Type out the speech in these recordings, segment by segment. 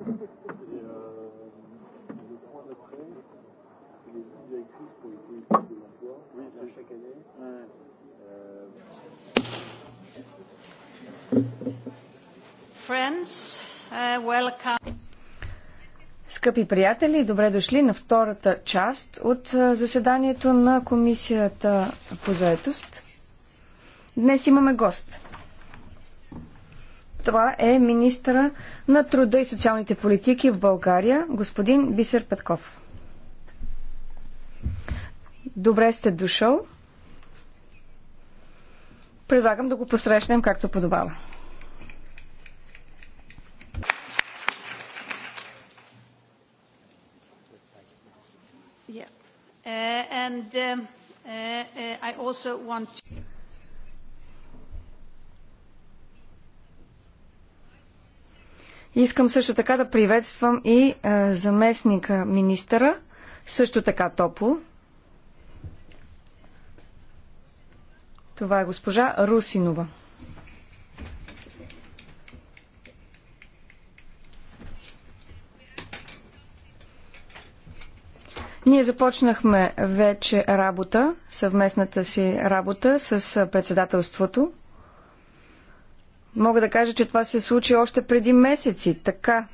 Uh, Скъпи приятели, добре дошли на втората част от заседанието на Комисията по заетост. Днес имаме гост. Това е министра на труда и социалните политики в България, господин Бисер Петков. Добре сте дошъл. Предлагам да го посрещнем както подобава. Yeah. Uh, and, um, uh, uh, I also want to... Искам също така да приветствам и е, заместника министъра, също така топло. Това е госпожа Русинова. Ние започнахме вече работа, съвместната си работа с председателството. Мога да кажа, че това се случи още преди месеци. Така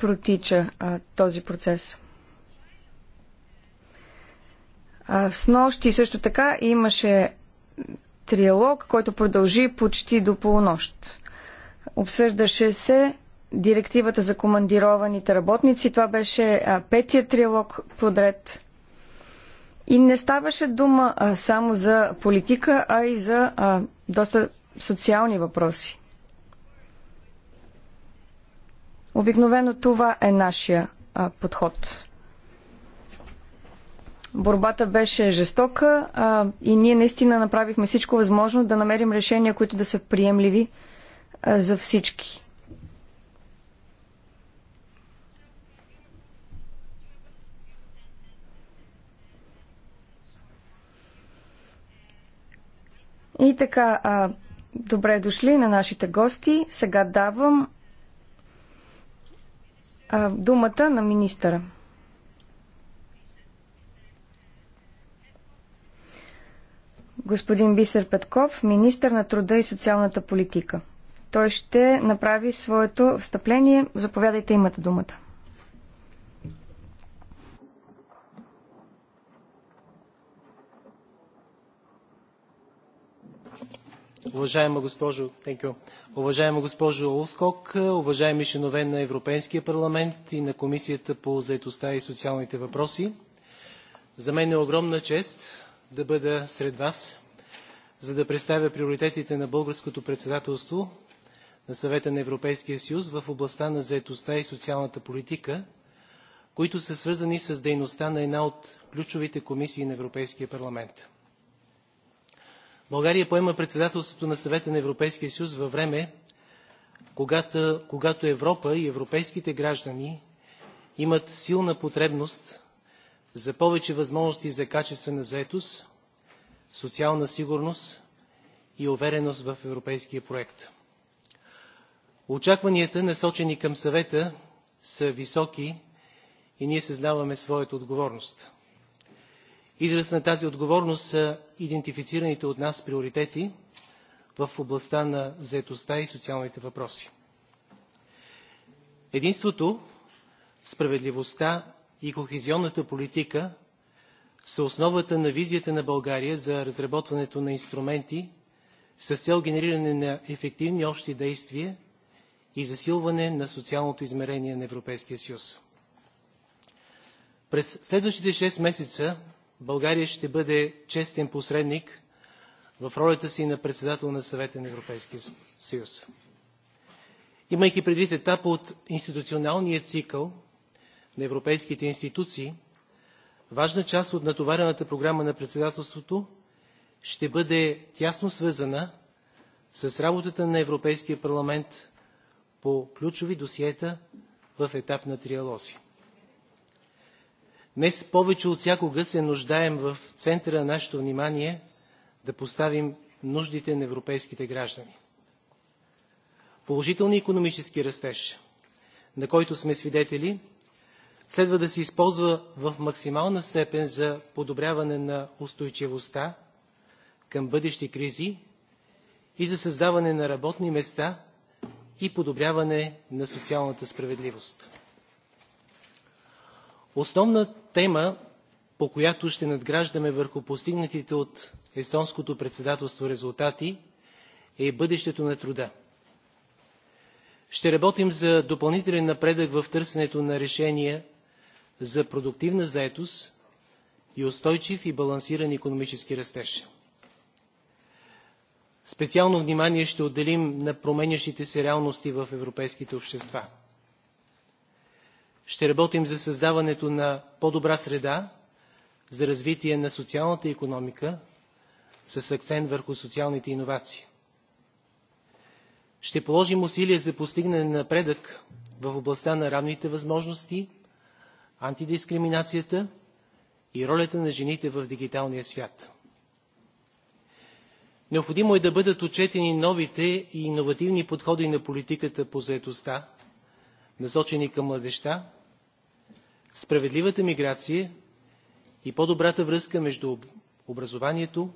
протича а, този процес. А, с нощи също така имаше триалог, който продължи почти до полунощ. Обсъждаше се директивата за командированите работници. Това беше а, петия триалог подред. И не ставаше дума а, само за политика, а и за а, доста социални въпроси. Обикновено това е нашия а, подход. Борбата беше жестока а, и ние наистина направихме всичко възможно да намерим решения, които да са приемливи а, за всички. И така, а, добре дошли на нашите гости. Сега давам думата на министъра. Господин Бисер Петков, министър на труда и социалната политика. Той ще направи своето встъпление. Заповядайте, имате думата. Уважаема госпожо, thank you. Уважаема госпожо Олскок, уважаеми членове на Европейския парламент и на Комисията по заедостта и социалните въпроси, за мен е огромна чест да бъда сред вас, за да представя приоритетите на българското председателство на Съвета на Европейския съюз в областта на заедостта и социалната политика, които са свързани с дейността на една от ключовите комисии на Европейския парламент. България поема председателството на Съвета на Европейския съюз във време, когато, когато Европа и европейските граждани имат силна потребност за повече възможности за качествена заетост, социална сигурност и увереност в европейския проект. Очакванията, насочени към съвета, са високи и ние съзнаваме своята отговорност. Израз на тази отговорност са идентифицираните от нас приоритети в областта на заетостта и социалните въпроси. Единството, справедливостта и кохезионната политика са основата на визията на България за разработването на инструменти с цел генериране на ефективни общи действия и засилване на социалното измерение на Европейския съюз. През следващите 6 месеца България ще бъде честен посредник в ролята си на председател на съвета на Европейския съюз. Имайки предвид етапа от институционалния цикъл на европейските институции, важна част от натоварената програма на председателството ще бъде тясно свързана с работата на Европейския парламент по ключови досиета в етап на триалози. Днес повече от всякога се нуждаем в центъра на нашето внимание да поставим нуждите на европейските граждани. Положителни економически растеж, на който сме свидетели, следва да се използва в максимална степен за подобряване на устойчивостта към бъдещи кризи и за създаване на работни места и подобряване на социалната справедливост. Основна тема, по която ще надграждаме върху постигнатите от естонското председателство резултати, е бъдещето на труда. Ще работим за допълнителен напредък в търсенето на решения за продуктивна заетост и устойчив и балансиран економически растеж. Специално внимание ще отделим на променящите се реалности в европейските общества – ще работим за създаването на по-добра среда за развитие на социалната економика с акцент върху социалните иновации. Ще положим усилия за постигане на напредък в областта на равните възможности, антидискриминацията и ролята на жените в дигиталния свят. Необходимо е да бъдат отчетени новите и иновативни подходи на политиката по заетостта, насочени към младеща, Справедливата миграция и по-добрата връзка между образованието,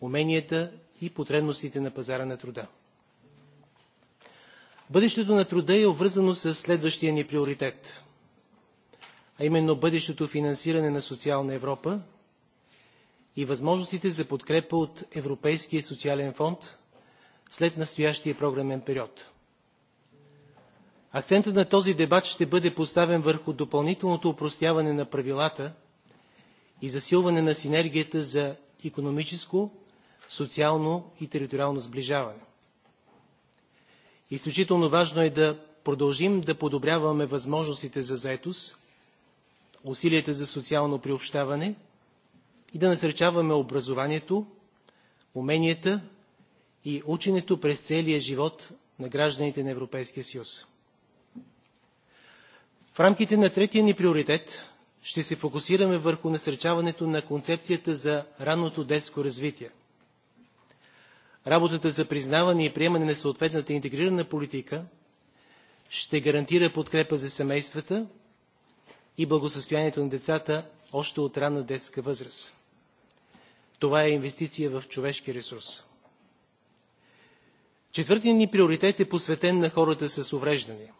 уменията и потребностите на пазара на труда. Бъдещето на труда е обвързано с следващия ни приоритет, а именно бъдещето финансиране на социална Европа и възможностите за подкрепа от Европейския социален фонд след настоящия програмен период. Акцентът на този дебат ще бъде поставен върху допълнителното упростяване на правилата и засилване на синергията за економическо, социално и териториално сближаване. Изключително важно е да продължим да подобряваме възможностите за заетост, усилията за социално приобщаване и да насречаваме образованието, уменията и ученето през целия живот на гражданите на Европейския съюз. В рамките на третия ни приоритет ще се фокусираме върху насърчаването на концепцията за ранното детско развитие. Работата за признаване и приемане на съответната интегрирана политика ще гарантира подкрепа за семействата и благосъстоянието на децата още от ранна детска възраст. Това е инвестиция в човешки ресурс. Четвъртият ни приоритет е посветен на хората с увреждания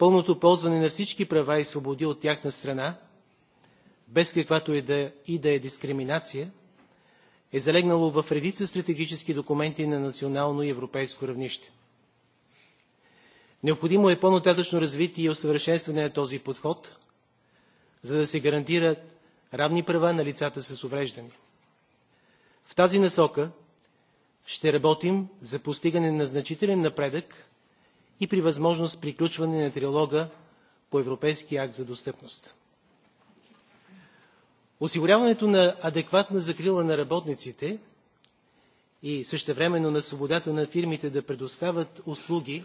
пълното ползване на всички права и свободи от тяхна страна, без каквато и да, и да е дискриминация, е залегнало в редица стратегически документи на национално и европейско равнище. Необходимо е по-нататъчно развитие и усъвършенстване на този подход, за да се гарантират равни права на лицата с увреждания. В тази насока ще работим за постигане на значителен напредък и при възможност приключване на трилога по Европейския акт за достъпност. Осигуряването на адекватна закрила на работниците и същевременно на свободата на фирмите да предоставят услуги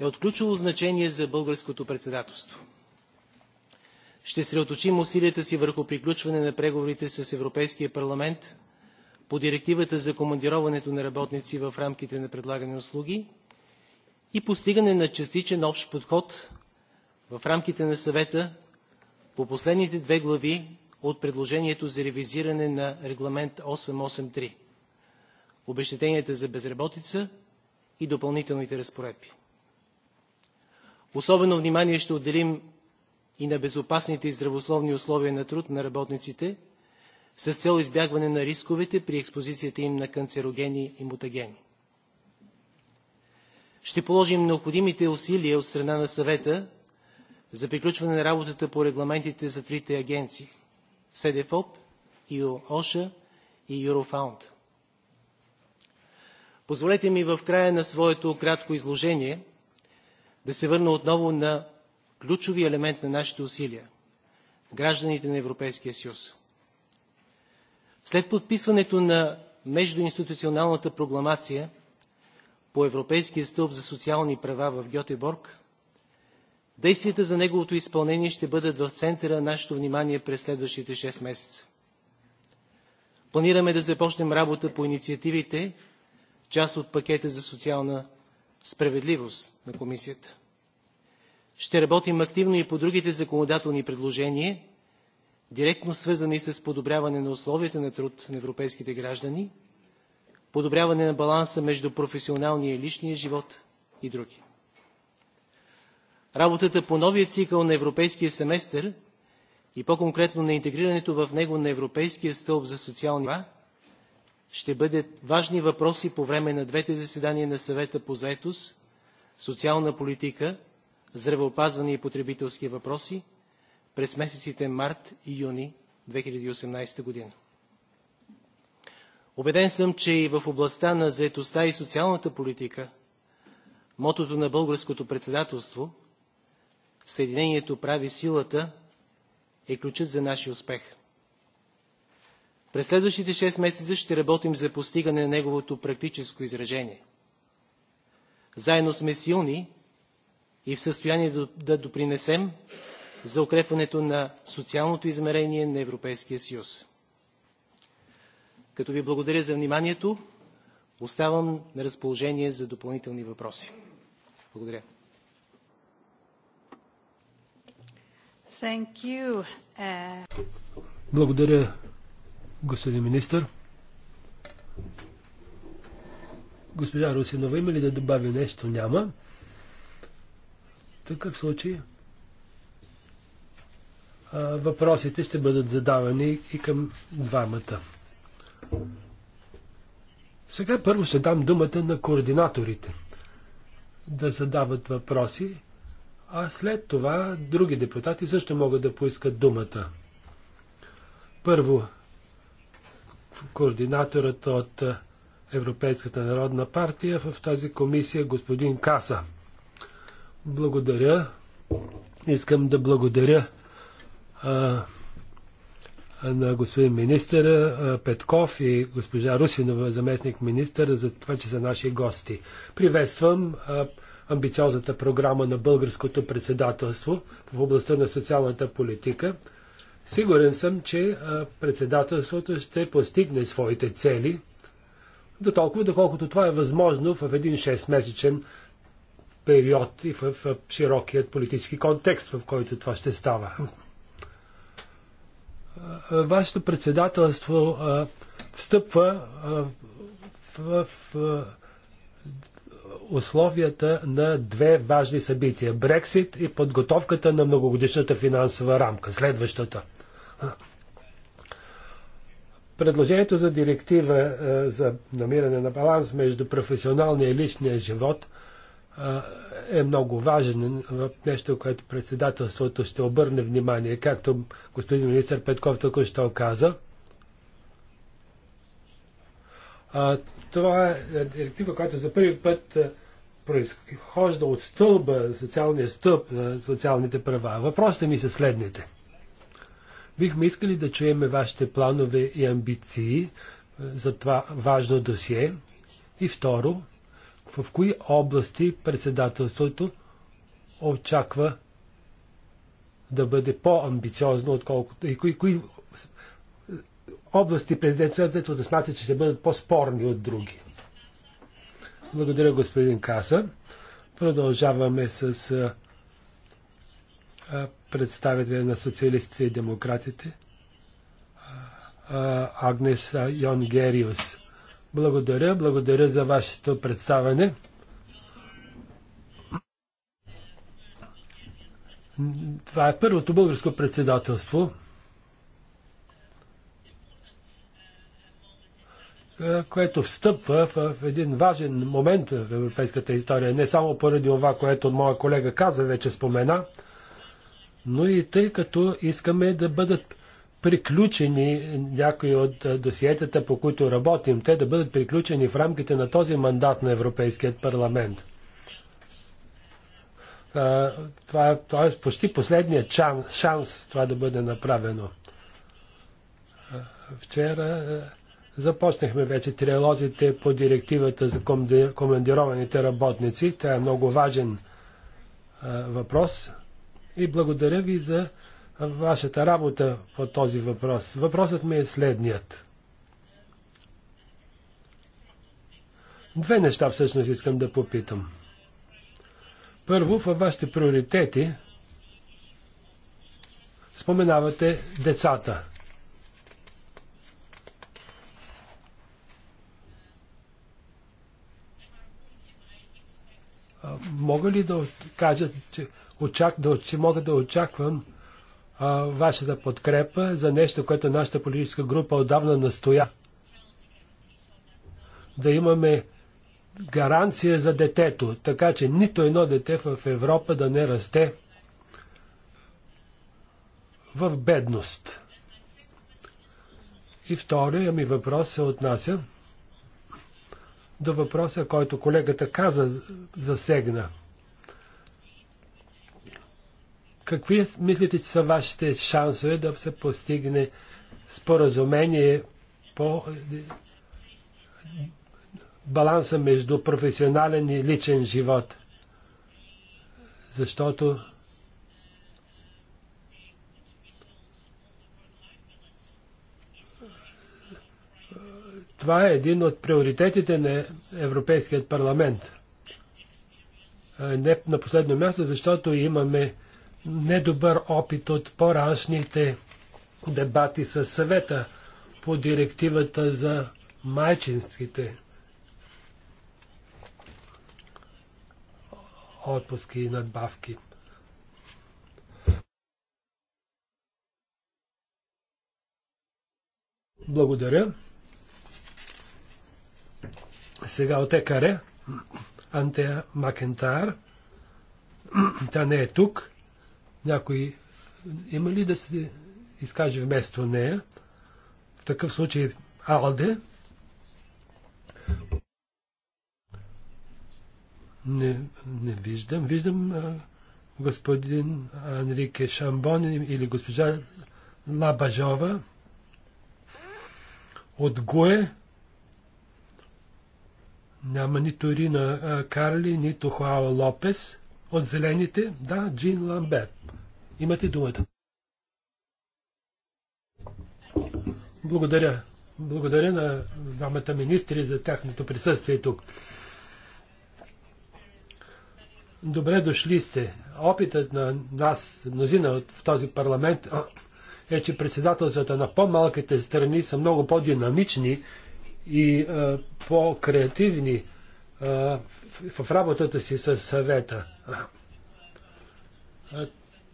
е от ключово значение за българското председателство. Ще средоточим усилията си върху приключване на преговорите с Европейския парламент по директивата за командироването на работници в рамките на предлагане услуги – и постигане на частичен общ подход в рамките на съвета по последните две глави от предложението за ревизиране на регламент 883 – обещетенията за безработица и допълнителните разпоредби. Особено внимание ще отделим и на безопасните и здравословни условия на труд на работниците с цел избягване на рисковете при експозицията им на канцерогени и мутагени. Ще положим необходимите усилия от страна на съвета за приключване на работата по регламентите за трите агенции – СДФОП, ОША и Юрофаунд. Позволете ми в края на своето кратко изложение да се върна отново на ключови елемент на нашите усилия – гражданите на Европейския съюз. След подписването на междуинституционалната прогламация – по Европейския стълб за социални права в Гьотеборг, действията за неговото изпълнение ще бъдат в центъра на нашето внимание през следващите 6 месеца. Планираме да започнем работа по инициативите, част от пакета за социална справедливост на комисията. Ще работим активно и по другите законодателни предложения, директно свързани с подобряване на условията на труд на европейските граждани – подобряване на баланса между професионалния и личния живот и други. Работата по новия цикъл на европейския семестър и по-конкретно на интегрирането в него на европейския стълб за социални права ще бъдат важни въпроси по време на двете заседания на съвета по заетост, социална политика, здравеопазване и потребителски въпроси през месеците март и юни 2018 година. Обеден съм, че и в областта на заетостта и социалната политика мотото на българското председателство Съединението прави силата е ключът за нашия успех. През следващите 6 месеца ще работим за постигане на неговото практическо изражение. Заедно сме силни и в състояние да допринесем за укрепването на социалното измерение на Европейския съюз. Като ви благодаря за вниманието, оставам на разположение за допълнителни въпроси. Благодаря. Е, благодаря, господин министр. Госпожа Русинова, има ли да добави нещо? Няма. В такъв случай въпросите ще бъдат задавани и към двамата. Сега първо ще дам думата на координаторите да задават въпроси, а след това други депутати също могат да поискат думата. Първо, координаторът от Европейската народна партия в тази комисия, господин Каса. Благодаря. Искам да благодаря на господин министър Петков и госпожа Русинова, заместник министър, за това, че са наши гости. Приветствам амбициозната програма на българското председателство в областта на социалната политика. Сигурен съм, че председателството ще постигне своите цели, до толкова, доколкото това е възможно в един 6-месечен период и в широкият политически контекст, в който това ще става вашето председателство встъпва в, в условията на две важни събития Брексит и подготовката на многогодишната финансова рамка, следващата. Предложението за директива за намиране на баланс между професионалния и личния живот е много важен, нещо, което председателството ще обърне внимание, както господин министр Петков току-що каза. Това е директива, която за първи път произхожда от стълба, социалния стълб на социалните права. Въпросите ми са следните. Бихме искали да чуеме вашите планове и амбиции за това важно досие. И второ, в кои области председателството очаква да бъде по-амбициозно, отколкото и кои, кои области президентството да смята, че ще бъдат по-спорни от други. Благодаря, господин Каса. Продължаваме с а, представителя на социалистите и демократите а, Агнес Йон Гериус. Благодаря, благодаря за вашето представяне. Това е първото българско председателство, е, което встъпва в един важен момент в европейската история, не само поради това, което моя колега каза, вече спомена, но и тъй като искаме да бъдат приключени някои от досиетата, по които работим, те да бъдат приключени в рамките на този мандат на Европейският парламент. Това е, това е почти последният чан, шанс това да бъде направено. Вчера започнахме вече триалозите по директивата за командированите работници. Това е много важен въпрос. И благодаря ви за вашата работа по този въпрос. Въпросът ми е следният. Две неща всъщност искам да попитам. Първо, във вашите приоритети споменавате децата. Мога ли да кажа, че, очак, да, че мога да очаквам а, вашата подкрепа за нещо, което нашата политическа група отдавна настоя. Да имаме гаранция за детето, така че нито едно дете в Европа да не расте в бедност. И втория ми въпрос се отнася до въпроса, който колегата каза, засегна – Какви мислите, че са вашите шансове да се постигне споразумение по баланса между професионален и личен живот? Защото Това е един от приоритетите на Европейският парламент. Е, не на последно място, защото имаме недобър опит от по-рашните дебати с съвета по директивата за майчинските отпуски и надбавки. Благодаря. Сега от Екаре, Антея Макентар. Тя не е тук. Някой има ли да се изкаже вместо нея? В такъв случай Алде. Не, не виждам. Виждам а, господин Анрике Шамбон или госпожа Лабажова от Гуе. Няма нито Рина Карли, нито Хуао Лопес. От зелените, да, Джин Ламбер. Имате думата. Благодаря. Благодаря на двамата министри за тяхното присъствие тук. Добре дошли сте. Опитът на нас, мнозина в този парламент, е, че председателствата на по-малките страни са много по-динамични и е, по-креативни е, в, в работата си с съвета. А,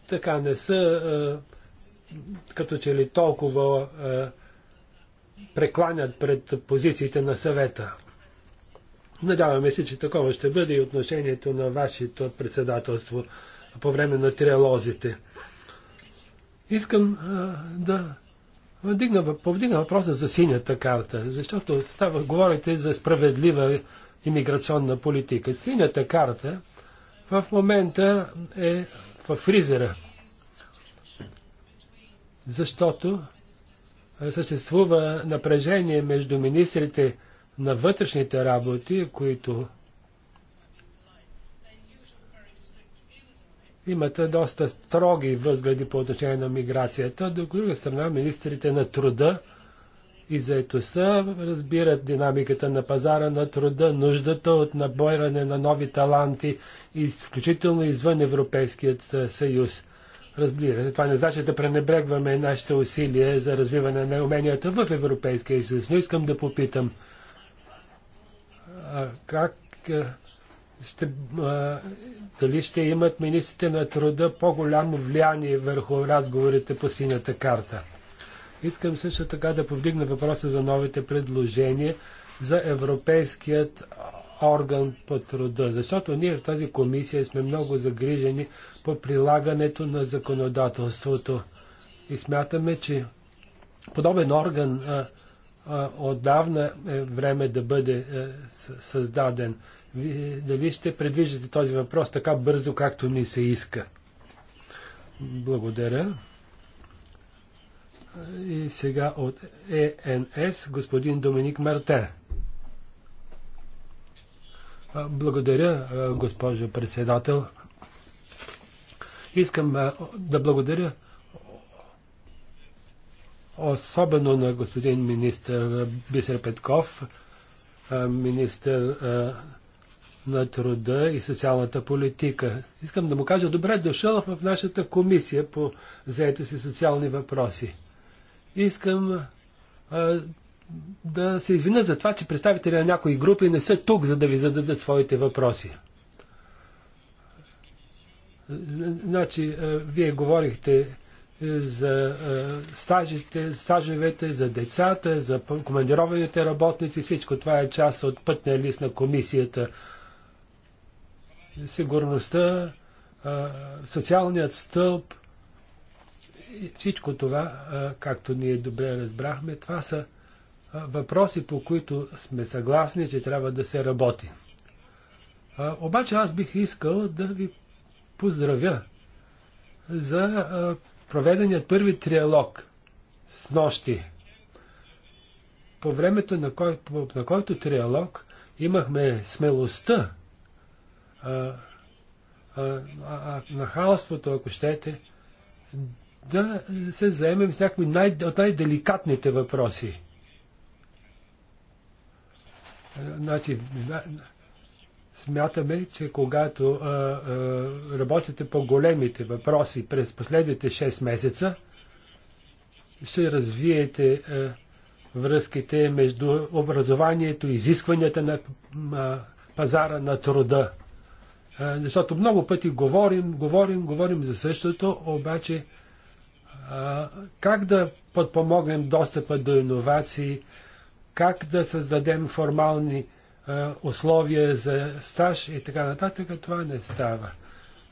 така не са а, като че ли толкова а, прекланят пред позициите на съвета. Надяваме се, че такова ще бъде и отношението на вашето председателство по време на триалозите. Искам а, да вдигна, повдигна въпроса за синята карта, защото става, говорите за справедлива иммиграционна политика. Синята карта в момента е в фризера. Защото съществува напрежение между министрите на вътрешните работи, които имат доста строги възгледи по отношение на миграцията, до друга страна министрите на труда и заетостта разбират динамиката на пазара на труда, нуждата от набойране на нови таланти, включително извън Европейският е, съюз. Разбира се, това не значи да пренебрегваме нашите усилия за развиване на уменията в Европейския съюз. Но искам да попитам, а как е, ще, а, е, дали ще имат министрите на труда по-голямо влияние върху разговорите по синята карта? Искам също така да повдигна въпроса за новите предложения за Европейският орган по труда, защото ние в тази комисия сме много загрижени по прилагането на законодателството и смятаме, че подобен орган а, а, отдавна е време да бъде е, създаден. Ви, дали ще предвиждате този въпрос така бързо, както ни се иска? Благодаря. И сега от е ЕНС господин Доминик Марте. Благодаря, госпожо председател. Искам да благодаря особено на господин министр Бисер Петков, министр на труда и социалната политика. Искам да му кажа добре дошъл в нашата комисия по заето си социални въпроси. Искам а, да се извиня за това, че представители на някои групи не са тук, за да ви зададат своите въпроси. Значи, вие говорихте е, за стажите, стажевете, за децата, за командированите работници. Всичко това е част от пътния лист на комисията. Сигурността, социалният стълб, и всичко това, както ние добре разбрахме, това са въпроси, по които сме съгласни, че трябва да се работи. Обаче аз бих искал да ви поздравя за проведеният първи триалог с нощи, по времето на, кой, на който триалог имахме смелостта а, а, а, на хаоството, ако щете, да се заемем с някои най- от най-деликатните въпроси. Е, значи, смятаме, че когато а, а, работите по големите въпроси през последните 6 месеца, ще развиете а, връзките между образованието, изискванията на а, пазара на труда. А, е, защото много пъти говорим, говорим, говорим за същото, обаче как да подпомогнем достъпа до иновации, как да създадем формални условия за стаж и така нататък, това не става.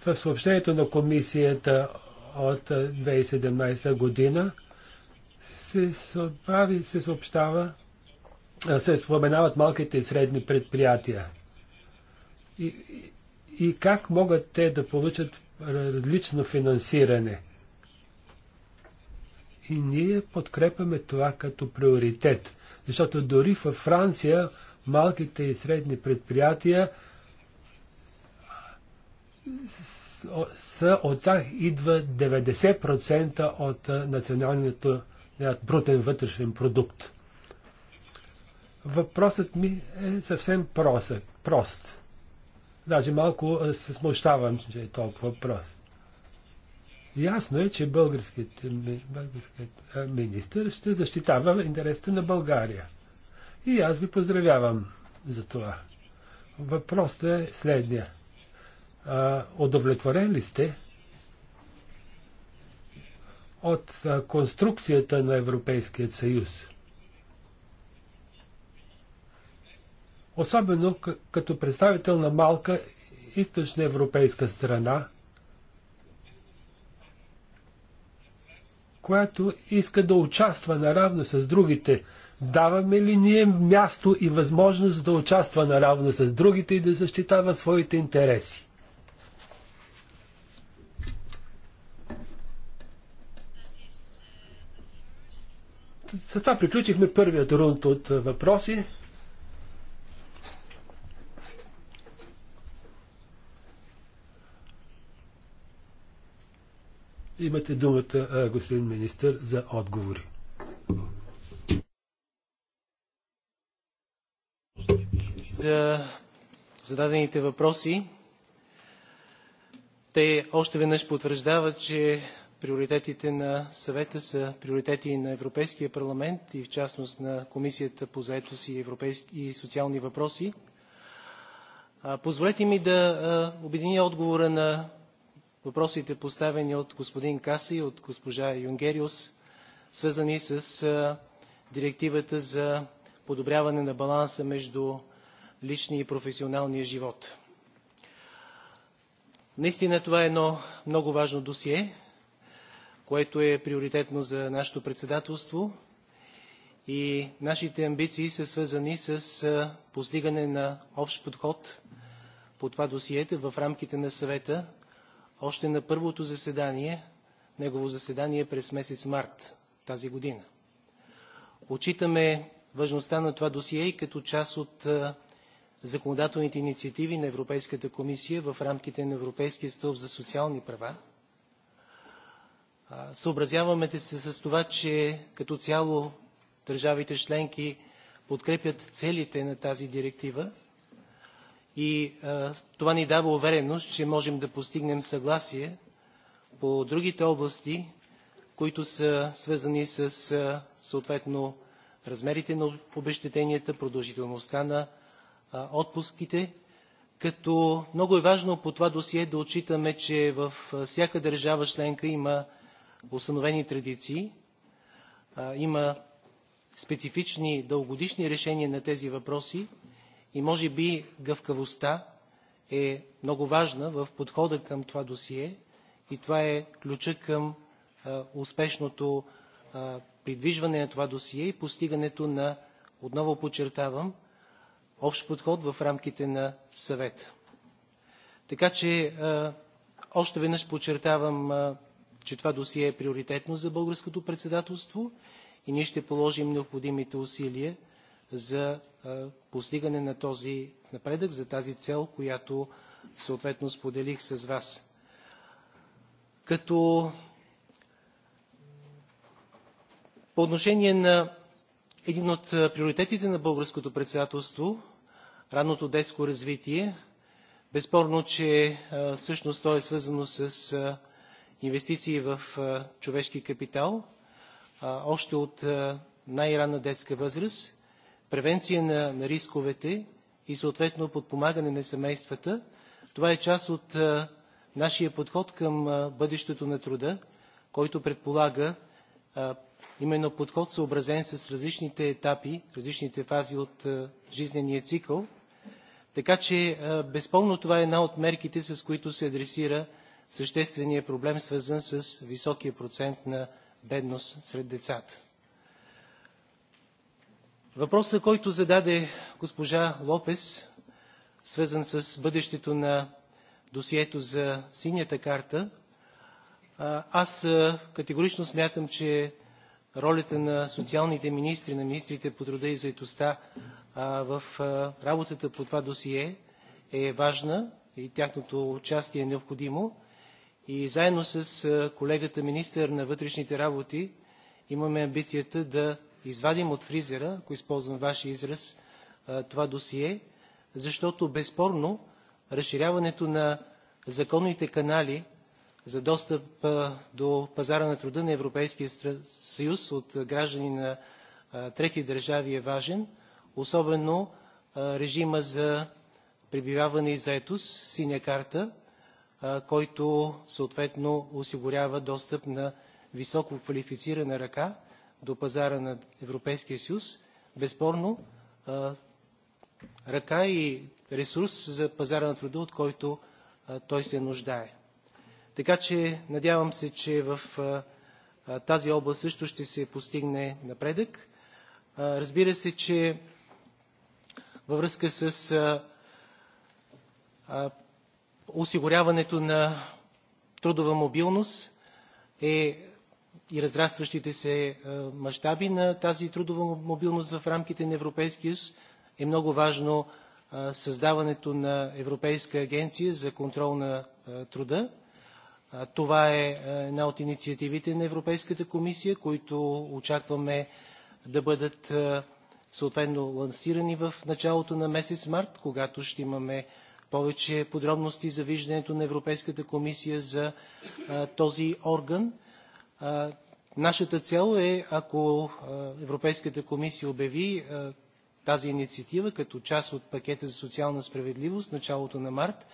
В съобщението на комисията от 2017 година се, съобщава, се съобщава, се споменават малките и средни предприятия. И, и как могат те да получат различно финансиране – и ние подкрепяме това като приоритет. Защото дори във Франция малките и средни предприятия са, от тях идва 90% от националният брутен вътрешен продукт. Въпросът ми е съвсем просък, прост. Даже малко се смущавам, че е толкова прост. Ясно е, че българският, министр ще защитава интересите на България. И аз ви поздравявам за това. Въпросът е следния. А, удовлетворен ли сте от а, конструкцията на Европейският съюз? Особено като представител на малка европейска страна, която иска да участва наравно с другите. Даваме ли ние място и възможност да участва наравно с другите и да защитава своите интереси? С това приключихме първият рунд от въпроси. Имате думата, господин министър, за отговори. За зададените въпроси. Те още веднъж потвърждават, че приоритетите на съвета са приоритети на Европейския парламент и в частност на Комисията по заетост и, европейски, и социални въпроси. Позволете ми да обединя отговора на въпросите поставени от господин Каси и от госпожа Юнгериус, свързани с директивата за подобряване на баланса между личния и професионалния живот. Наистина това е едно много важно досие, което е приоритетно за нашето председателство и нашите амбиции са свързани с постигане на общ подход по това досиете в рамките на съвета още на първото заседание, негово заседание е през месец март тази година. Отчитаме важността на това досие и като част от законодателните инициативи на Европейската комисия в рамките на Европейския стълб за социални права. Съобразяваме се с това, че като цяло държавите членки подкрепят целите на тази директива и а, това ни дава увереност, че можем да постигнем съгласие по другите области, които са свързани с а, съответно размерите на обещетенията, продължителността на а, отпуските, като много е важно по това досие да отчитаме, че в всяка държава членка има установени традиции, а, има специфични дългодишни решения на тези въпроси и може би гъвкавостта е много важна в подхода към това досие и това е ключа към а, успешното а, придвижване на това досие и постигането на, отново подчертавам, общ подход в рамките на съвета. Така че а, още веднъж подчертавам, че това досие е приоритетно за българското председателство и ние ще положим необходимите усилия за постигане на този напредък, за тази цел, която съответно споделих с вас. Като по отношение на един от приоритетите на българското председателство, ранното детско развитие, безспорно, че всъщност то е свързано с инвестиции в човешки капитал, още от най-ранна детска възраст превенция на, на рисковете и съответно подпомагане на семействата. Това е част от а, нашия подход към а, бъдещето на труда, който предполага а, именно подход съобразен с различните етапи, различните фази от жизнения цикъл. Така че безпълно това е една от мерките, с които се адресира съществения проблем, свързан с високия процент на бедност сред децата. Въпросът, който зададе госпожа Лопес, свързан с бъдещето на досието за синята карта, аз категорично смятам, че ролята на социалните министри, на министрите по труда и заетостта в работата по това досие е важна и тяхното участие е необходимо. И заедно с колегата министър на вътрешните работи имаме амбицията да извадим от фризера, ако използвам Вашия израз, това досие, защото безспорно разширяването на законните канали за достъп до пазара на труда на Европейския съюз от граждани на трети държави е важен, особено режима за пребиваване и заетост, синя карта, който съответно осигурява достъп на високо квалифицирана ръка до пазара на Европейския съюз, безспорно ръка и ресурс за пазара на труда, от който той се нуждае. Така че надявам се, че в тази област също ще се постигне напредък. Разбира се, че във връзка с осигуряването на трудова мобилност е и разрастващите се мащаби на тази трудова мобилност в рамките на Европейския съюз е много важно създаването на Европейска агенция за контрол на труда. Това е една от инициативите на Европейската комисия, които очакваме да бъдат съответно лансирани в началото на месец март, когато ще имаме повече подробности за виждането на Европейската комисия за този орган. Нашата цел е, ако Европейската комисия обяви тази инициатива като част от пакета за социална справедливост в началото на март,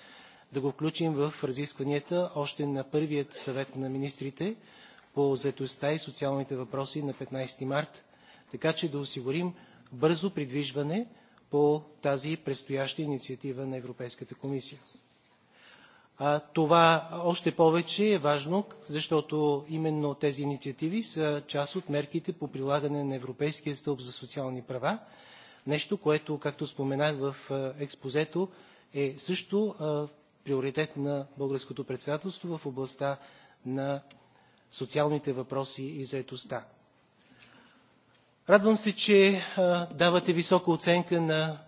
да го включим в разискванията още на първият съвет на министрите по заетостта и социалните въпроси на 15 март, така че да осигурим бързо придвижване по тази предстояща инициатива на Европейската комисия. Това още повече е важно, защото именно тези инициативи са част от мерките по прилагане на Европейския стълб за социални права – нещо, което, както споменах в експозето, е също приоритет на Българското председателство в областта на социалните въпроси и заетостта. Радвам се, че давате висока оценка на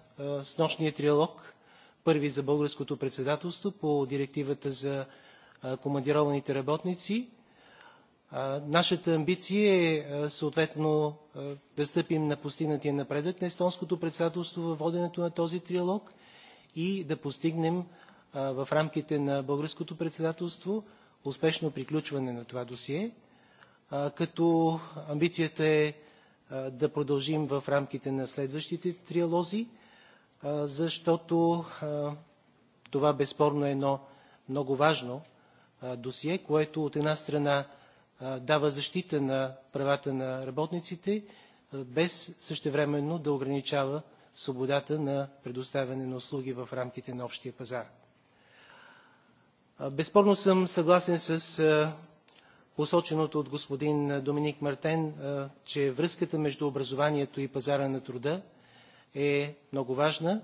снощния триалог първи за българското председателство по директивата за командированите работници. Нашата амбиция е съответно да стъпим на постигнатия напредък на естонското председателство във воденето на този триалог и да постигнем в рамките на българското председателство успешно приключване на това досие, като амбицията е да продължим в рамките на следващите триалози защото това безспорно е едно много важно досие, което от една страна дава защита на правата на работниците, без същевременно да ограничава свободата на предоставяне на услуги в рамките на общия пазар. Безспорно съм съгласен с посоченото от господин Доминик Мартен, че връзката между образованието и пазара на труда е много важна,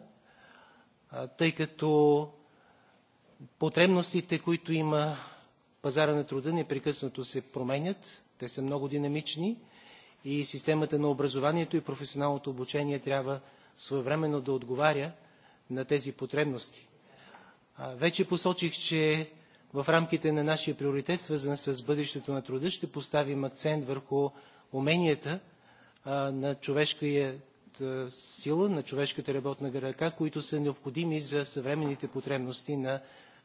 тъй като потребностите, които има пазара на труда, непрекъснато се променят. Те са много динамични и системата на образованието и професионалното обучение трябва своевременно да отговаря на тези потребности. Вече посочих, че в рамките на нашия приоритет, свързан с бъдещето на труда, ще поставим акцент върху уменията на човешкия е, сила, на човешката работна ръка, които са необходими за съвременните потребности на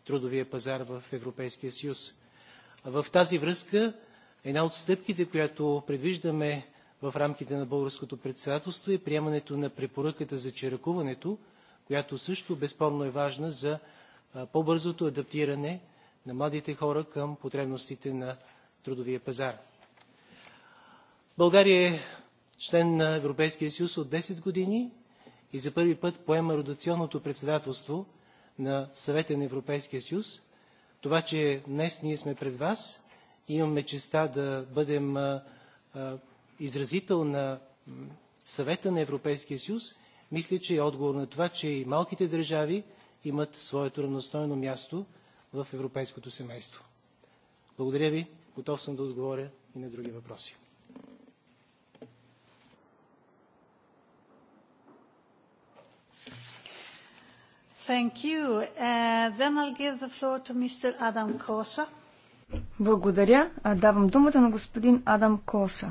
трудовия пазар в Европейския съюз. В тази връзка една от стъпките, която предвиждаме в рамките на българското председателство е приемането на препоръката за чиракуването, която също безспорно е важна за е, по-бързото адаптиране на младите хора към потребностите на трудовия пазар. България е член на Европейския съюз от 10 години и за първи път поема родационното председателство на Съвета на Европейския съюз. Това, че днес ние сме пред вас и имаме честа да бъдем а, а, изразител на Съвета на Европейския съюз, мисля, че е отговор на това, че и малките държави имат своето равностойно място в европейското семейство. Благодаря ви. Готов съм да отговоря и на други въпроси. Thank you. Uh, then I'll give the floor to Mr. Adam Kosa. Благодаря. Давам думата на господин Адам Коса.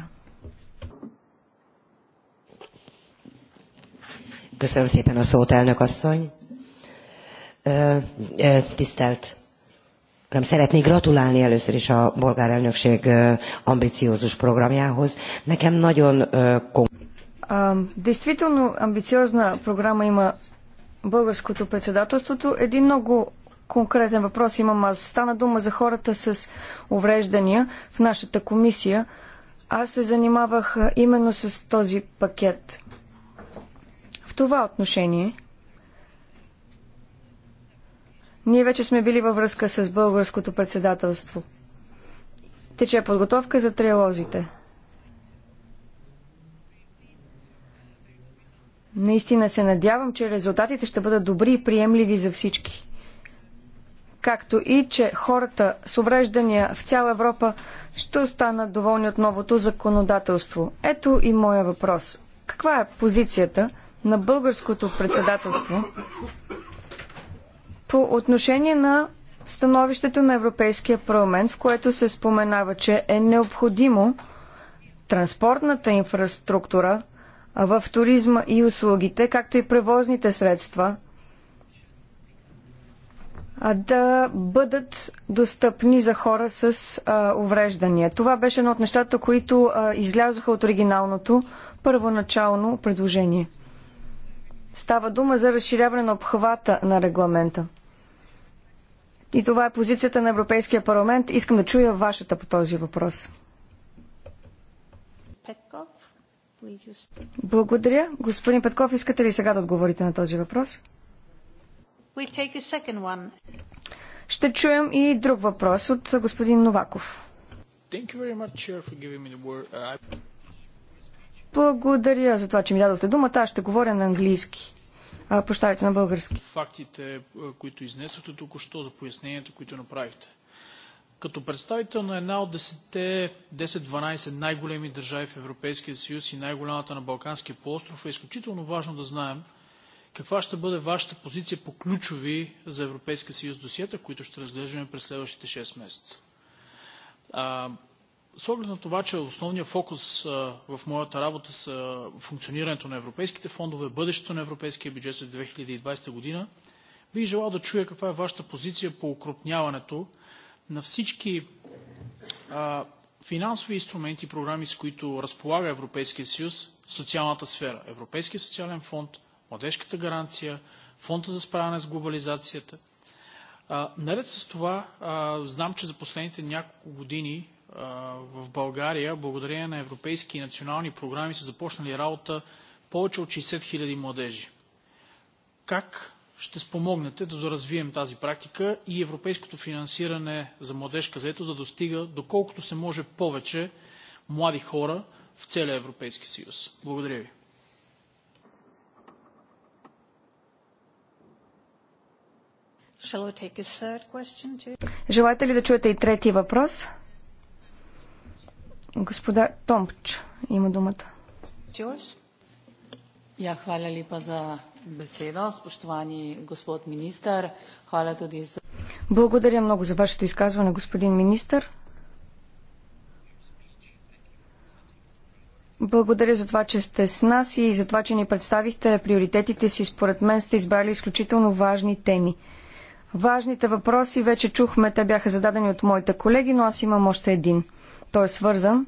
Köszönöm szépen a szót, elnök asszony. Tisztelt nem szeretnék gratulálni először is a bolgár elnökség ambiciózus programjához. Nekem nagyon... Действително амбициозна програма има българското председателството. Един много конкретен въпрос имам аз. Стана дума за хората с увреждания в нашата комисия. Аз се занимавах именно с този пакет. В това отношение ние вече сме били във връзка с българското председателство. Тече подготовка за триалозите. Наистина се надявам, че резултатите ще бъдат добри и приемливи за всички. Както и, че хората с увреждания в цяла Европа ще останат доволни от новото законодателство. Ето и моя въпрос. Каква е позицията на българското председателство по отношение на становището на Европейския парламент, в което се споменава, че е необходимо транспортната инфраструктура в туризма и услугите, както и превозните средства, да бъдат достъпни за хора с а, увреждания. Това беше едно от нещата, които а, излязоха от оригиналното първоначално предложение. Става дума за разширяване на обхвата на регламента. И това е позицията на Европейския парламент. Искам да чуя вашата по този въпрос. Петков. Благодаря. Господин Петков, искате ли сега да отговорите на този въпрос? Ще чуем и друг въпрос от господин Новаков. Uh, Благодаря за това, че ми дадохте думата. Аз ще говоря на английски. Пощавайте на български. Фактите, които изнесохте току-що за поясненията, които направихте. Като представител на една от 10-12 най-големи държави в Европейския съюз и най-голямата на Балканския полуостров е изключително важно да знаем каква ще бъде вашата позиция по ключови за Европейския съюз досиета, които ще разглеждаме през следващите 6 месеца. А, с оглед на това, че основният фокус а, в моята работа са функционирането на европейските фондове, бъдещето на европейския бюджет след 2020 година, бих желал да чуя каква е вашата позиция по укрупняването на всички а, финансови инструменти и програми, с които разполага Европейския съюз социалната сфера. Европейския социален фонд, младежката гаранция, фонда за справяне с глобализацията. А, наред с това, а, знам, че за последните няколко години а, в България, благодарение на европейски и национални програми, са започнали работа повече от 60 000 младежи. Как ще спомогнете да доразвием тази практика и европейското финансиране за младежка заетост да достига доколкото се може повече млади хора в целия Европейски съюз. Благодаря ви. Желаете ли да чуете и трети въпрос? Господа Томпч има думата. Я хваля липа за благодаря много за вашето изказване, господин министър. Благодаря за това, че сте с нас и за това, че ни представихте приоритетите си. Според мен сте избрали изключително важни теми. Важните въпроси вече чухме, те бяха зададени от моите колеги, но аз имам още един. Той е свързан.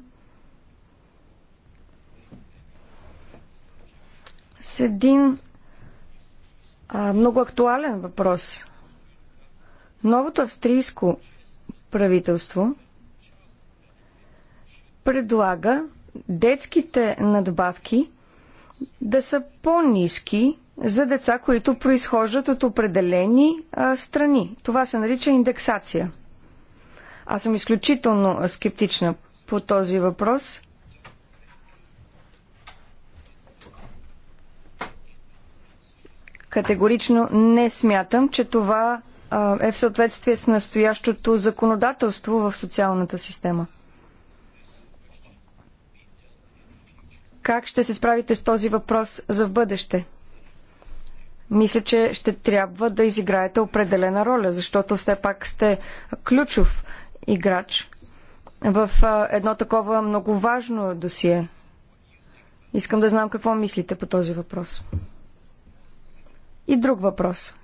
С един а, много актуален въпрос. Новото австрийско правителство предлага детските надбавки да са по-низки за деца, които произхождат от определени а, страни. Това се нарича индексация. Аз съм изключително скептична по този въпрос – Категорично не смятам, че това е в съответствие с настоящото законодателство в социалната система. Как ще се справите с този въпрос за в бъдеще? Мисля, че ще трябва да изиграете определена роля, защото все пак сте ключов играч в едно такова много важно досие. Искам да знам какво мислите по този въпрос. И друг въпрос.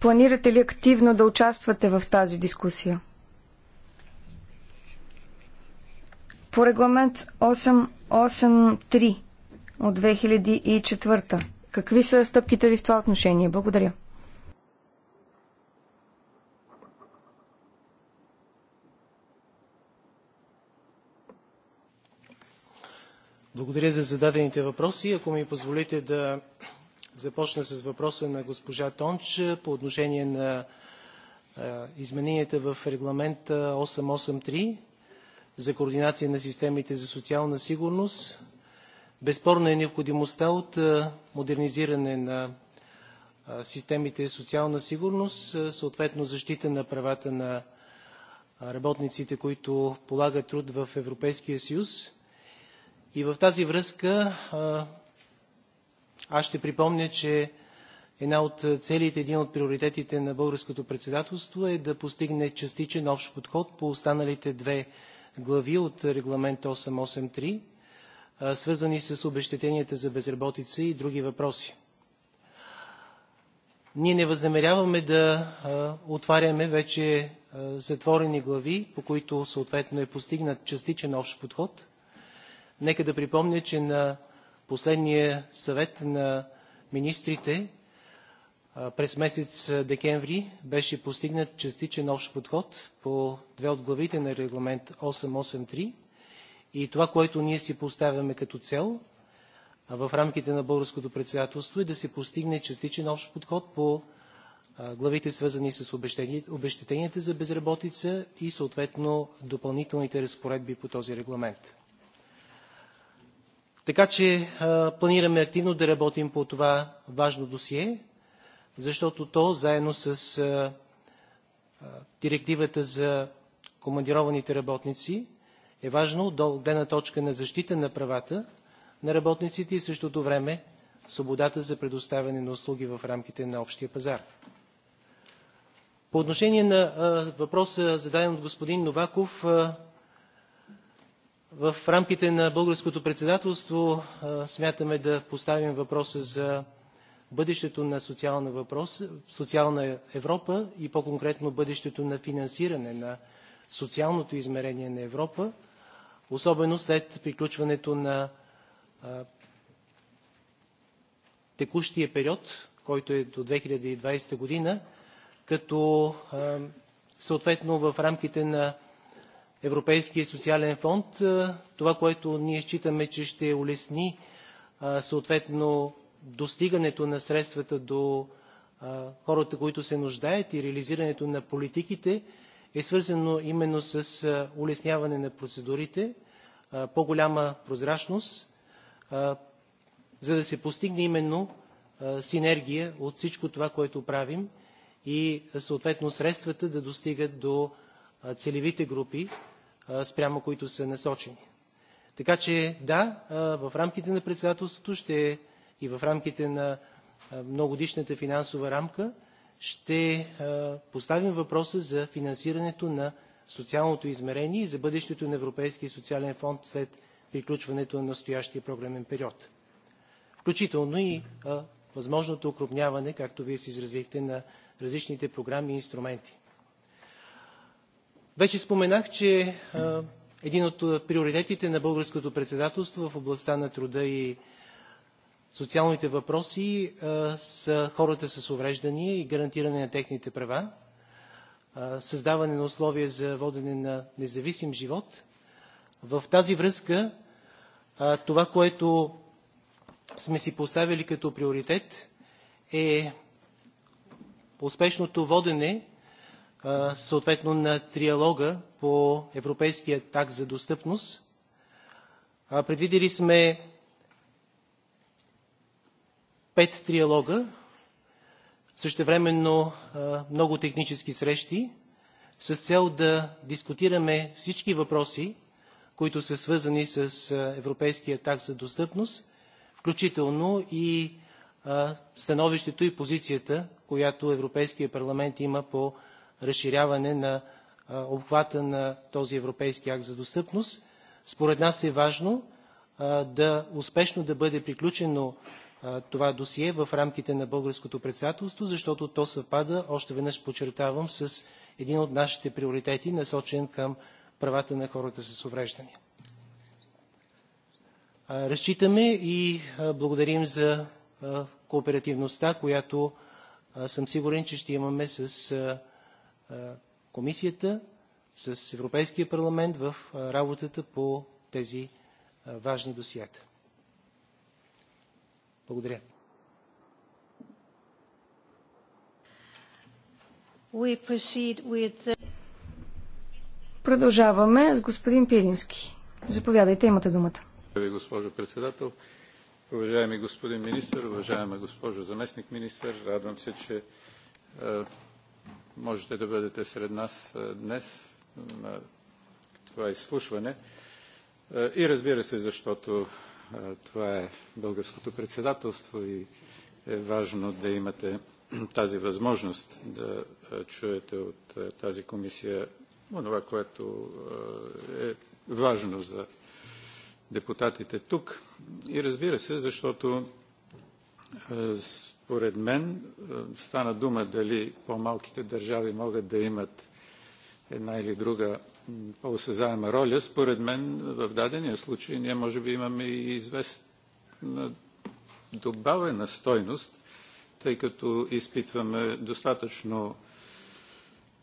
Планирате ли активно да участвате в тази дискусия? По регламент 883 от 2004. Какви са стъпките ви в това отношение? Благодаря. Благодаря за зададените въпроси. Ако ми позволите да започна с въпроса на госпожа Тонч по отношение на измененията в регламент 883 за координация на системите за социална сигурност. Безспорна е необходимостта от модернизиране на системите за социална сигурност, съответно защита на правата на работниците, които полагат труд в Европейския съюз. И в тази връзка аз ще припомня, че една от целите, един от приоритетите на българското председателство е да постигне частичен общ подход по останалите две глави от регламент 883, свързани с обещетенията за безработица и други въпроси. Ние не възнамеряваме да отваряме вече затворени глави, по които съответно е постигнат частичен общ подход – Нека да припомня, че на последния съвет на министрите през месец декември беше постигнат частичен общ подход по две от главите на регламент 883 и това, което ние си поставяме като цел в рамките на българското председателство е да се постигне частичен общ подход по главите свързани с обещетенията за безработица и съответно допълнителните разпоредби по този регламент. Така че а, планираме активно да работим по това важно досие, защото то заедно с а, а, директивата за командированите работници е важно до гледна точка на защита на правата на работниците и в същото време свободата за предоставяне на услуги в рамките на общия пазар. По отношение на въпроса, зададен от господин Новаков, в рамките на българското председателство смятаме да поставим въпроса за бъдещето на социална, въпрос, социална Европа и по-конкретно бъдещето на финансиране на социалното измерение на Европа, особено след приключването на текущия период, който е до 2020 година, като съответно в рамките на Европейския социален фонд. Е, това, което ние считаме, че ще улесни е, съответно достигането на средствата до е, хората, които се нуждаят и реализирането на политиките, е свързано именно с улесняване на процедурите, по-голяма прозрачност, за да се постигне именно синергия от всичко това, което правим и съответно средствата да достигат до целевите групи, спрямо които са насочени. Така че да, в рамките на председателството ще и в рамките на многодишната финансова рамка ще поставим въпроса за финансирането на социалното измерение и за бъдещето на Европейския социален фонд след приключването на настоящия програмен период. Включително и възможното окрупняване, както Вие се изразихте, на различните програми и инструменти. Вече споменах, че един от приоритетите на българското председателство в областта на труда и социалните въпроси са хората с увреждания и гарантиране на техните права, създаване на условия за водене на независим живот. В тази връзка това, което сме си поставили като приоритет е успешното водене съответно на триалога по Европейския такт за достъпност. Предвидели сме пет триалога, същевременно много технически срещи, с цел да дискутираме всички въпроси, които са свързани с Европейския такт за достъпност, включително и становището и позицията, която Европейския парламент има по разширяване на обхвата на този Европейски акт за достъпност. Според нас е важно да успешно да бъде приключено това досие в рамките на българското председателство, защото то съвпада, още веднъж подчертавам, с един от нашите приоритети, насочен към правата на хората с увреждания. Разчитаме и благодарим за кооперативността, която съм сигурен, че ще имаме с комисията с Европейския парламент в работата по тези важни досията. Благодаря. With... Продължаваме с господин Пирински. Заповядайте, имате думата. ви, госпожо председател. Уважаеми господин министр, уважаема госпожо заместник министр, радвам се, че можете да бъдете сред нас днес на това изслушване. И разбира се, защото това е българското председателство и е важно да имате тази възможност да чуете от тази комисия онова, което е важно за депутатите тук. И разбира се, защото според мен е, стана дума дали по-малките държави могат да имат една или друга по-осезаема роля. Според мен в дадения случай ние може би имаме и известна добавена стойност, тъй като изпитваме достатъчно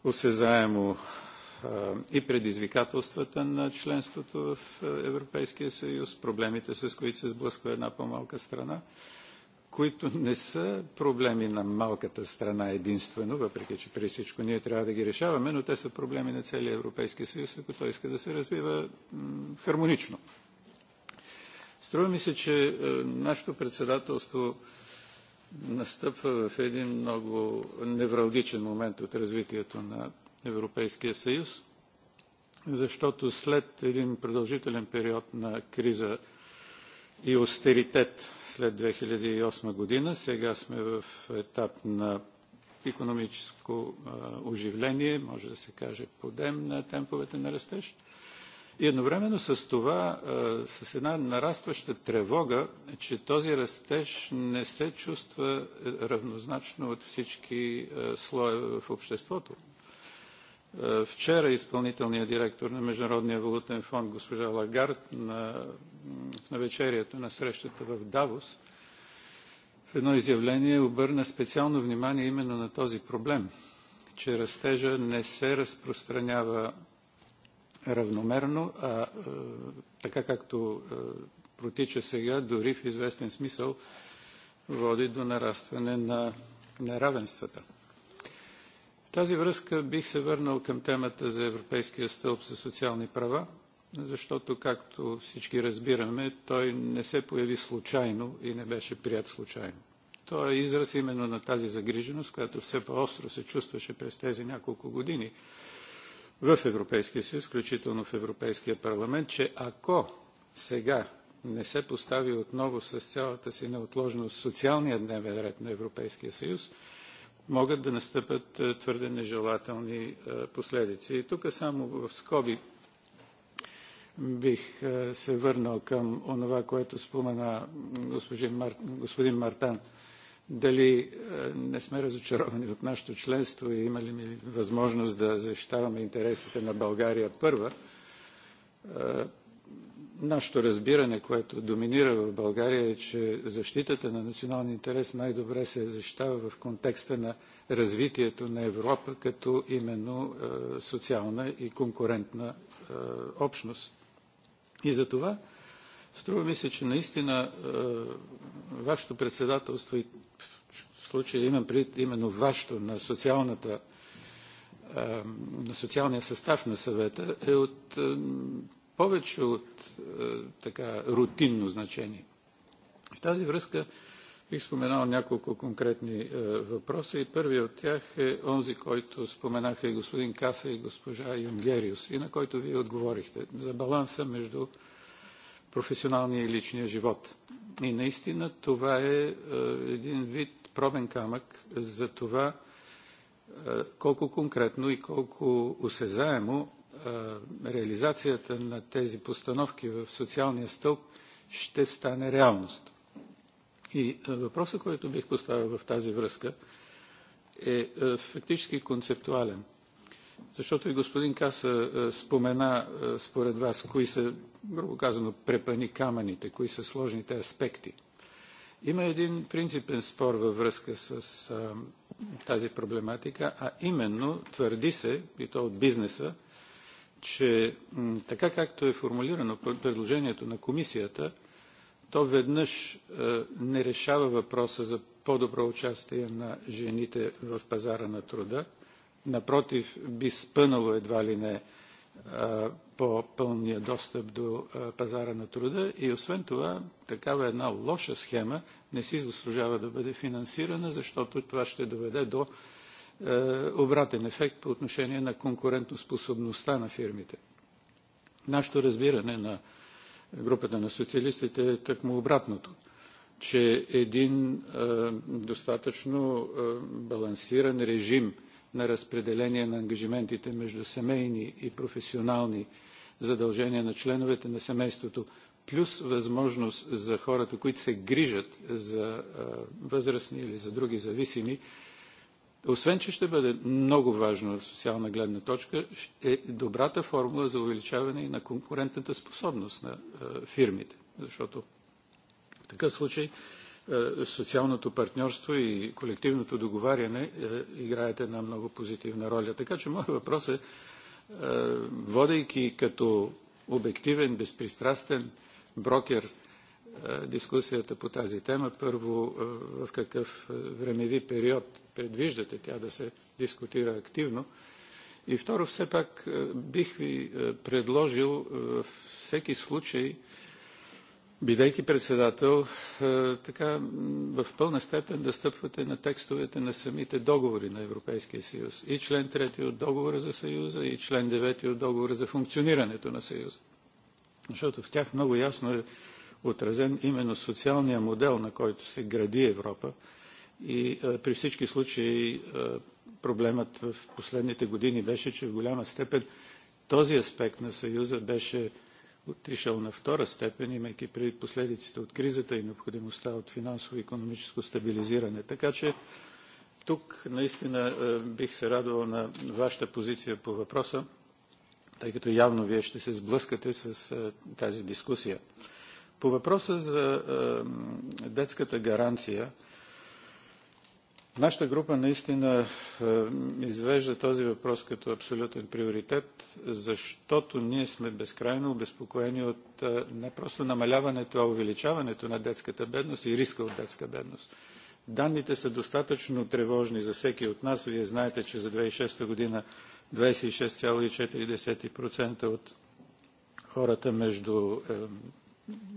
осезаемо е, и предизвикателствата на членството в е, Европейския съюз, проблемите с които се сблъсква една по-малка страна които не са проблеми на малката страна единствено, въпреки че при всичко ние трябва да ги решаваме, но те са проблеми на целия Европейски съюз, ако той иска да се развива хармонично. Струва ми се, че е, нашето председателство настъпва в един много невралгичен момент от развитието на Европейския съюз, защото след един продължителен период на криза – и остеритет след 2008 година. Сега сме в етап на економическо оживление, може да се каже подем на темповете на растеж. И едновременно с това, с една нарастваща тревога, че този растеж не се чувства е, равнозначно от всички слоеве в обществото. Вчера изпълнителният директор на Международния валутен фонд госпожа Лагард на, на вечерието на срещата в Давос в едно изявление обърна специално внимание именно на този проблем, че растежа не се разпространява равномерно, а е, така както е, протича сега, дори в известен смисъл води до нарастване на неравенствата тази връзка бих се върнал към темата за Европейския стълб за социални права, защото, както всички разбираме, той не се появи случайно и не беше прият случайно. Той е израз именно на тази загриженост, която все по-остро се чувстваше през тези няколко години в Европейския съюз, включително в Европейския парламент, че ако сега не се постави отново с цялата си неотложност социалния дневен ред на Европейския съюз, могат да настъпят е, твърде нежелателни е, последици. И тук само в скоби бих е, се върнал към онова, което спомена господин Мартан. Дали не сме разочаровани от нашето членство и имали ли възможност да защитаваме интересите на България първа? Нашето разбиране, което доминира в България е, че защитата на националния интерес най-добре се защитава в контекста на развитието на Европа като именно е, социална и конкурентна е, общност. И за това струва ми се, че наистина е, вашето председателство и в случая имам пред именно вашето на социалната на социалния състав на съвета е от повече от е, така рутинно значение. В тази връзка бих споменал няколко конкретни е, въпроса и първият от тях е онзи, който споменаха и господин Каса и госпожа Юнгериус и на който вие отговорихте за баланса между професионалния и личния живот. И наистина това е, е един вид пробен камък за това колко конкретно и колко осезаемо реализацията на тези постановки в социалния стълб ще стане реалност. И въпросът, който бих поставил в тази връзка, е фактически концептуален. Защото и господин Каса спомена според вас, кои са, грубо казано, препани камъните, кои са сложните аспекти. Има един принципен спор във връзка с а, тази проблематика, а именно твърди се, и то от бизнеса, че така както е формулирано предложението на комисията, то веднъж е, не решава въпроса за по-добро участие на жените в пазара на труда. Напротив, би спънало едва ли не е, по-пълния достъп до е, пазара на труда и освен това такава една лоша схема не си заслужава да бъде финансирана, защото това ще доведе до е, обратен ефект по отношение на конкурентоспособността на фирмите. Нашето разбиране на групата на социалистите е тъкмо обратното, че един е, достатъчно е, балансиран режим на разпределение на ангажиментите между семейни и професионални задължения на членовете на семейството, плюс възможност за хората, които се грижат за възрастни или за други зависими, освен че ще бъде много важно от социална гледна точка, е добрата формула за увеличаване и на конкурентната способност на е, фирмите. Защото в такъв случай е, социалното партньорство и колективното договаряне е, играят една много позитивна роля. Така че моят въпрос е, водейки като обективен, безпристрастен брокер – дискусията по тази тема. Първо, в какъв времеви период предвиждате тя да се дискутира активно? И второ, все пак бих ви предложил във всеки случай, бидейки председател, така в пълна степен да стъпвате на текстовете на самите договори на Европейския съюз. И член 3 от договора за съюза, и член 9 от договора за функционирането на съюза. Защото в тях много ясно е отразен именно социалния модел, на който се гради Европа. И е, при всички случаи е, проблемът в последните години беше, че в голяма степен този аспект на Съюза беше отишъл на втора степен, имайки преди последиците от кризата и необходимостта от финансово и економическо стабилизиране. Така че тук наистина е, бих се радвал на вашата позиция по въпроса, тъй като явно вие ще се сблъскате с тази дискусия. По въпроса за детската гаранция, нашата група наистина извежда този въпрос като абсолютен приоритет, защото ние сме безкрайно обезпокоени от не просто намаляването, а увеличаването на детската бедност и риска от детска бедност. Данните са достатъчно тревожни за всеки от нас. Вие знаете, че за 2006 година 26,4% от хората между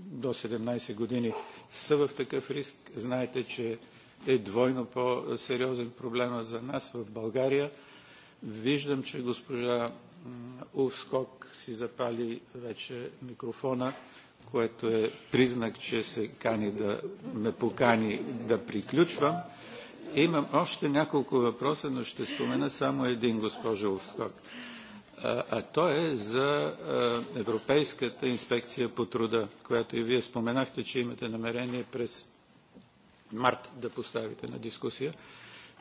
до 17 години са в такъв риск. Знаете, че е двойно по-сериозен проблема за нас в България. Виждам, че госпожа Увскок си запали вече микрофона, което е признак, че се кани да ме покани да приключвам. Имам още няколко въпроса, но ще спомена само един, госпожа Увскок а то е за Европейската инспекция по труда, която и вие споменахте, че имате намерение през март да поставите на дискусия.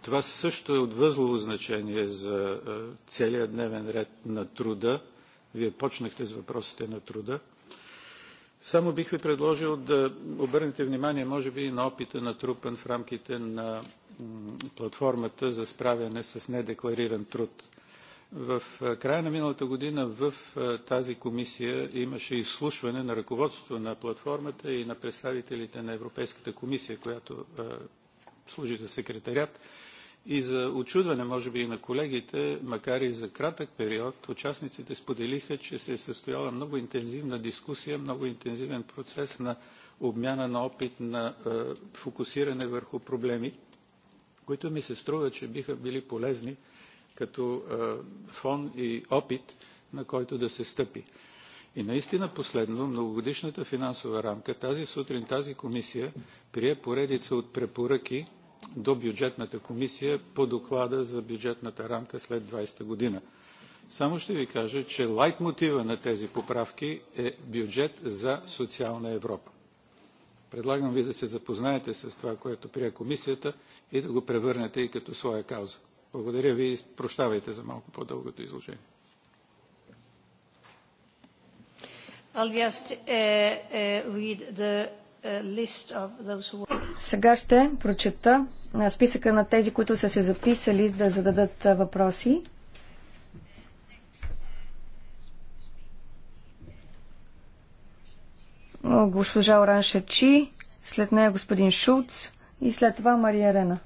Това също е от възлово значение за целия дневен ред на труда. Вие почнахте с въпросите на труда. Само бих ви предложил да обърнете внимание, може би, и на опита на трупан в рамките на платформата за справяне с недеклариран труд – в края на миналата година в тази комисия имаше изслушване на ръководството на платформата и на представителите на Европейската комисия, която служи за секретарят. И за очудване, може би и на колегите, макар и за кратък период, участниците споделиха, че се е състояла много интензивна дискусия, много интензивен процес на обмяна на опит, на фокусиране върху проблеми, които ми се струва, че биха били полезни като фон и опит, на който да се стъпи. И наистина последно, многогодишната финансова рамка, тази сутрин тази комисия прие поредица от препоръки до бюджетната комисия по доклада за бюджетната рамка след 20-та година. Само ще ви кажа, че лайт мотива на тези поправки е бюджет за социална Европа. Предлагам ви да се запознаете с това, което прие комисията и да го превърнете и като своя кауза. Благодаря ви. Прощавайте за малко по-дългото изложение. Uh, uh, uh, Сега ще прочета списъка на тези, които са се записали да зададат въпроси. Госпожа Оранша Чи, след нея господин Шулц и след това Мария Рена.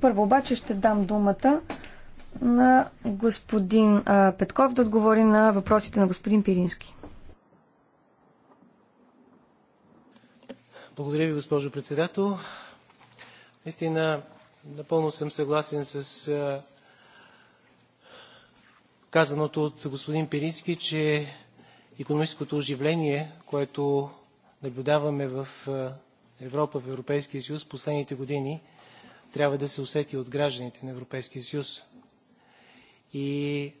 Първо обаче ще дам думата на господин а, Петков да отговори на въпросите на господин Пирински. Благодаря ви, госпожо председател. Наистина, напълно съм съгласен с а, казаното от господин Пирински, че економическото оживление, което наблюдаваме в Европа, в Европейския съюз последните години – трябва да се усети от гражданите на Европейския съюз. И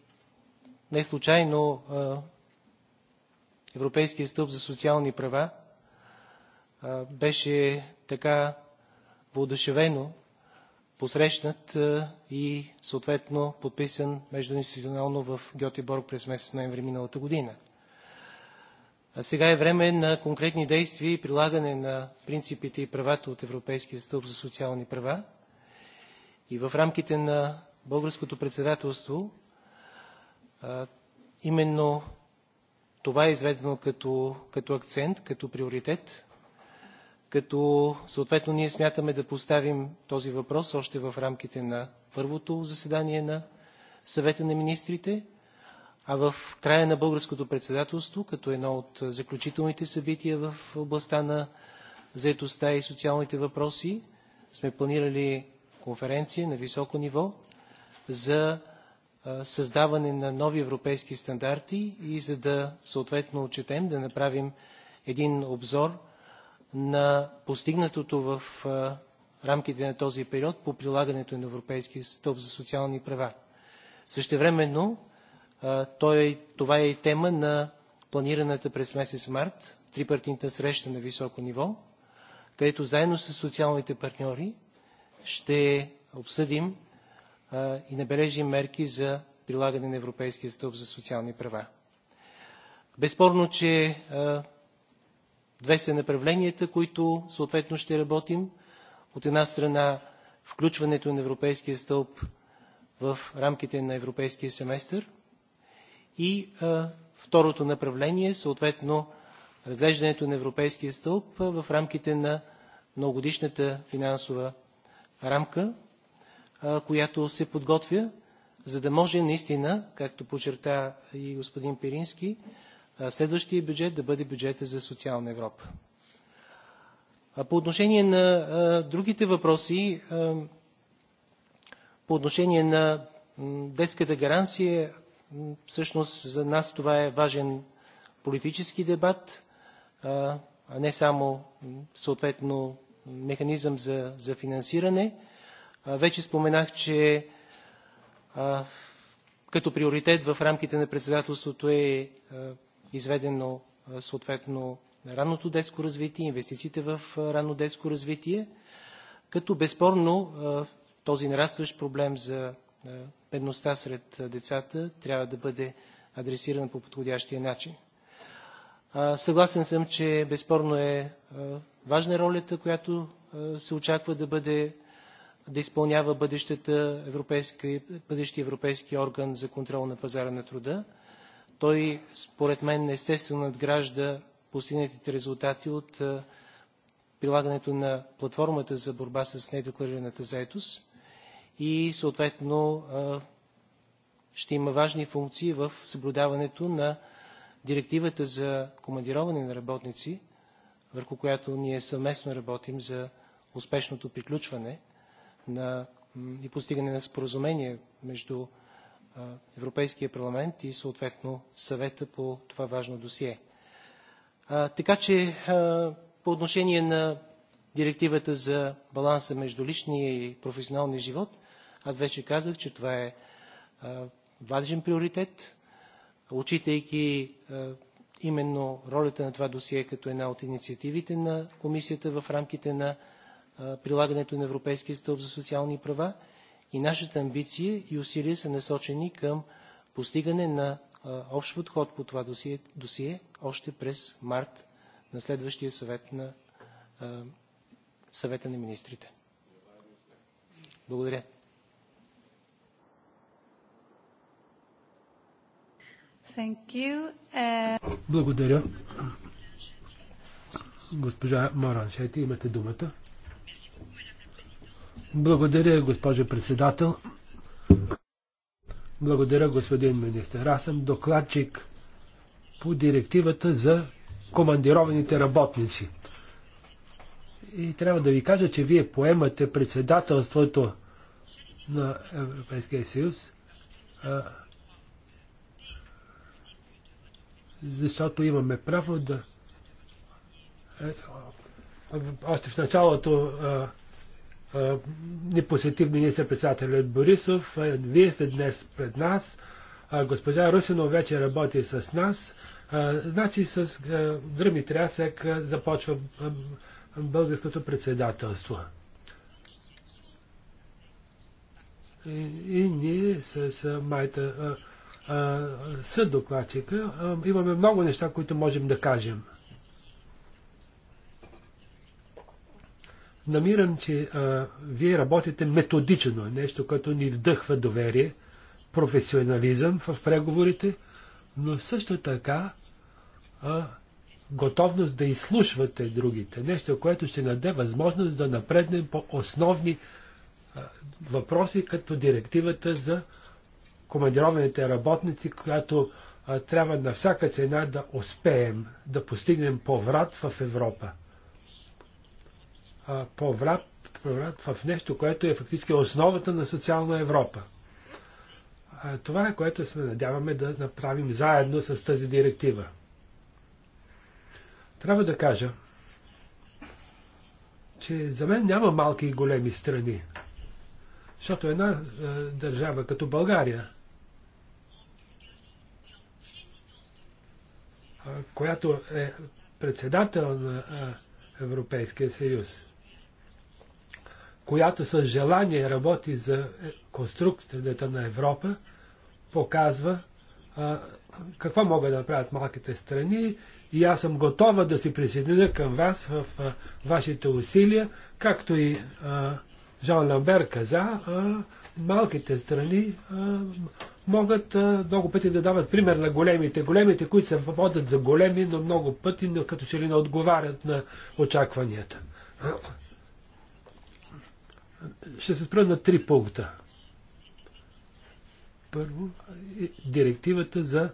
не случайно Европейския стълб за социални права беше така воодушевено посрещнат и съответно подписан междуинституционално в Гьотеборг през месец ноември миналата година. А сега е време на конкретни действия и прилагане на принципите и правата от Европейския стълб за социални права и в рамките на българското председателство именно това е изведено като, като акцент, като приоритет, като съответно ние смятаме да поставим този въпрос още в рамките на първото заседание на съвета на министрите, а в края на българското председателство, като едно от заключителните събития в областта на заетостта и социалните въпроси, сме планирали конференция на високо ниво за създаване на нови европейски стандарти и за да съответно отчетем, да направим един обзор на постигнатото в рамките на този период по прилагането на Европейския стълб за социални права. Същевременно това е и тема на планираната през месец март трипартийната среща на високо ниво, където заедно с социалните партньори ще обсъдим и набележим мерки за прилагане на Европейския стълб за социални права. Безспорно, че две са направленията, които съответно ще работим. От една страна включването на Европейския стълб в рамките на Европейския семестър и второто направление, съответно разглеждането на Европейския стълб в рамките на многогодишната финансова рамка, която се подготвя, за да може наистина, както подчерта и господин Пирински, следващия бюджет да бъде бюджета за социална Европа. По отношение на другите въпроси, по отношение на детската гаранция, всъщност за нас това е важен политически дебат, а не само съответно механизъм за, за финансиране. Вече споменах, че като приоритет в рамките на председателството е изведено съответно ранното детско развитие, инвестициите в ранно детско развитие, като безспорно този нарастващ проблем за бедността сред децата трябва да бъде адресиран по подходящия начин. Съгласен съм, че безспорно е важна ролята, която се очаква да бъде да изпълнява бъдещата европейска, бъдещи европейски орган за контрол на пазара на труда. Той, според мен, естествено надгражда постигнатите резултати от прилагането на платформата за борба с недекларираната заетост и съответно ще има важни функции в съблюдаването на директивата за командироване на работници, върху която ние съвместно работим за успешното приключване на, и постигане на споразумение между Европейския парламент и съответно съвета по това важно досие. А, така че а, по отношение на директивата за баланса между личния и професионалния живот, аз вече казах, че това е а, важен приоритет отчитайки именно ролята на това досие като една от инициативите на комисията в рамките на прилагането на Европейския стълб за социални права и нашата амбиция и усилия са насочени към постигане на общ подход по това досие, досие още през март на следващия съвет на съвета на министрите. Благодаря. Uh... Благодаря. Госпожа Шети, имате думата. Благодаря, госпожо председател. Благодаря, господин министър. Аз съм докладчик по директивата за командированите работници. И трябва да ви кажа, че вие поемате председателството на Европейския съюз защото имаме право да. Е, още в началото е, е, ни посети министър-председателят Борисов. Вие сте днес пред нас. Госпожа Русино вече работи с нас. Значи с гръм и трясък започва българското председателство. И, и ние с майта съд докладчика, имаме много неща, които можем да кажем. Намирам, че а, вие работите методично, нещо, което ни вдъхва доверие, професионализъм в преговорите, но също така а, готовност да изслушвате другите. Нещо, което ще даде възможност да напреднем по основни а, въпроси, като директивата за командированите работници, която а, трябва на всяка цена да успеем да постигнем поврат в Европа. А, поврат, поврат в нещо, което е фактически основата на социална Европа. А, това е което сме надяваме да направим заедно с тази директива. Трябва да кажа, че за мен няма малки и големи страни. Защото една е, държава като България която е председател на Европейския съюз, която с желание работи за е, конструкцията на Европа, показва какво могат да направят малките страни и аз съм готова да се присъединя към вас в вашите усилия, както и Жан Ламбер каза, малките страни могат много пъти да дават пример на големите. Големите, които се водят за големи, но много пъти, но като че ли не отговарят на очакванията. Ще се спра на три пункта. Първо, е директивата за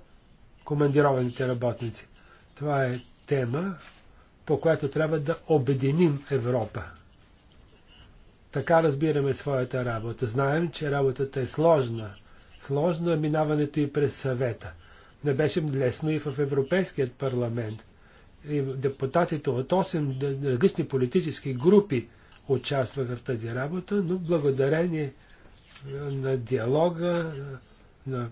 командированите работници. Това е тема, по която трябва да обединим Европа. Така разбираме своята работа. Знаем, че работата е сложна. Сложно е минаването и през съвета. Не беше лесно и в Европейският парламент. И депутатите от 8 различни политически групи участваха в тази работа, но благодарение е, на диалога, е, на е,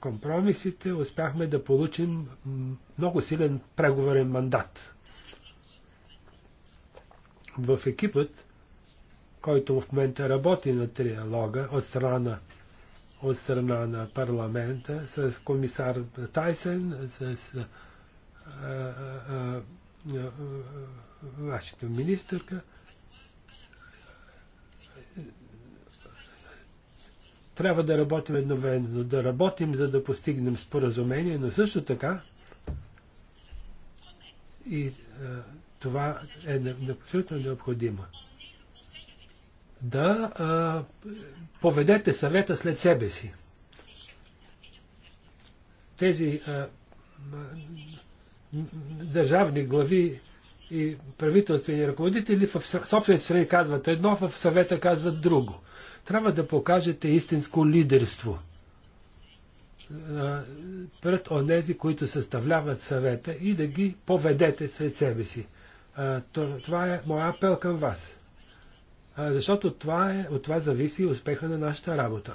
компромисите, успяхме да получим много силен преговорен мандат. В екипът, който в момента работи на триалога от страна от страна на парламента с комисар Тайсен, с вашата министърка. Трябва да работим едновременно, да работим, за да постигнем споразумение, но също така и а, това е абсолютно необходимо да а, поведете съвета след себе си. Тези а, държавни глави и правителствени ръководители в собствените страни казват едно, в съвета казват друго. Трябва да покажете истинско лидерство пред онези, които съставляват съвета и да ги поведете след себе си. Това е моя апел към вас защото това е, от това зависи успеха на нашата работа.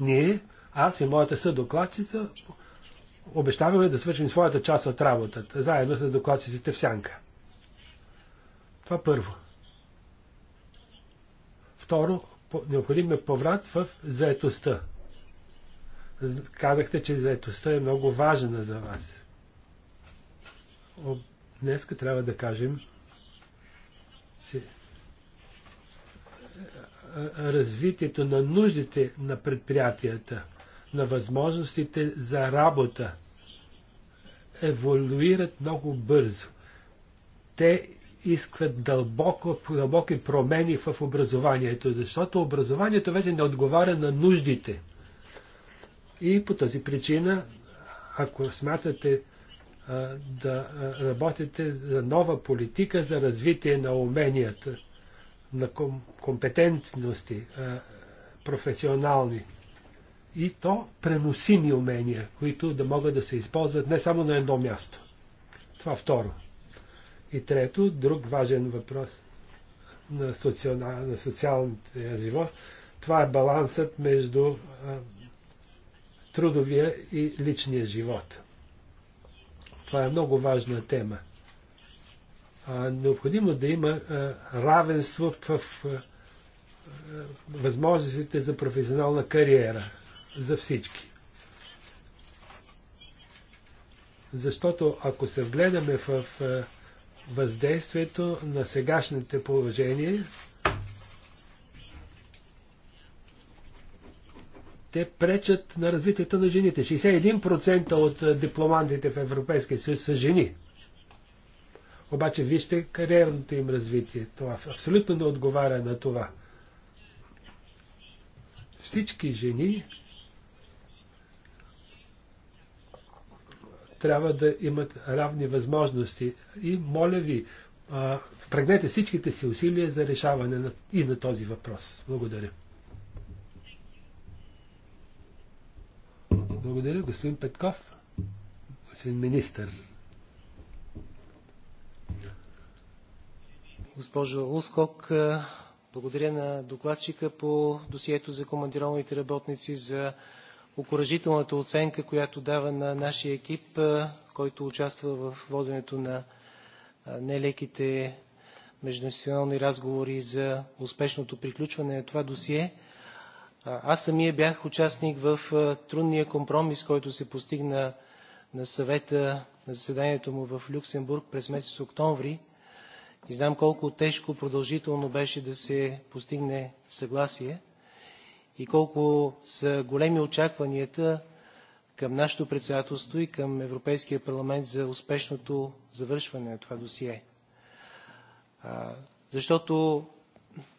Ние, аз и моята съдокладчица, обещаваме да свършим своята част от работата, заедно с докладчиците в сянка. Това първо. Второ, необходим е поврат в заетостта. Казахте, че заетостта е много важна за вас. Днеска трябва да кажем, развитието на нуждите на предприятията, на възможностите за работа, еволюират много бързо. Те искат дълбоко, дълбоки промени в образованието, защото образованието вече не отговаря на нуждите. И по тази причина, ако смятате а, да работите за нова политика за развитие на уменията, на ком, компетентности а, професионални и то преносими умения, които да могат да се използват не само на едно място. Това второ. И трето, друг важен въпрос на, социал, на социалния живот, това е балансът между а, трудовия и личния живот. Това е много важна тема необходимо да има равенство в възможностите за професионална кариера за всички. Защото ако се вгледаме в въздействието на сегашните положения, те пречат на развитието на жените. 61% от дипломантите в Европейския съюз са жени. Обаче вижте кариерното им развитие. Това абсолютно не отговаря на това. Всички жени трябва да имат равни възможности. И моля ви, впрегнете всичките си усилия за решаване и на този въпрос. Благодаря. Благодаря, господин Петков, господин министър. госпожо Лускок. Е, благодаря на докладчика по досието за командированите работници за окоръжителната оценка, която дава на нашия екип, е, който участва в воденето на е, нелеките междуинституционални разговори за успешното приключване на това досие. Аз самия бях участник в трудния компромис, който се постигна на съвета на заседанието му в Люксембург през месец октомври и знам колко тежко продължително беше да се постигне съгласие и колко са големи очакванията към нашето председателство и към Европейския парламент за успешното завършване на това досие. А, защото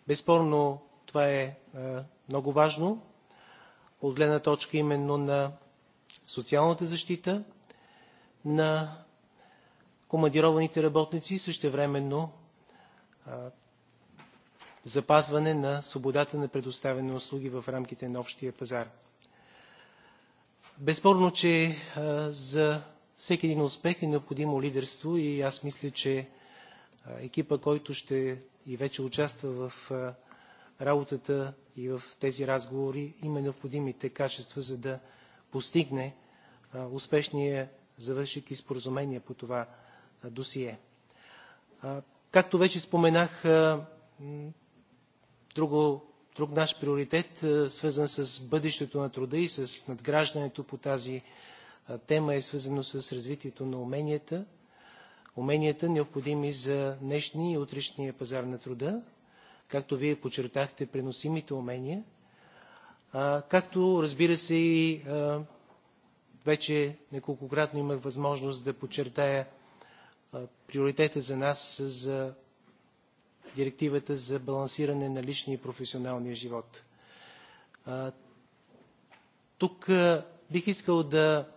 безспорно това е а, много важно от гледна точка именно на социалната защита на командированите работници и същевременно запазване на свободата на предоставяне на услуги в рамките на общия пазар. Безспорно, че за всеки един успех е необходимо лидерство и аз мисля, че екипа, който ще и вече участва в работата и в тези разговори, има необходимите качества, за да постигне успешния завършик и споразумение по това досие. Както вече споменах, друго, друг наш приоритет, свързан с бъдещето на труда и с надграждането по тази тема, е свързано с развитието на уменията, уменията необходими за днешния и утрешния пазар на труда, както вие подчертахте, преносимите умения, както разбира се и вече неколкократно имах възможност да подчертая Приоритета за нас за директивата за балансиране на личния и професионалния живот. Тук бих искал да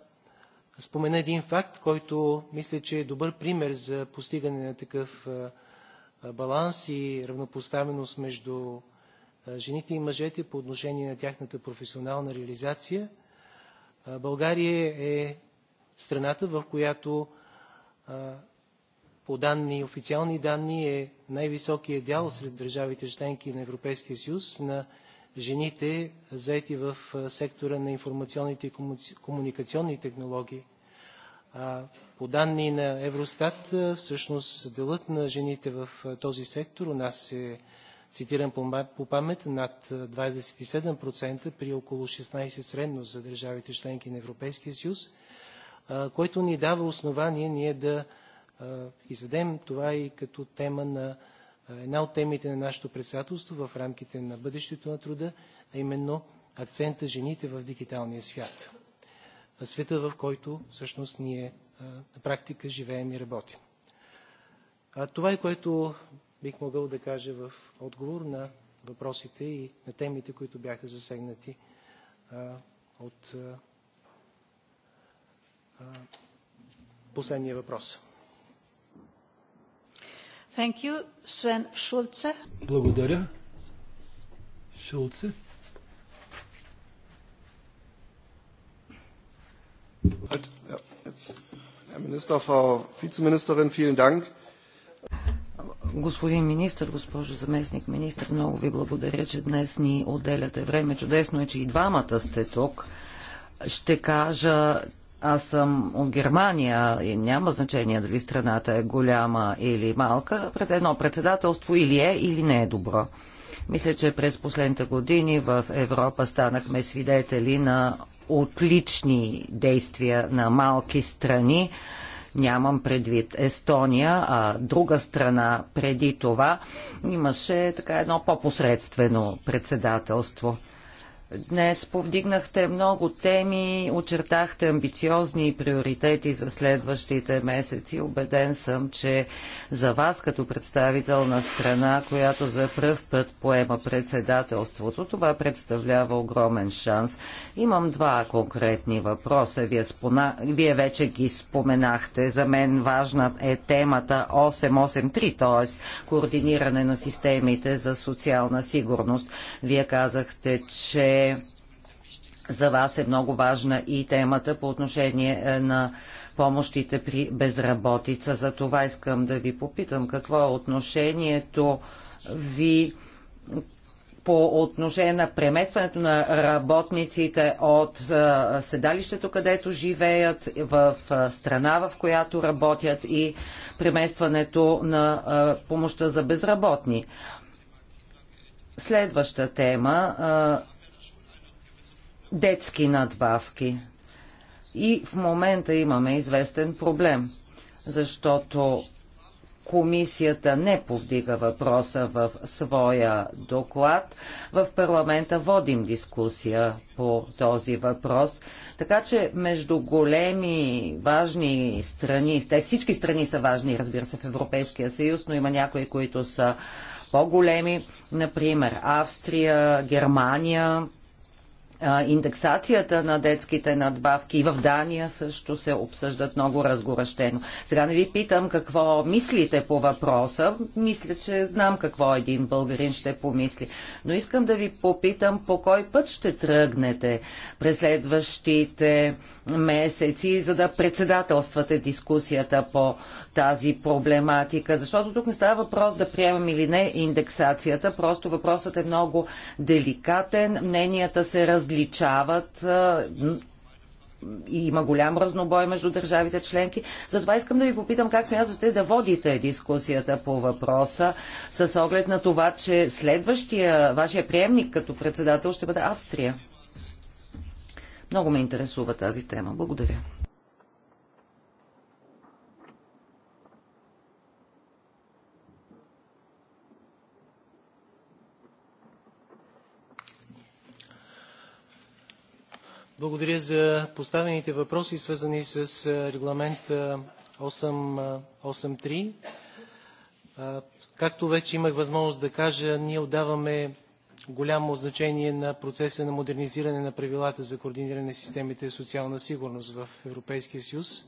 спомена един факт, който мисля, че е добър пример за постигане на такъв баланс и равнопоставеност между жените и мъжете по отношение на тяхната професионална реализация. България е страната, в която по данни, официални данни е най-високия дял сред държавите членки на Европейския съюз на жените, заети в сектора на информационните и комуникационни технологии. По данни на Евростат, всъщност делът на жените в този сектор у нас е, цитирам по памет, над 27% при около 16% средно за държавите членки на Европейския съюз, което ни дава основание ние да изведем това и като тема на една от темите на нашето председателство в рамките на бъдещето на труда, а именно акцента жените в дигиталния свят. Света, в който всъщност ние на практика живеем и работим. А това е което бих могъл да кажа в отговор на въпросите и на темите, които бяха засегнати а, от а, последния въпрос. Благодаря. Шулце. Господин министър, госпожо заместник министър, много ви благодаря, че днес ни отделяте време. Чудесно е, че и двамата сте тук. Ще кажа, аз съм от Германия и няма значение дали страната е голяма или малка. Пред едно председателство или е, или не е добро. Мисля, че през последните години в Европа станахме свидетели на отлични действия на малки страни. Нямам предвид Естония, а друга страна преди това имаше така едно по-посредствено председателство. Днес повдигнахте много теми, очертахте амбициозни приоритети за следващите месеци. Обеден съм, че за вас като представител на страна, която за пръв път поема председателството, това представлява огромен шанс. Имам два конкретни въпроса. Вие, спона... Вие вече ги споменахте. За мен важна е темата 883, т.е. координиране на системите за социална сигурност. Вие казахте, че за вас е много важна и темата по отношение е, на помощите при безработица. За това искам да ви попитам какво е отношението ви по отношение на преместването на работниците от е, седалището, където живеят, в е, страна, в която работят и преместването на помощта за безработни. Следваща тема детски надбавки. И в момента имаме известен проблем, защото комисията не повдига въпроса в своя доклад. В парламента водим дискусия по този въпрос. Така че между големи, важни страни, те всички страни са важни, разбира се, в Европейския съюз, но има някои, които са по-големи, например Австрия, Германия, индексацията на детските надбавки. И в Дания също се обсъждат много разгорещено. Сега не ви питам какво мислите по въпроса. Мисля, че знам какво един българин ще помисли. Но искам да ви попитам по кой път ще тръгнете през следващите месеци, за да председателствате дискусията по тази проблематика. Защото тук не става въпрос да приемам или не индексацията. Просто въпросът е много деликатен. Мненията се различават различават и има голям разнобой между държавите членки. Затова искам да ви попитам как смятате да водите дискусията по въпроса с оглед на това, че следващия вашия приемник като председател ще бъде Австрия. Много ме интересува тази тема. Благодаря. Благодаря за поставените въпроси, свързани с регламент 883. Както вече имах възможност да кажа, ние отдаваме голямо значение на процеса на модернизиране на правилата за координиране на системите социална сигурност в Европейския съюз.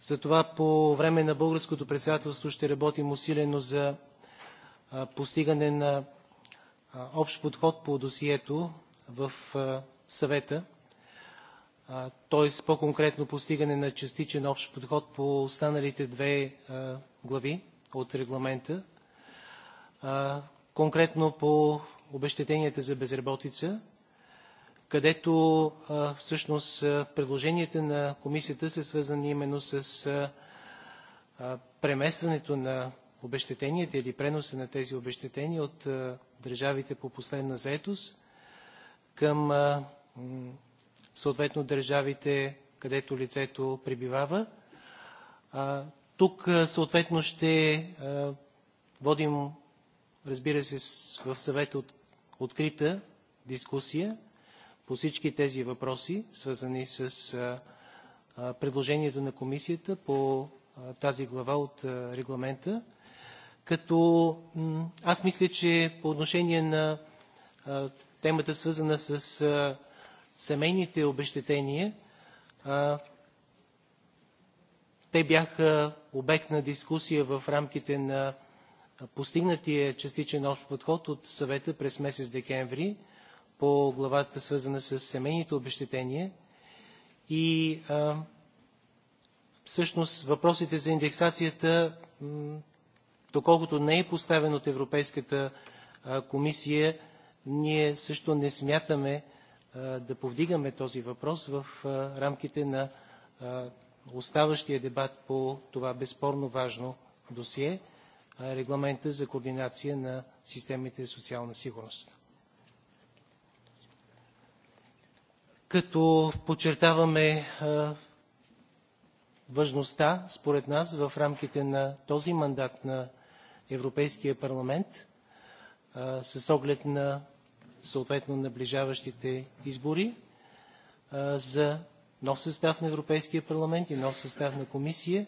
Затова по време на българското председателство ще работим усилено за постигане на общ подход по досието в съвета, т.е. по-конкретно постигане на частичен общ подход по останалите две глави от регламента, конкретно по обещетенията за безработица, където всъщност предложенията на комисията са свързани именно с преместването на обещетенията или преноса на тези обещетения от държавите по последна заетост към съответно държавите, където лицето пребивава. Тук съответно ще водим, разбира се, в съвета от, открита дискусия по всички тези въпроси, свързани с предложението на комисията по тази глава от регламента. Като аз мисля, че по отношение на темата свързана с семейните обещетения, те бяха обект на дискусия в рамките на постигнатия частичен общ подход от съвета през месец декември по главата, свързана с семейните обещетения. И а, всъщност въпросите за индексацията, доколкото не е поставен от Европейската комисия, ние също не смятаме, да повдигаме този въпрос в рамките на оставащия дебат по това безспорно важно досие – регламента за координация на системите за социална сигурност. Като подчертаваме важността, според нас, в рамките на този мандат на Европейския парламент, с оглед на съответно наближаващите избори за нов състав на Европейския парламент и нов състав на комисия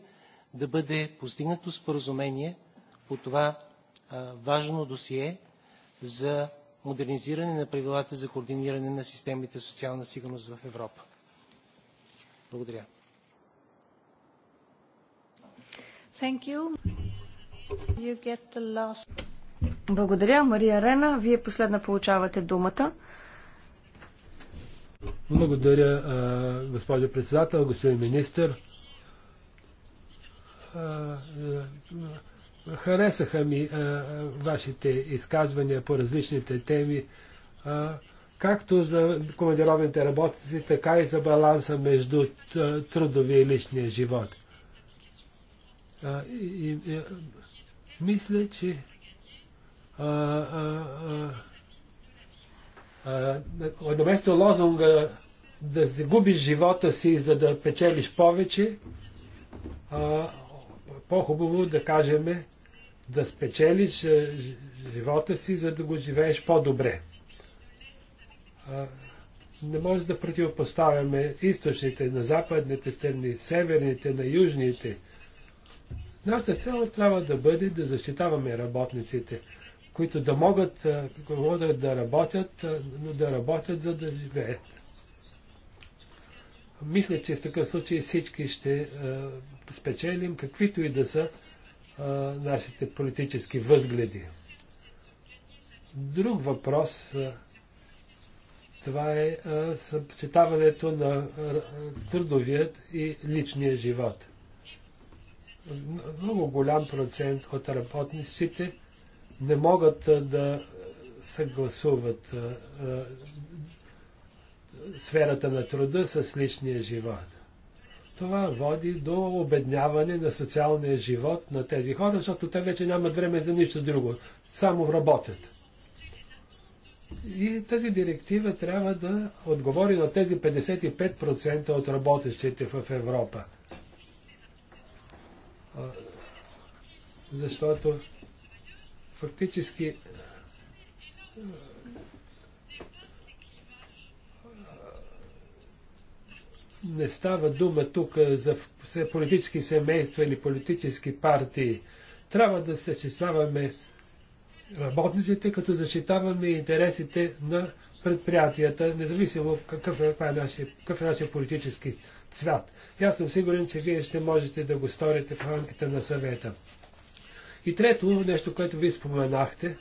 да бъде постигнато споразумение по това важно досие за модернизиране на правилата за координиране на системите за социална сигурност в Европа. Благодаря. Thank you. You get the last... Благодаря, Мария Рена. Вие последна получавате думата. Благодаря, госпожо председател, господин министр. Харесаха ми вашите изказвания по различните теми, както за командировните работници, така и за баланса между трудовия и личния живот. И, и, мисля, че на лозунга да загубиш живота си, за да печелиш повече, по-хубаво да кажем да спечелиш живота си, за да го живееш по-добре. Не може да противопоставяме източните на западните страни, северните на южните. Нашата цел трябва да бъде да защитаваме работниците които да могат да работят, но да работят, за да живеят. Мисля, че в такъв случай всички ще спечелим, каквито и да са нашите политически възгледи. Друг въпрос това е съчетаването на трудовият и личния живот. Много голям процент от работниците не могат да съгласуват сферата на труда с личния живот. Това води до обедняване на социалния живот на тези хора, защото те вече нямат време за нищо друго. Само работят. И тази директива трябва да отговори на тези 55% от работещите в Европа. Защото фактически е, не става дума тук за политически семейства или политически партии. Трябва да съществяваме работниците, като защитаваме интересите на предприятията, независимо какъв е, е нашия, какъв е нашия политически цвят. И аз съм сигурен, че вие ще можете да го сторите в рамките на съвета. И трето, нещо, което ви споменахте,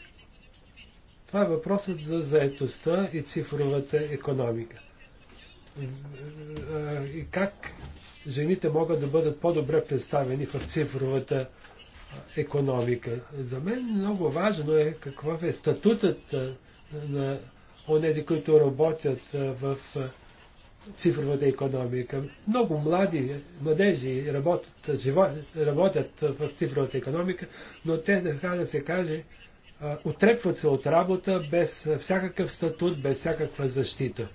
това е въпросът за заетостта и цифровата економика. И как жените могат да бъдат по-добре представени в цифровата економика. За мен много важно е какъв е статутът на онези, които работят в цифровата економика. Много млади младежи работят, живот, работят в цифровата економика, но те, така да се каже, отрепват се от работа без всякакъв статут, без всякаква защита.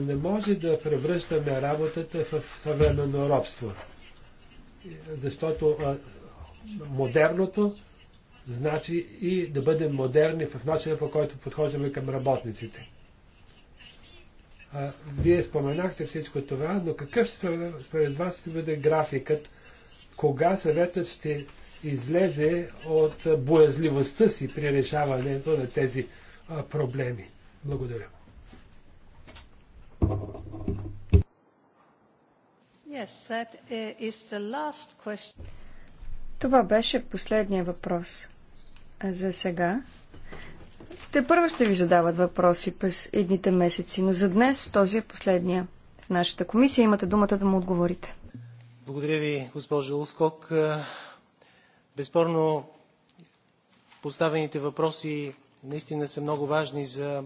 Не може да превръщаме работата в съвременно робство. Защото модерното значи и да бъдем модерни в начина по който подхождаме към работниците. А, вие споменахте всичко това, но какъв според вас ще бъде графикът, кога съветът ще излезе от боязливостта си при решаването на тези а, проблеми? Благодаря. Yes, that is the last question. Това беше последния въпрос за сега те първо ще ви задават въпроси през едните месеци, но за днес този е последния. В нашата комисия имате думата да му отговорите. Благодаря ви, госпожо Лускок. Е, безспорно, поставените въпроси наистина са много важни за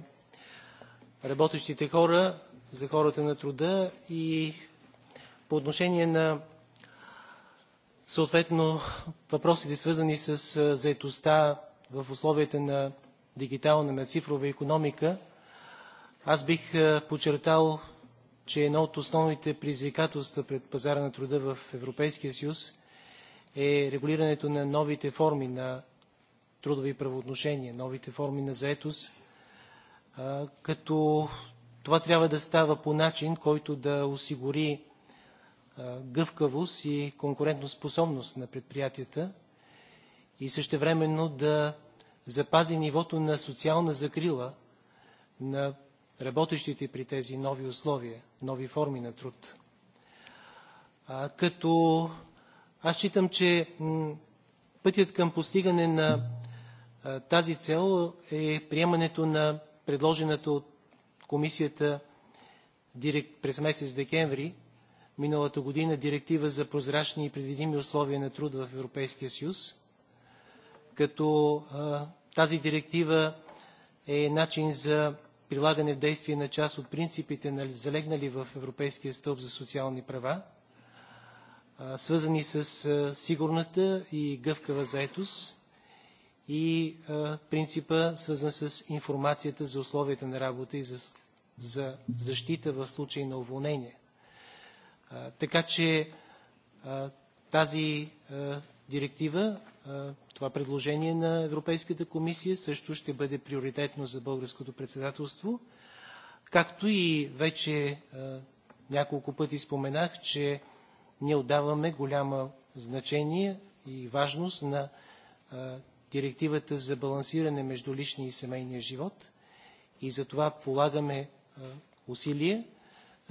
работещите хора, за хората на труда и по отношение на съответно въпросите свързани с е, заетостта в условията на дигитална, на цифрова економика. аз бих е, подчертал, че едно от основните предизвикателства пред пазара на труда в Европейския съюз е регулирането на новите форми на трудови правоотношения, новите форми на заетост, е, като това трябва да става по начин, който да осигури е, гъвкавост и конкурентоспособност на предприятията и същевременно да запази нивото на социална закрила на работещите при тези нови условия, нови форми на труд. А, като аз считам, че пътят към постигане на а, тази цел е приемането на предложената от комисията директ, през месец декември миналата година директива за прозрачни и предвидими условия на труд в Европейския съюз, като а, тази директива е начин за прилагане в действие на част от принципите, нали, залегнали в Европейския стълб за социални права, а, свързани с а, сигурната и гъвкава заетост и принципа, свързан с информацията за условията на работа и за, за защита в случай на уволнение. Така че тази директива това предложение на Европейската комисия също ще бъде приоритетно за българското председателство. Както и вече няколко пъти споменах, че ние отдаваме голямо значение и важност на директивата за балансиране между личния и семейния живот и за това полагаме усилия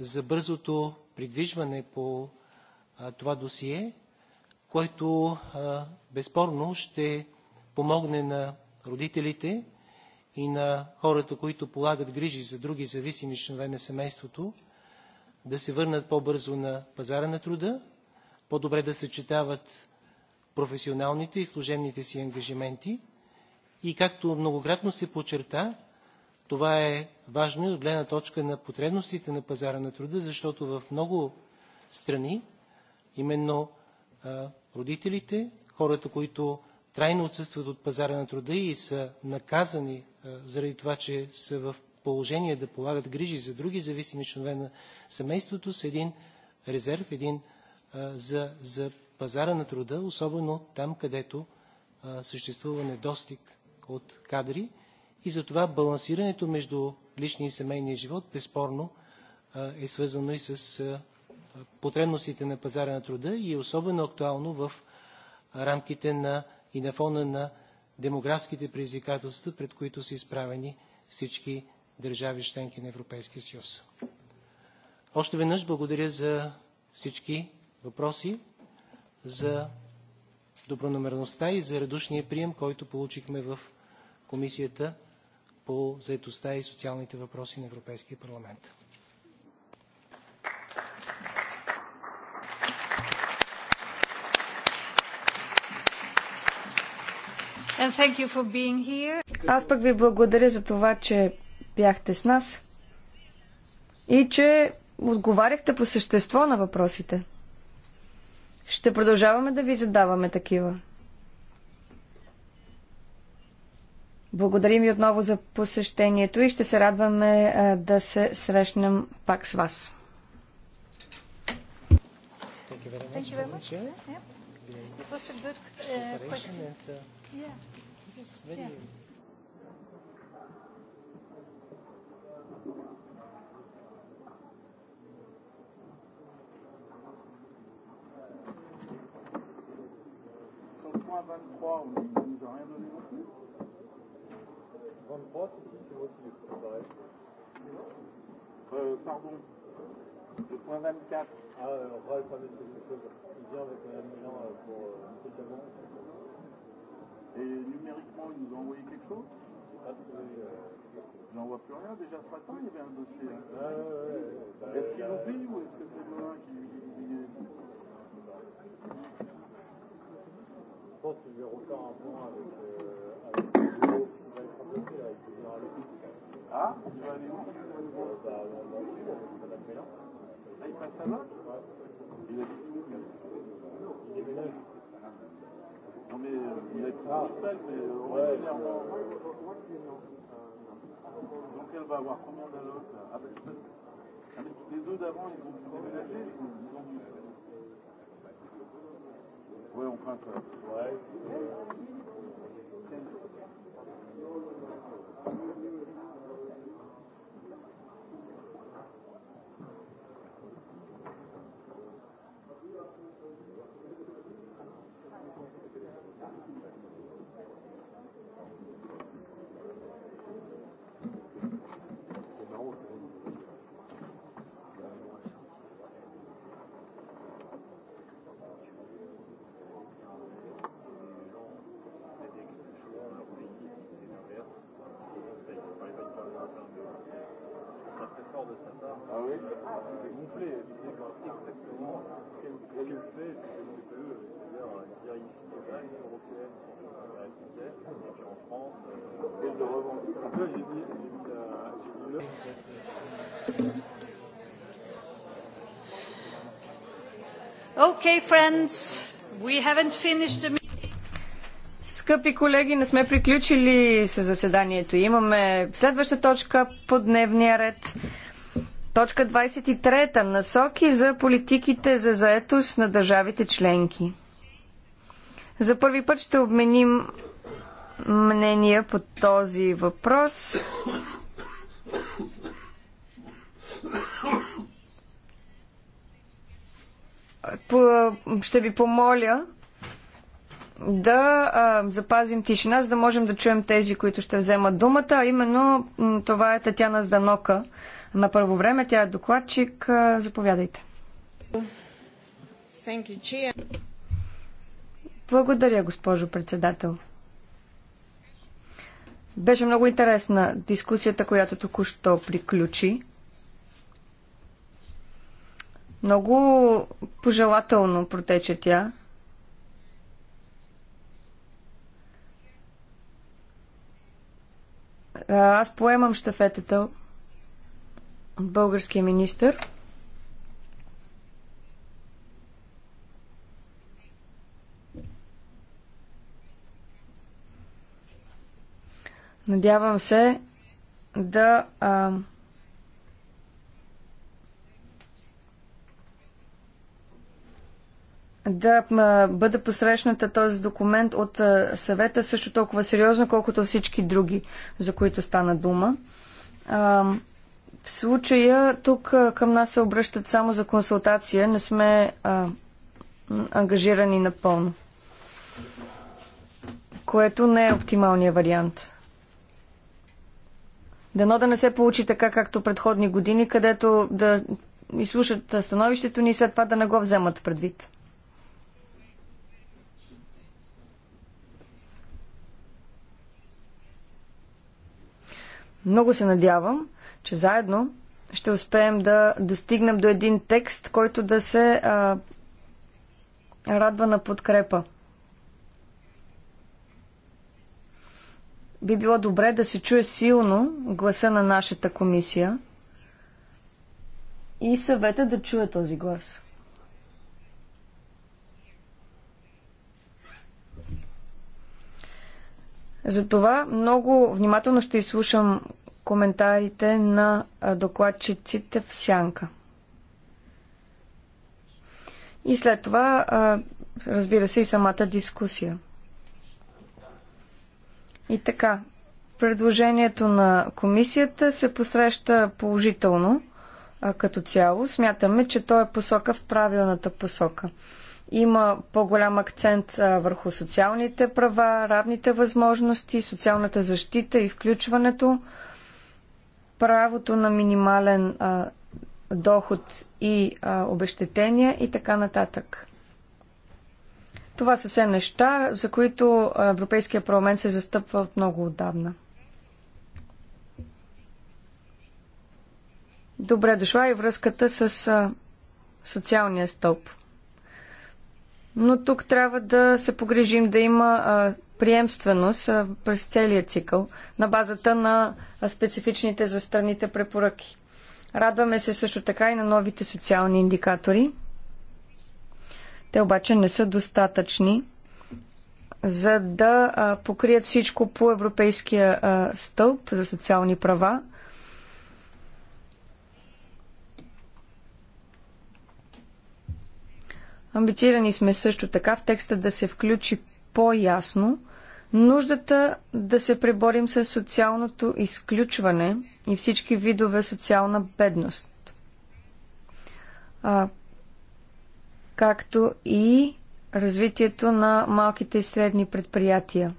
за бързото придвижване по това досие който безспорно ще помогне на родителите и на хората, които полагат грижи за други зависими членове на семейството, да се върнат по-бързо на пазара на труда, по-добре да съчетават професионалните и служебните си ангажименти. И както многократно се подчерта, това е важно и от гледна точка на потребностите на пазара на труда, защото в много страни именно а, родителите, хората, които трайно отсъстват от пазара на труда и са наказани заради това, че са в положение да полагат грижи за други зависими членове на семейството, с един резерв, един за, за пазара на труда, особено там, където съществува недостиг от кадри. И затова балансирането между личния и семейния живот безспорно е свързано и с потребностите на пазара на труда и е особено актуално в рамките на и на фона на демографските предизвикателства, пред които са изправени всички държави членки на Европейския съюз. Още веднъж благодаря за всички въпроси, за добронамерността и за радушния прием, който получихме в Комисията по заедостта и социалните въпроси на Европейския парламент. Аз пък ви благодаря за това, че бяхте с нас и че отговаряхте по същество на въпросите. Ще продължаваме да ви задаваме такива. Благодарим ви отново за посещението и ще се радваме да се срещнем пак с вас. Thank you very much. Thank you very much. Yeah. Yeah. It was a good uh, question. Uh, yeah. It's very yeah. good. 23, on nous a rien donné non plus. 23, c'est qui Euh, pardon. Le point 24. Ah, euh, Ralph quelque chose. Il vient avec un Milan pour euh, un petit Et numériquement, ils nous ont envoyé quelque chose Je n'en vois plus rien. Déjà ce matin, il y avait un dossier. Est-ce qu'ils l'oublient ou est-ce que c'est Melun qui. Je pense que je vais refaire un point avec, euh, avec le bureau qui va être remplacé avec le général Ah, il va aller où euh, bah, Dans le sud, avec Madame Mélin. Ah, il passe là-bas Il est où Il déménage. Non mais vous n'êtes pas seul, mais régulièrement. Donc elle va avoir combien d'allocs là ah, ben, ah les deux d'avant, ils ont dû déménager, ils ils ont dû... Ouais, on ça. Ouais. Okay, friends, we haven't finished the Скъпи колеги, не сме приключили с заседанието. Имаме следваща точка по дневния ред. Точка 23. Насоки за политиките за заетост на държавите членки. За първи път ще обменим мнение по този въпрос. По, ще ви помоля да а, запазим тишина, за да можем да чуем тези, които ще вземат думата. А именно това е Татяна Зданока. На първо време тя е докладчик. А, заповядайте. Благодаря, госпожо председател. Беше много интересна дискусията, която току-що приключи. Много пожелателно протече тя. Аз поемам щафетата от българския министр. Надявам се да а, да а, бъде посрещната този документ от а, съвета също толкова сериозно, колкото всички други, за които стана дума. А, в случая тук към нас се обръщат само за консултация, не сме а, ангажирани напълно, което не е оптималният вариант. Дано да не се получи така, както предходни години, където да изслушат становището ни и след това да не го вземат предвид. Много се надявам, че заедно ще успеем да достигнем до един текст, който да се а, радва на подкрепа. би било добре да се чуе силно гласа на нашата комисия и съвета да чуе този глас. Затова много внимателно ще изслушам коментарите на докладчиците в сянка. И след това, разбира се, и самата дискусия. И така, предложението на комисията се посреща положително а, като цяло. Смятаме, че то е посока в правилната посока. Има по-голям акцент а, върху социалните права, равните възможности, социалната защита и включването, правото на минимален а, доход и а, обещетения и така нататък. Това са все неща, за които Европейския парламент се застъпва от много отдавна. Добре дошла и връзката с социалния стълб. Но тук трябва да се погрижим да има приемственост през целия цикъл на базата на специфичните за страните препоръки. Радваме се също така и на новите социални индикатори – те обаче не са достатъчни, за да покрият всичко по Европейския стълб за социални права. Амбицирани сме също така в текста да се включи по-ясно нуждата да се преборим с социалното изключване и всички видове социална бедност както и развитието на малките и средни предприятия.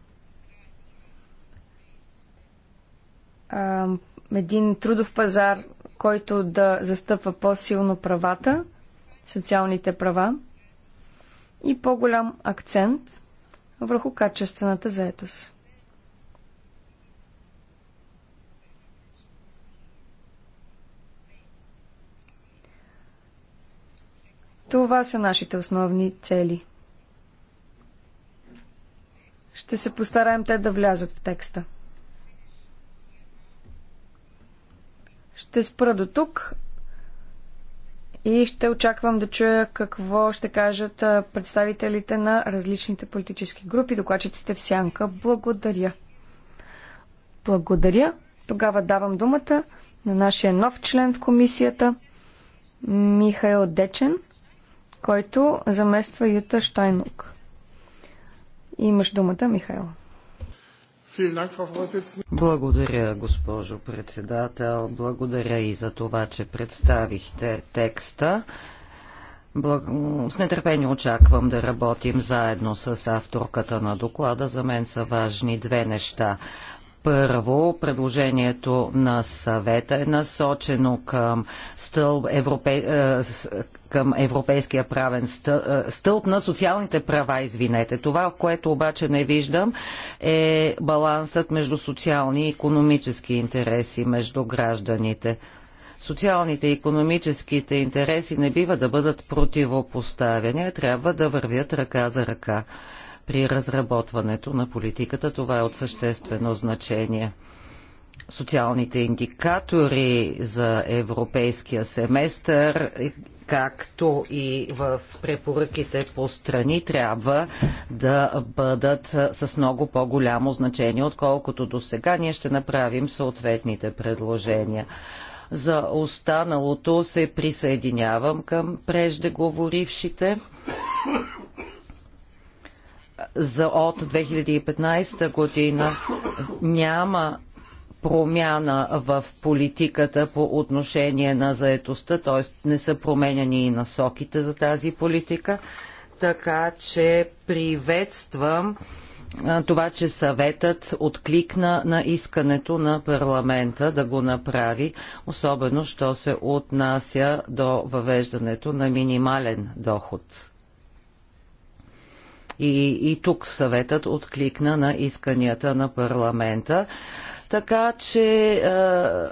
Един трудов пазар, който да застъпва по-силно правата, социалните права и по-голям акцент върху качествената заетост. Това са нашите основни цели. Ще се постараем те да влязат в текста. Ще спра до тук и ще очаквам да чуя какво ще кажат представителите на различните политически групи, докладчиците в сянка. Благодаря. Благодаря. Тогава давам думата на нашия нов член в комисията, Михаил Дечен който замества Юта Штайнук. Имаш думата, Михайло. Благодаря, госпожо председател. Благодаря и за това, че представихте текста. С нетърпение очаквам да работим заедно с авторката на доклада. За мен са важни две неща. Първо, предложението на съвета е насочено към, стълб, европе, е, към европейския правен стълб, е, стълб на социалните права, извинете. Това, което обаче не виждам, е балансът между социални и економически интереси между гражданите. Социалните и економическите интереси не бива да бъдат противопоставяни, а трябва да вървят ръка за ръка при разработването на политиката. Това е от съществено значение. Социалните индикатори за европейския семестър, както и в препоръките по страни, трябва да бъдат с много по-голямо значение, отколкото до сега. Ние ще направим съответните предложения. За останалото се присъединявам към преждеговорившите за от 2015 година няма промяна в политиката по отношение на заетостта, т.е. не са променени и насоките за тази политика. Така че приветствам това, че съветът откликна на искането на парламента да го направи, особено що се отнася до въвеждането на минимален доход. И, и тук съветът откликна на исканията на парламента. Така че е,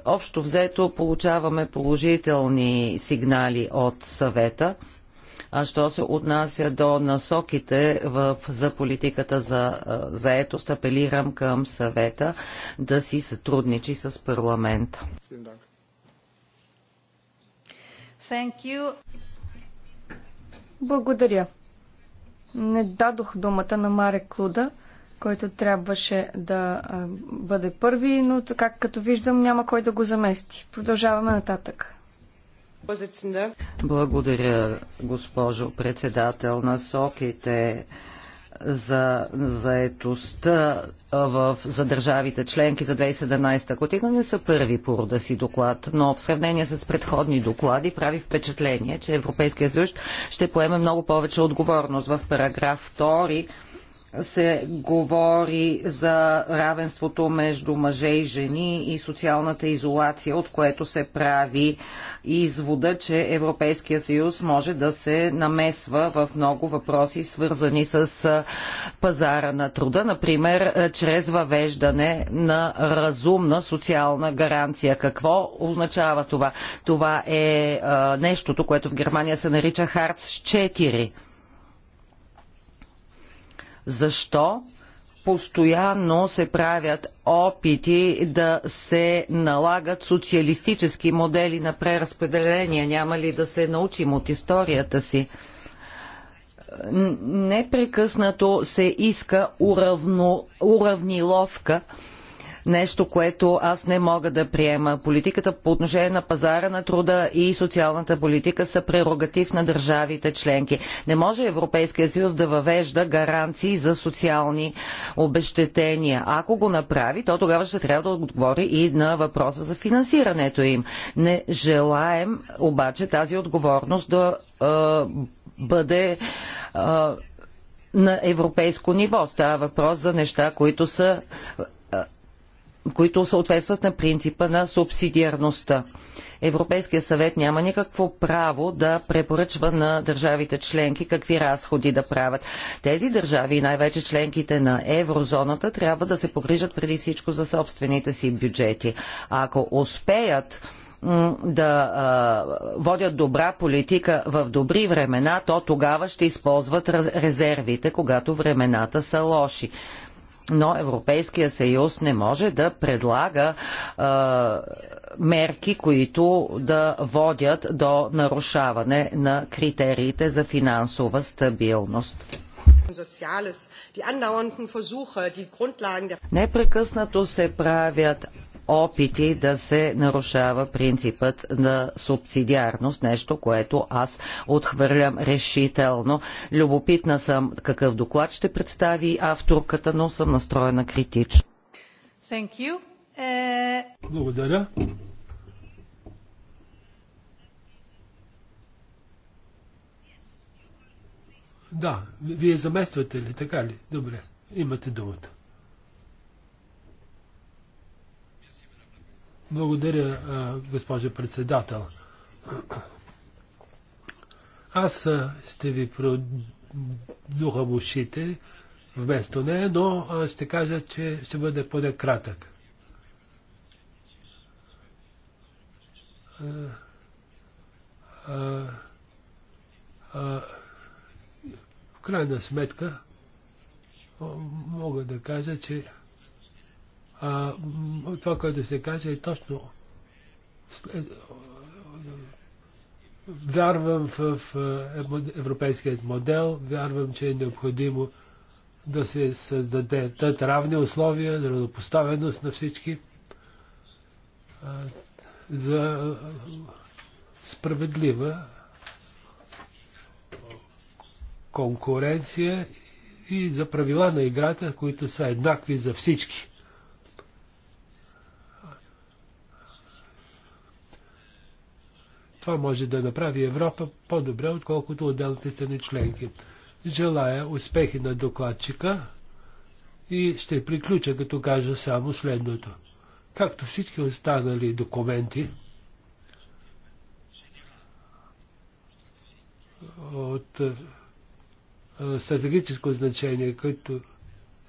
общо взето получаваме положителни сигнали от съвета. А що се отнася до насоките в, за политиката за е, заетост, апелирам към съвета да си сътрудничи с парламента. Благодаря не дадох думата на Маре Клуда, който трябваше да бъде първи, но така като виждам няма кой да го замести. Продължаваме нататък. Благодаря, госпожо председател. на соките за заетостта в, за държавите членки за 2017 година не са първи по рода си доклад, но в сравнение с предходни доклади прави впечатление, че Европейския съюз ще поеме много повече отговорност. В параграф 2 се говори за равенството между мъже и жени и социалната изолация, от което се прави извода, че Европейския съюз може да се намесва в много въпроси, свързани с пазара на труда, например, чрез въвеждане на разумна социална гаранция. Какво означава това? Това е нещото, което в Германия се нарича Харц 4 защо постоянно се правят опити да се налагат социалистически модели на преразпределение? Няма ли да се научим от историята си? непрекъснато се иска уравно, уравниловка нещо, което аз не мога да приема. Политиката по отношение на пазара на труда и социалната политика са прерогатив на държавите членки. Не може Европейския съюз да въвежда гаранции за социални обещетения. Ако го направи, то тогава ще трябва да отговори и на въпроса за финансирането им. Не желаем обаче тази отговорност да е, бъде е, на европейско ниво. Става въпрос за неща, които са които съответстват на принципа на субсидиарността. Европейския съвет няма никакво право да препоръчва на държавите членки какви разходи да правят. Тези държави, най-вече членките на еврозоната, трябва да се погрижат преди всичко за собствените си бюджети. А ако успеят да а, водят добра политика в добри времена, то тогава ще използват резервите, когато времената са лоши но Европейския съюз не може да предлага а, мерки, които да водят до нарушаване на критериите за финансова стабилност. Непрекъснато се правят опити да се нарушава принципът на субсидиарност, нещо, което аз отхвърлям решително. Любопитна съм какъв доклад ще представи авторката, но съм настроена критично. Е... Благодаря. Да, вие замествате ли, така ли? Добре, имате думата. Благодаря, госпожо председател. Аз ще ви продуха в ушите вместо нея, но ще кажа, че ще бъде поне кратък. в крайна сметка мога да кажа, че а, това, което се каже, е точно. Е, вярвам в е, европейският модел, вярвам, че е необходимо да се създаде тът равни условия, равнопоставеност на всички а, за справедлива конкуренция и за правила на играта, които са еднакви за всички. Това може да направи Европа по-добре, отколкото отделните страни членки. Желая успехи на докладчика и ще приключа, като кажа само следното. Както всички останали документи от стратегическо значение, които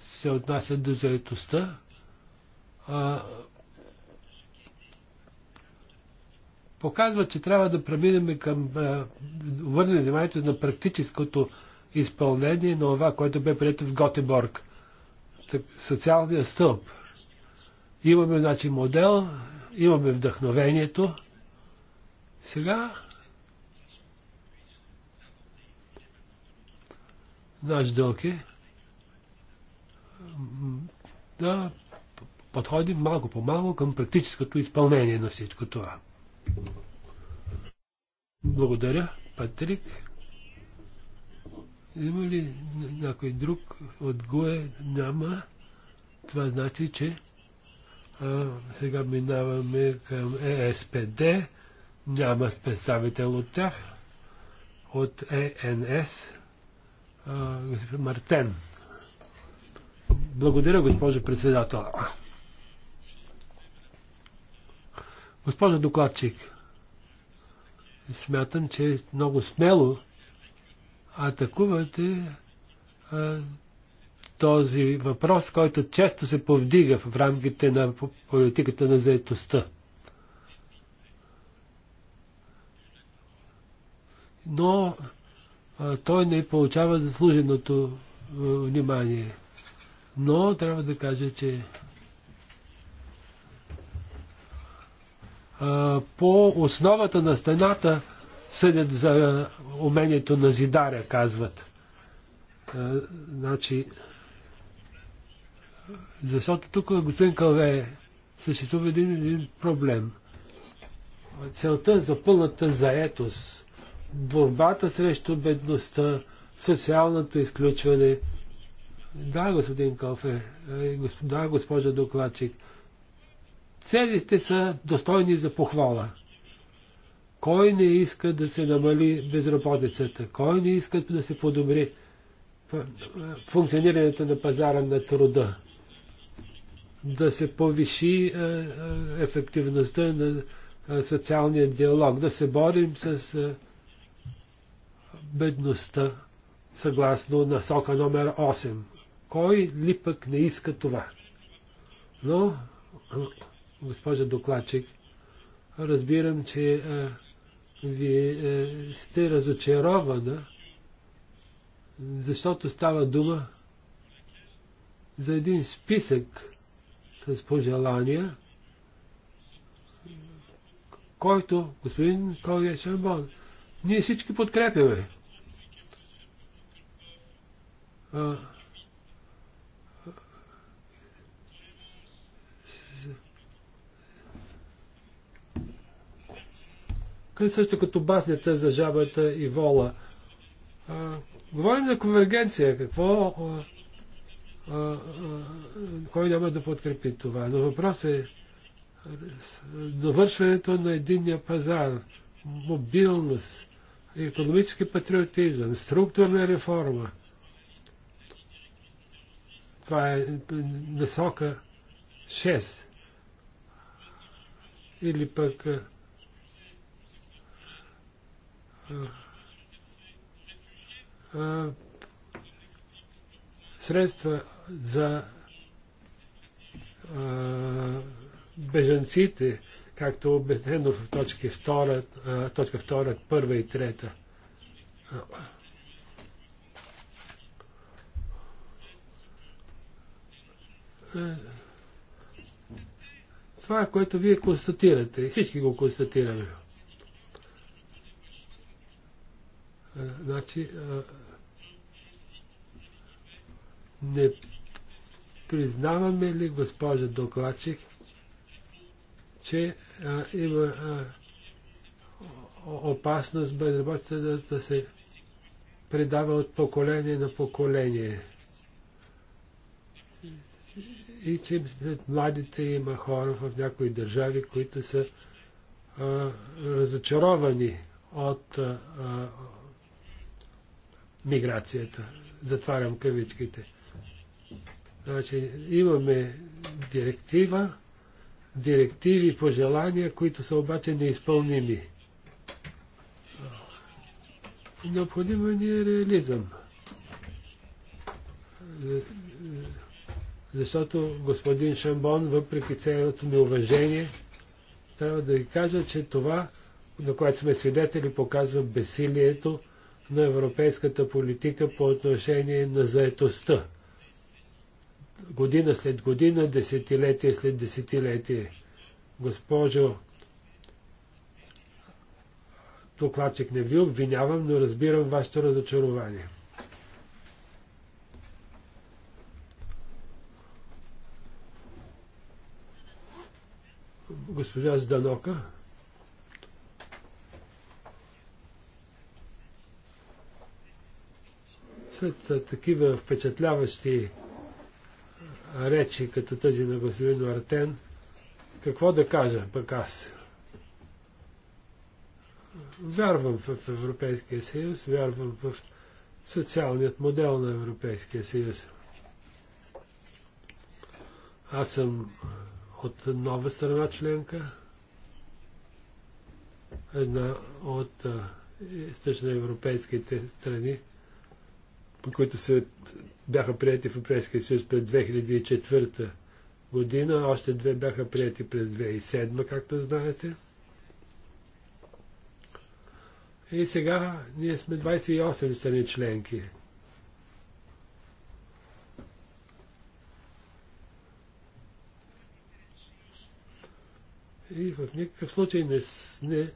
се отнасят до заедостта, показва, че трябва да преминем към е, върнем вниманието на практическото изпълнение на това, което бе прието в Готеборг. Социалния стълб. Имаме значи, модел, имаме вдъхновението. Сега наш дълг е да подходим малко по малко към практическото изпълнение на всичко това. Благодаря, Патрик. Има ли някой друг от ГУЕ? Няма. Това значи, че а, сега минаваме към е ЕСПД. Няма представител от тях. От е ЕНС. А, Мартен. Благодаря, госпожо председател. Госпожа докладчик, смятам, че много смело атакувате а, този въпрос, който често се повдига в рамките на политиката на заетостта. Но а, той не получава заслуженото а, внимание. Но трябва да кажа, че по основата на стената съдят за умението на зидаря, казват. Значи, защото тук, господин Калве, съществува един, един проблем. Целта за пълната заетост, борбата срещу бедността, социалното изключване. Да, господин Калфе, е, да, госпожа докладчик, целите са достойни за похвала. Кой не иска да се намали безработицата? Кой не иска да се подобри функционирането на пазара на труда? Да се повиши е, е, ефективността на е, социалния диалог? Да се борим с бедността съгласно насока номер 8? Кой ли пък не иска това? Но госпожа докладчик, разбирам, че а, вие а, сте разочарована, защото става дума за един списък с пожелания, който господин Колия Шамбон, ние всички подкрепяме. А, също като баснята за жабата и вола. А, говорим за конвергенция. Какво? А, а, а, кой няма да подкрепи това? Но въпрос е довършването на единния пазар, мобилност, економически патриотизъм, структурна реформа. Това е насока 6. Или пък средства за бежанците, както обяснено в точки 2, точка 2, 1 и 3. Това, което вие констатирате, всички го констатираме. Е, значи, е, не признаваме ли, госпожа докладчик, че а, е, има а, опасност безработица да, да се предава от поколение на поколение. И че пред младите има хора в някои държави, които са а, разочаровани от а, миграцията. Затварям кавичките. Значи, имаме директива, директиви, пожелания, които са обаче неизпълними. Необходимо е ни е реализъм. Защото господин Шамбон, въпреки цялото ми уважение, трябва да ви кажа, че това, на което сме свидетели, показва бесилието на европейската политика по отношение на заетостта. Година след година, десетилетие след десетилетие. Госпожо докладчик, не ви обвинявам, но разбирам вашето разочарование. Госпожа Зданока. след такива впечатляващи речи, като тази на господин Артен, какво да кажа пък аз? Вярвам в Европейския съюз, вярвам в социалният модел на Европейския съюз. Аз съм от нова страна членка, една от източноевропейските страни, по които се бяха прияти в Европейския съюз през 2004 година, още две бяха прияти през 2007, както знаете. И сега ние сме 28 страни членки. И в никакъв случай не, не,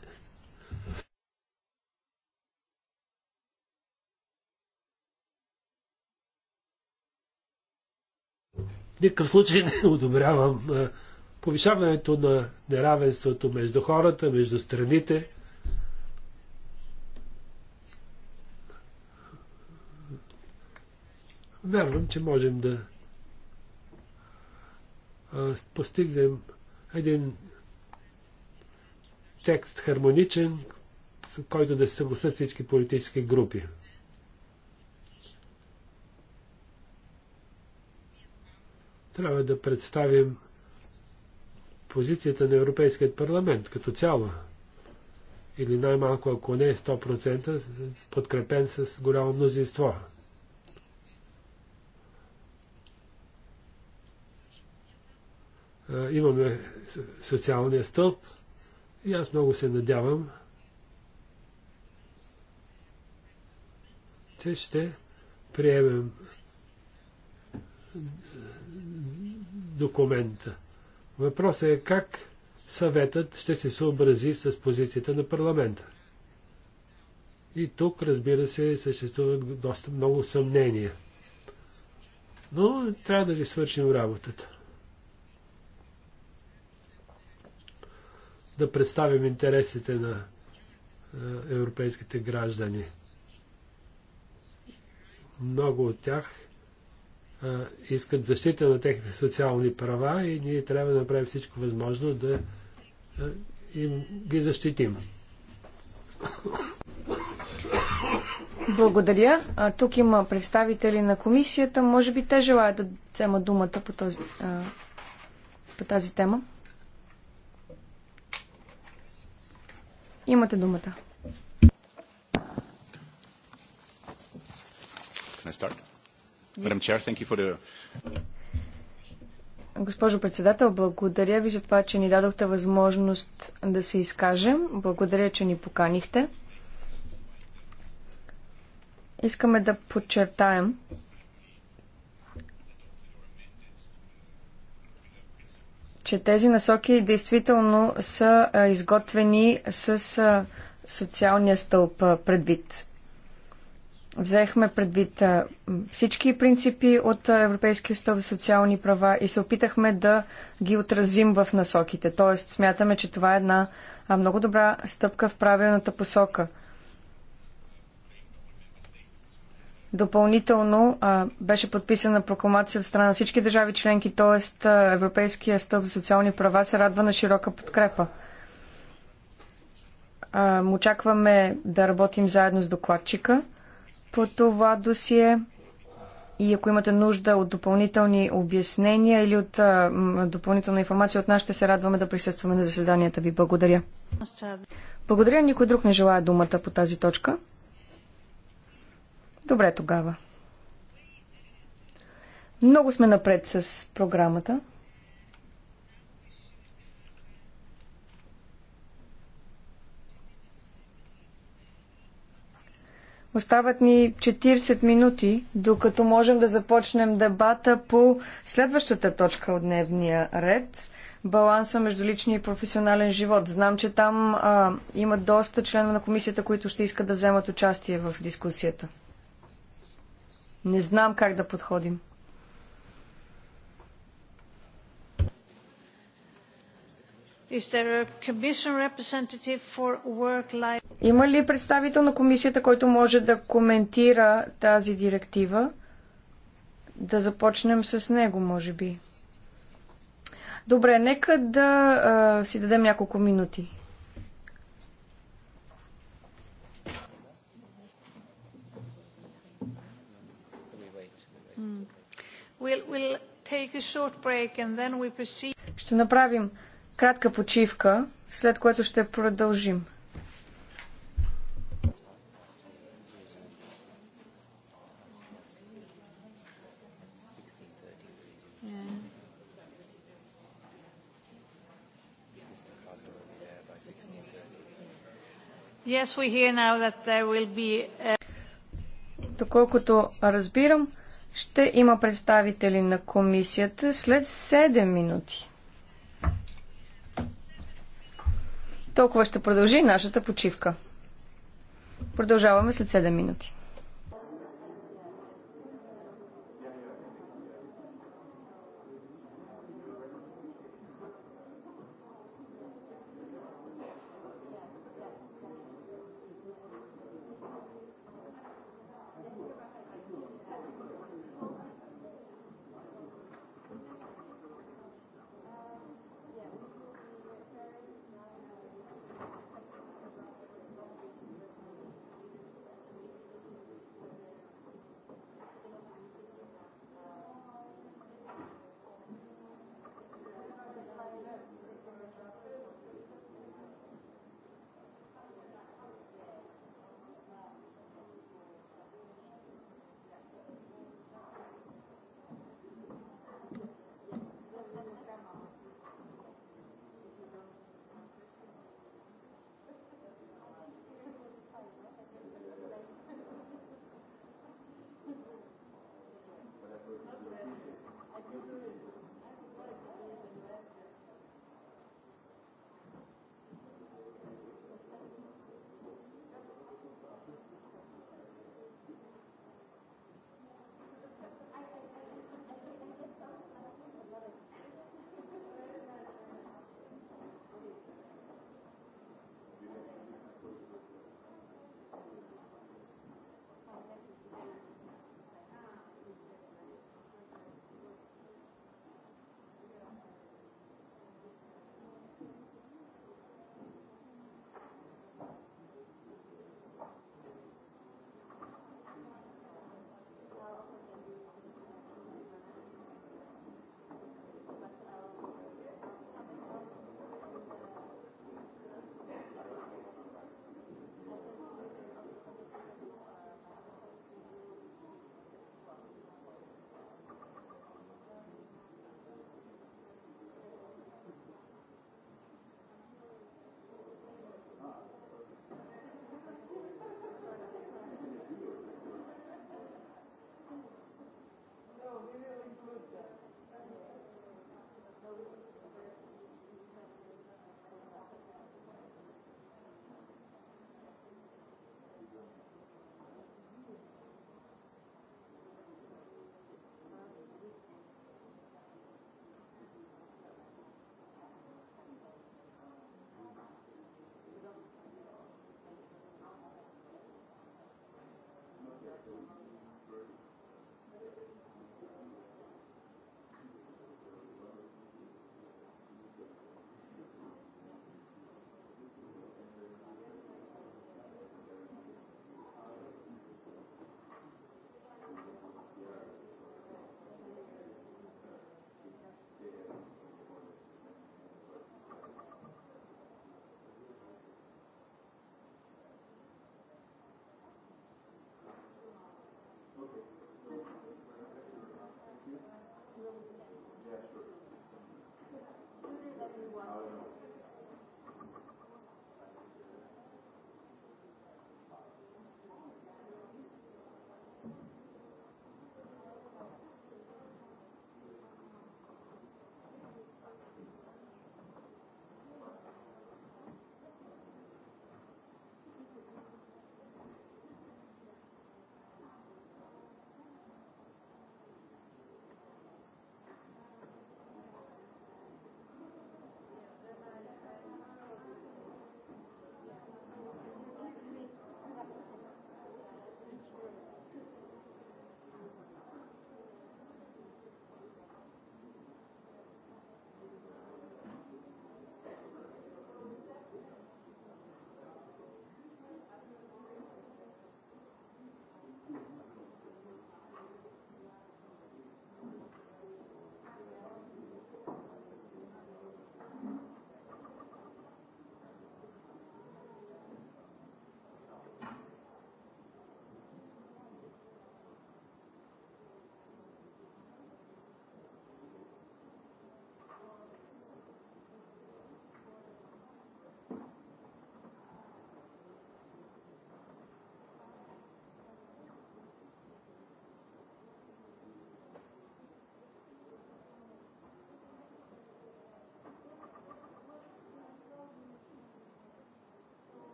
никакъв случай не одобрявам повишаването на неравенството между хората, между страните. Вярвам, че можем да постигнем един текст хармоничен, с който да се съгласят всички политически групи. трябва да представим позицията на Европейският парламент като цяло. Или най-малко, ако не 100%, подкрепен с голямо мнозинство. Имаме социалния стълб и аз много се надявам, че ще приемем документа. Въпросът е как съветът ще се съобрази с позицията на парламента. И тук, разбира се, съществуват доста много съмнения. Но трябва да си свършим работата. Да представим интересите на европейските граждани. Много от тях искат защита на техните социални права и ние трябва да направим всичко възможно да им ги защитим. Благодаря. А, тук има представители на комисията. Може би те желаят да вземат думата по, този, а, по тази тема. Имате думата. Can I start? Госпожо председател, благодаря ви за това, че ни дадохте възможност да се изкажем. Благодаря, че ни поканихте. Искаме да подчертаем, че тези насоки действително са изготвени с социалния стълб предвид. Взехме предвид всички принципи от Европейския стълб за социални права и се опитахме да ги отразим в насоките. Тоест, смятаме, че това е една много добра стъпка в правилната посока. Допълнително а, беше подписана прокламация от страна на всички държави членки, т.е. Европейския стълб за социални права се радва на широка подкрепа. А, очакваме да работим заедно с докладчика по това досие и ако имате нужда от допълнителни обяснения или от а, допълнителна информация от нас, ще се радваме да присъстваме на заседанията ви. Благодаря. Благодаря. Никой друг не желая думата по тази точка. Добре тогава. Много сме напред с програмата. Остават ни 40 минути, докато можем да започнем дебата по следващата точка от дневния ред баланса между личния и професионален живот. Знам, че там а, има доста членове на комисията, които ще искат да вземат участие в дискусията. Не знам как да подходим. Има ли представител на комисията, който може да коментира тази директива? Да започнем с него, може би. Добре, нека да а, си дадем няколко минути. Ще направим кратка почивка, след което ще продължим. Yes, we hear now that there will be a... Доколкото разбирам, ще има представители на комисията след 7 минути. Толкова ще продължи нашата почивка. Продължаваме след 7 минути.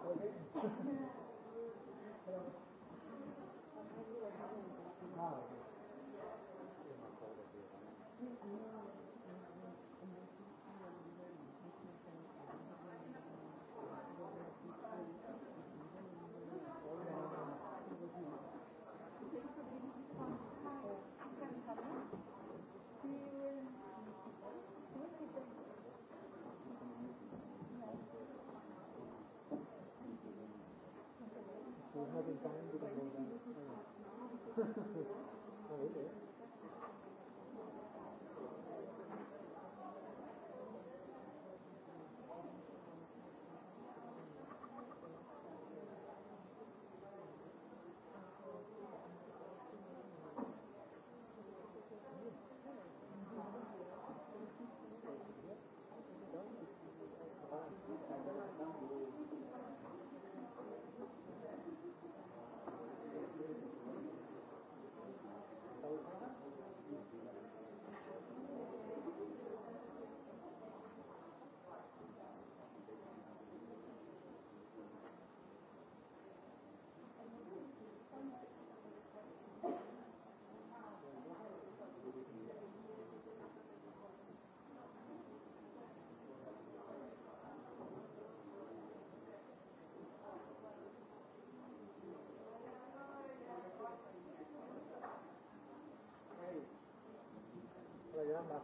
Ah, okay. Thank you.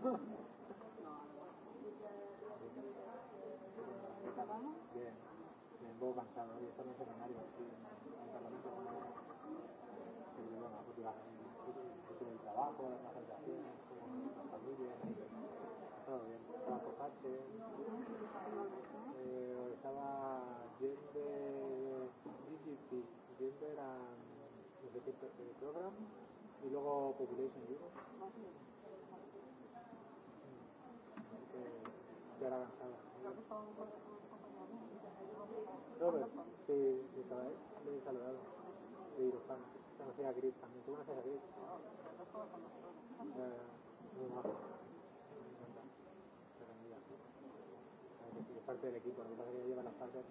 Bueno, poco cansado y estar en el secundario aquí en el Parlamento pero bueno, la motivación el trabajo, las relaciones con la familia todo bien, trabajo parte eh, estaba yendo DGP yendo era no sé qué program y luego Population Europe que ya era cansado Robert, sí, sí, le saludado. De Irofan. Conocí a Gris también. ¿Tú conoces a Gris? Eh, muy Es parte del equipo, que lleva las partes de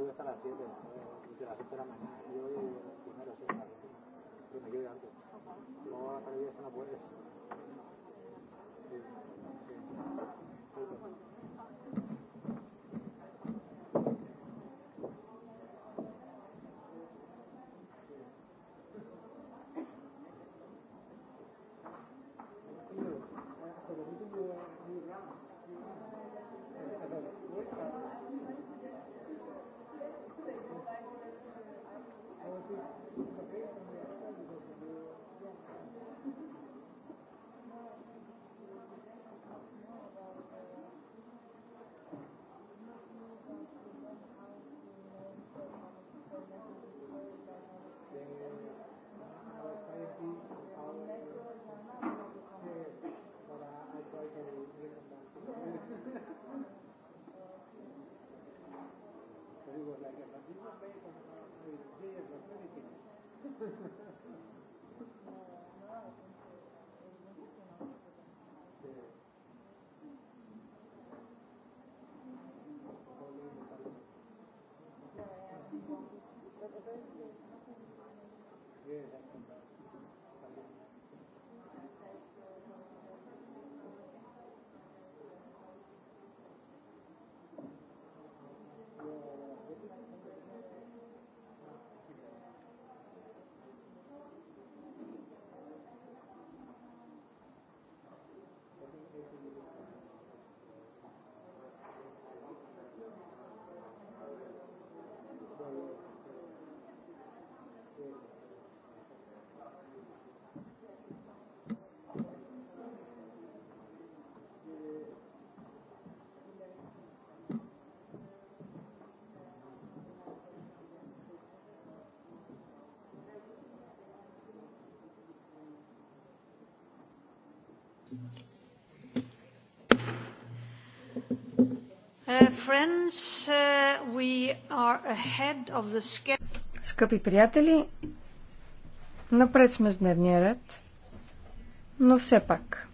estuve hasta las 7, desde las 7 de la mañana. Yo primero, sí, que me quedé antes. Luego la pérdida está en la puerta. Sí, sí. Yeah, that's Uh, uh, Скъпи приятели, напред сме с дневния ред, но все пак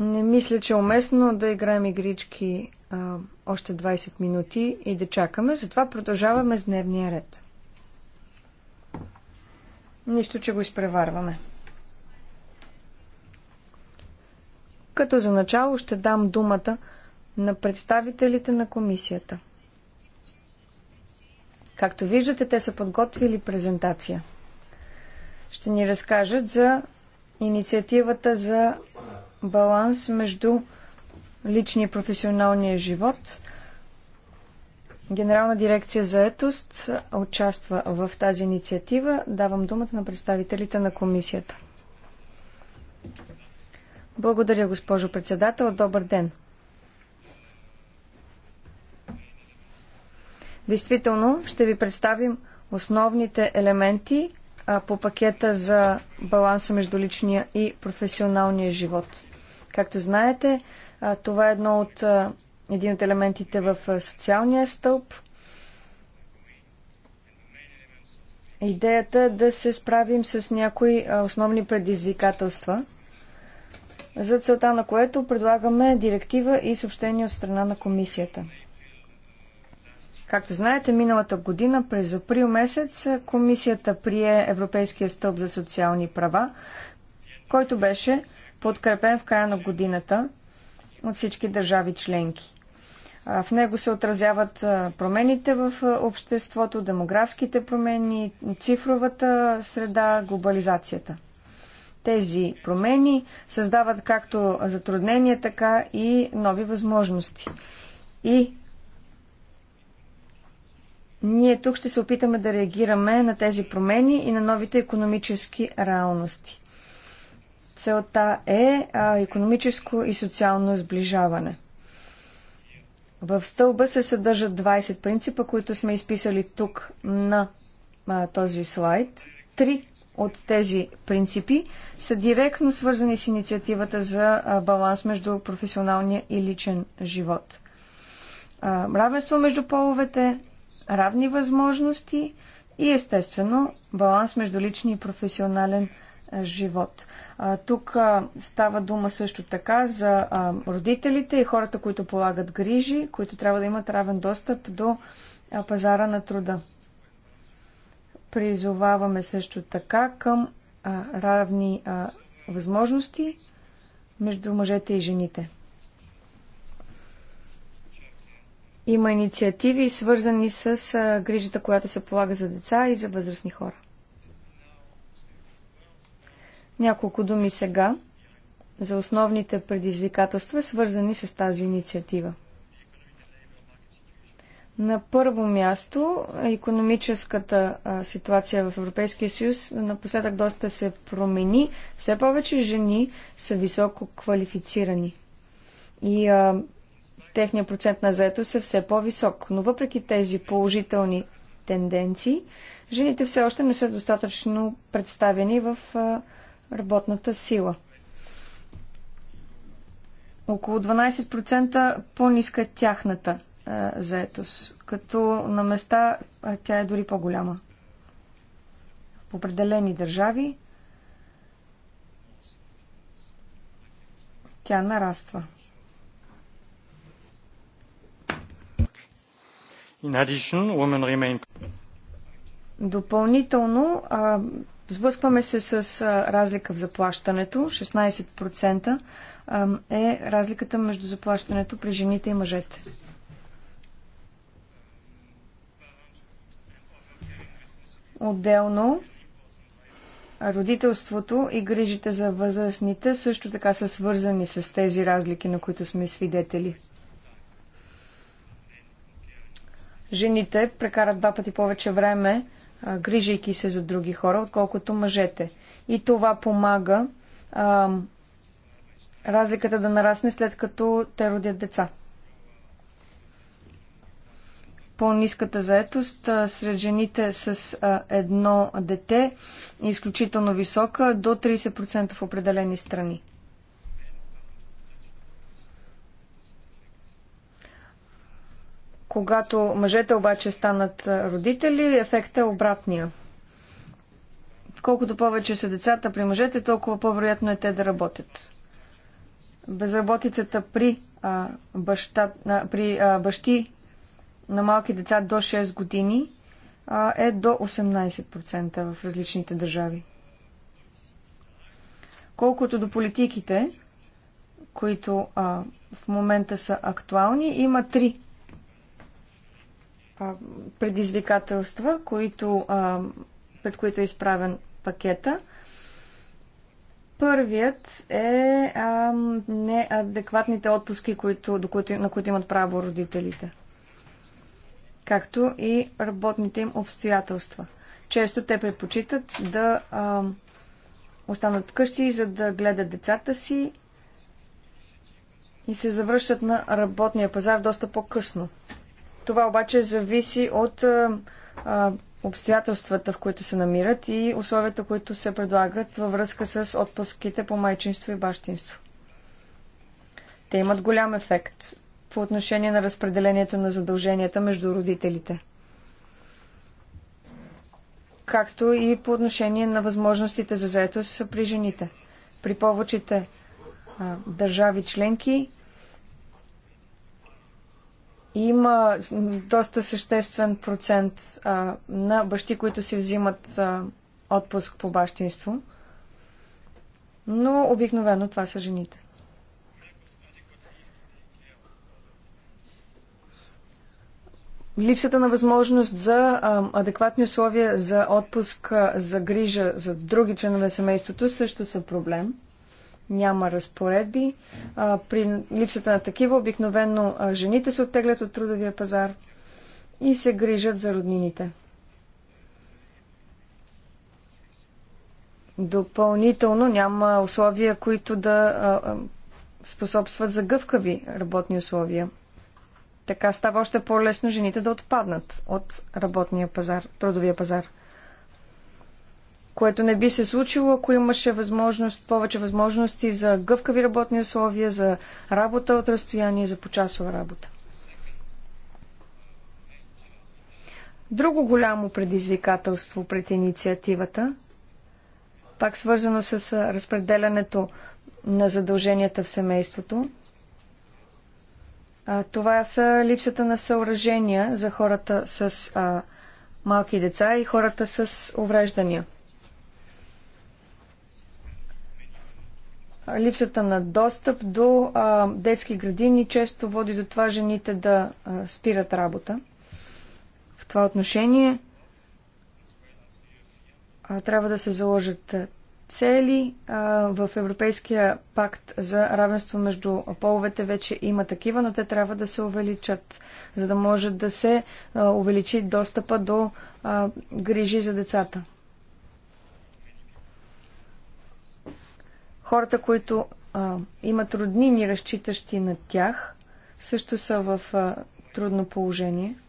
не мисля, че е уместно да играем игрички а, още 20 минути и да чакаме, затова продължаваме с дневния ред. Нищо, че го изпреварваме. като за начало ще дам думата на представителите на комисията. Както виждате, те са подготвили презентация. Ще ни разкажат за инициативата за баланс между личния и професионалния живот. Генерална дирекция за етост участва в тази инициатива. Давам думата на представителите на комисията. Благодаря, госпожо председател. Добър ден. Действително ще ви представим основните елементи по пакета за баланса между личния и професионалния живот. Както знаете, това е едно от, един от елементите в социалния стълб. Идеята е да се справим с някои основни предизвикателства – за целта на което предлагаме директива и съобщение от страна на комисията. Както знаете, миналата година през април месец комисията прие Европейския стълб за социални права, който беше подкрепен в края на годината от всички държави членки. В него се отразяват промените в обществото, демографските промени, цифровата среда, глобализацията. Тези промени създават както затруднения, така и нови възможности. И ние тук ще се опитаме да реагираме на тези промени и на новите економически реалности. Целта е а, економическо и социално сближаване. В стълба се съдържат 20 принципа, които сме изписали тук на а, този слайд. Три от тези принципи са директно свързани с инициативата за баланс между професионалния и личен живот. Равенство между половете, равни възможности и естествено баланс между лични и професионален живот. Тук става дума също така за родителите и хората, които полагат грижи, които трябва да имат равен достъп до пазара на труда. Призоваваме също така към а, равни а, възможности между мъжете и жените. Има инициативи, свързани с а, грижата, която се полага за деца и за възрастни хора. Няколко думи сега за основните предизвикателства, свързани с тази инициатива. На първо място, економическата а, ситуация в Европейския съюз напоследък доста се промени. Все повече жени са високо квалифицирани. И а, техният процент на заетост е все по-висок. Но въпреки тези положителни тенденции, жените все още не са достатъчно представени в а, работната сила. Около 12% по-ниска е тяхната е, заетост, като на места тя е дори по-голяма. В определени държави тя нараства. Допълнително а, сблъскваме се с а, разлика в заплащането. 16% а, е разликата между заплащането при жените и мъжете. Отделно, родителството и грижите за възрастните също така са свързани с тези разлики, на които сме свидетели. Жените прекарат два пъти повече време, грижайки се за други хора, отколкото мъжете. И това помага а, разликата да нарасне след като те родят деца по низката заетост сред жените с едно дете е изключително висока до 30% в определени страни. Когато мъжете обаче станат родители, ефектът е обратния. Колкото повече са децата при мъжете, толкова по-вероятно е те да работят. Безработицата при, а, баща, а, при а, бащи на малки деца до 6 години е до 18% в различните държави. Колкото до политиките, които а, в момента са актуални, има три а, предизвикателства, които, а, пред които е изправен пакета. Първият е а, неадекватните отпуски, които, до които, на които имат право родителите както и работните им обстоятелства. Често те предпочитат да а, останат вкъщи, за да гледат децата си и се завръщат на работния пазар доста по-късно. Това обаче зависи от а, а, обстоятелствата, в които се намират и условията, които се предлагат във връзка с отпуските по майчинство и бащинство. Те имат голям ефект по отношение на разпределението на задълженията между родителите. Както и по отношение на възможностите за заетост при жените. При повечето държави членки има доста съществен процент а, на бащи, които си взимат а, отпуск по бащинство, но обикновено това са жените. липсата на възможност за адекватни условия за отпуск, за грижа за други членове семейството също са проблем. Няма разпоредби. При липсата на такива обикновено жените се оттеглят от трудовия пазар и се грижат за роднините. Допълнително няма условия, които да способстват за гъвкави работни условия – така става още по-лесно жените да отпаднат от работния пазар, трудовия пазар. Което не би се случило, ако имаше възможност, повече възможности за гъвкави работни условия, за работа от разстояние, за почасова работа. Друго голямо предизвикателство пред инициативата, пак свързано с разпределянето на задълженията в семейството, това са липсата на съоръжения за хората с а, малки деца и хората с увреждания. Липсата на достъп до а, детски градини често води до това жените да а, спират работа. В това отношение а, трябва да се заложат цели в Европейския пакт за равенство между половете вече има такива, но те трябва да се увеличат, за да може да се увеличи достъпа до грижи за децата. Хората, които имат роднини, разчитащи на тях, също са в трудно положение –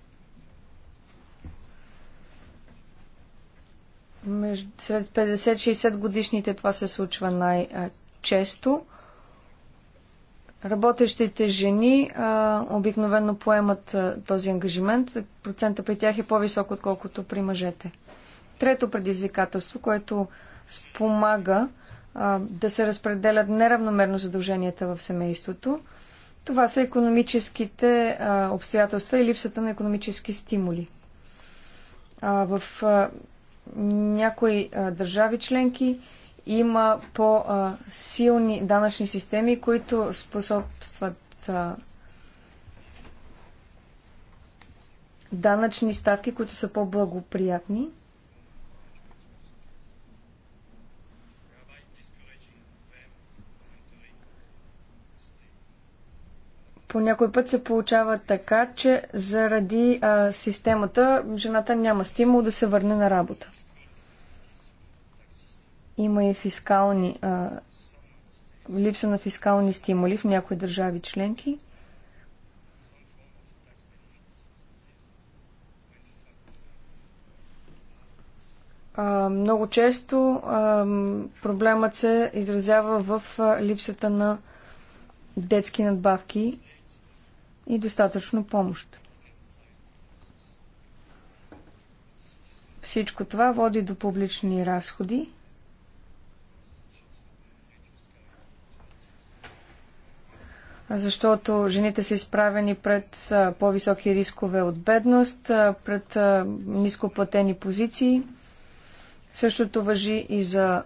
между, сред 50-60 годишните това се случва най-често. Работещите жени а, обикновено поемат а, този ангажимент. Процента при тях е по-висок, отколкото при мъжете. Трето предизвикателство, което спомага а, да се разпределят неравномерно задълженията в семейството, това са економическите а, обстоятелства и липсата на економически стимули. А, в а, някои държави членки има по-силни данъчни системи, които способстват данъчни ставки, които са по-благоприятни По някой път се получава така, че заради а, системата жената няма стимул да се върне на работа. Има и фискални, а, липса на фискални стимули в някои държави членки. А, много често а, проблемът се изразява в а, липсата на детски надбавки и достатъчно помощ. Всичко това води до публични разходи. Защото жените са изправени пред по-високи рискове от бедност, пред нископлатени позиции. Същото въжи и за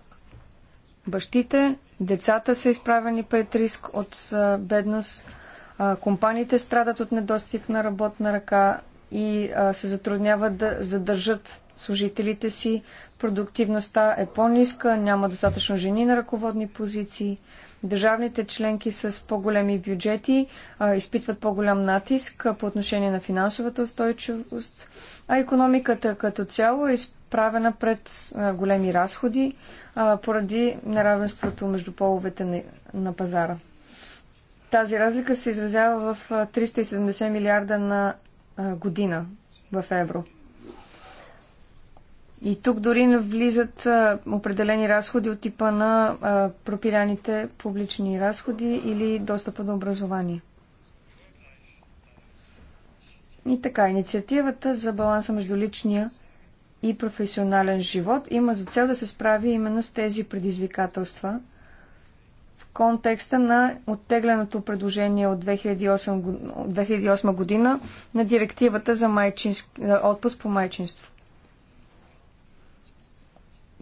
бащите. Децата са изправени пред риск от бедност Компаниите страдат от недостиг на работна ръка и се затрудняват да задържат служителите си. Продуктивността е по-ниска, няма достатъчно жени на ръководни позиции. Държавните членки с по-големи бюджети а, изпитват по-голям натиск а, по отношение на финансовата устойчивост, а економиката като цяло е изправена пред а, големи разходи а, поради неравенството между половете на, на пазара. Тази разлика се изразява в 370 милиарда на година в евро. И тук дори влизат определени разходи от типа на пропиляните публични разходи или достъпа до образование. И така, инициативата за баланса между личния и професионален живот има за цел да се справи именно с тези предизвикателства – контекста на оттегленото предложение от 2008, 2008 година на директивата за майчинск, отпуск по майчинство.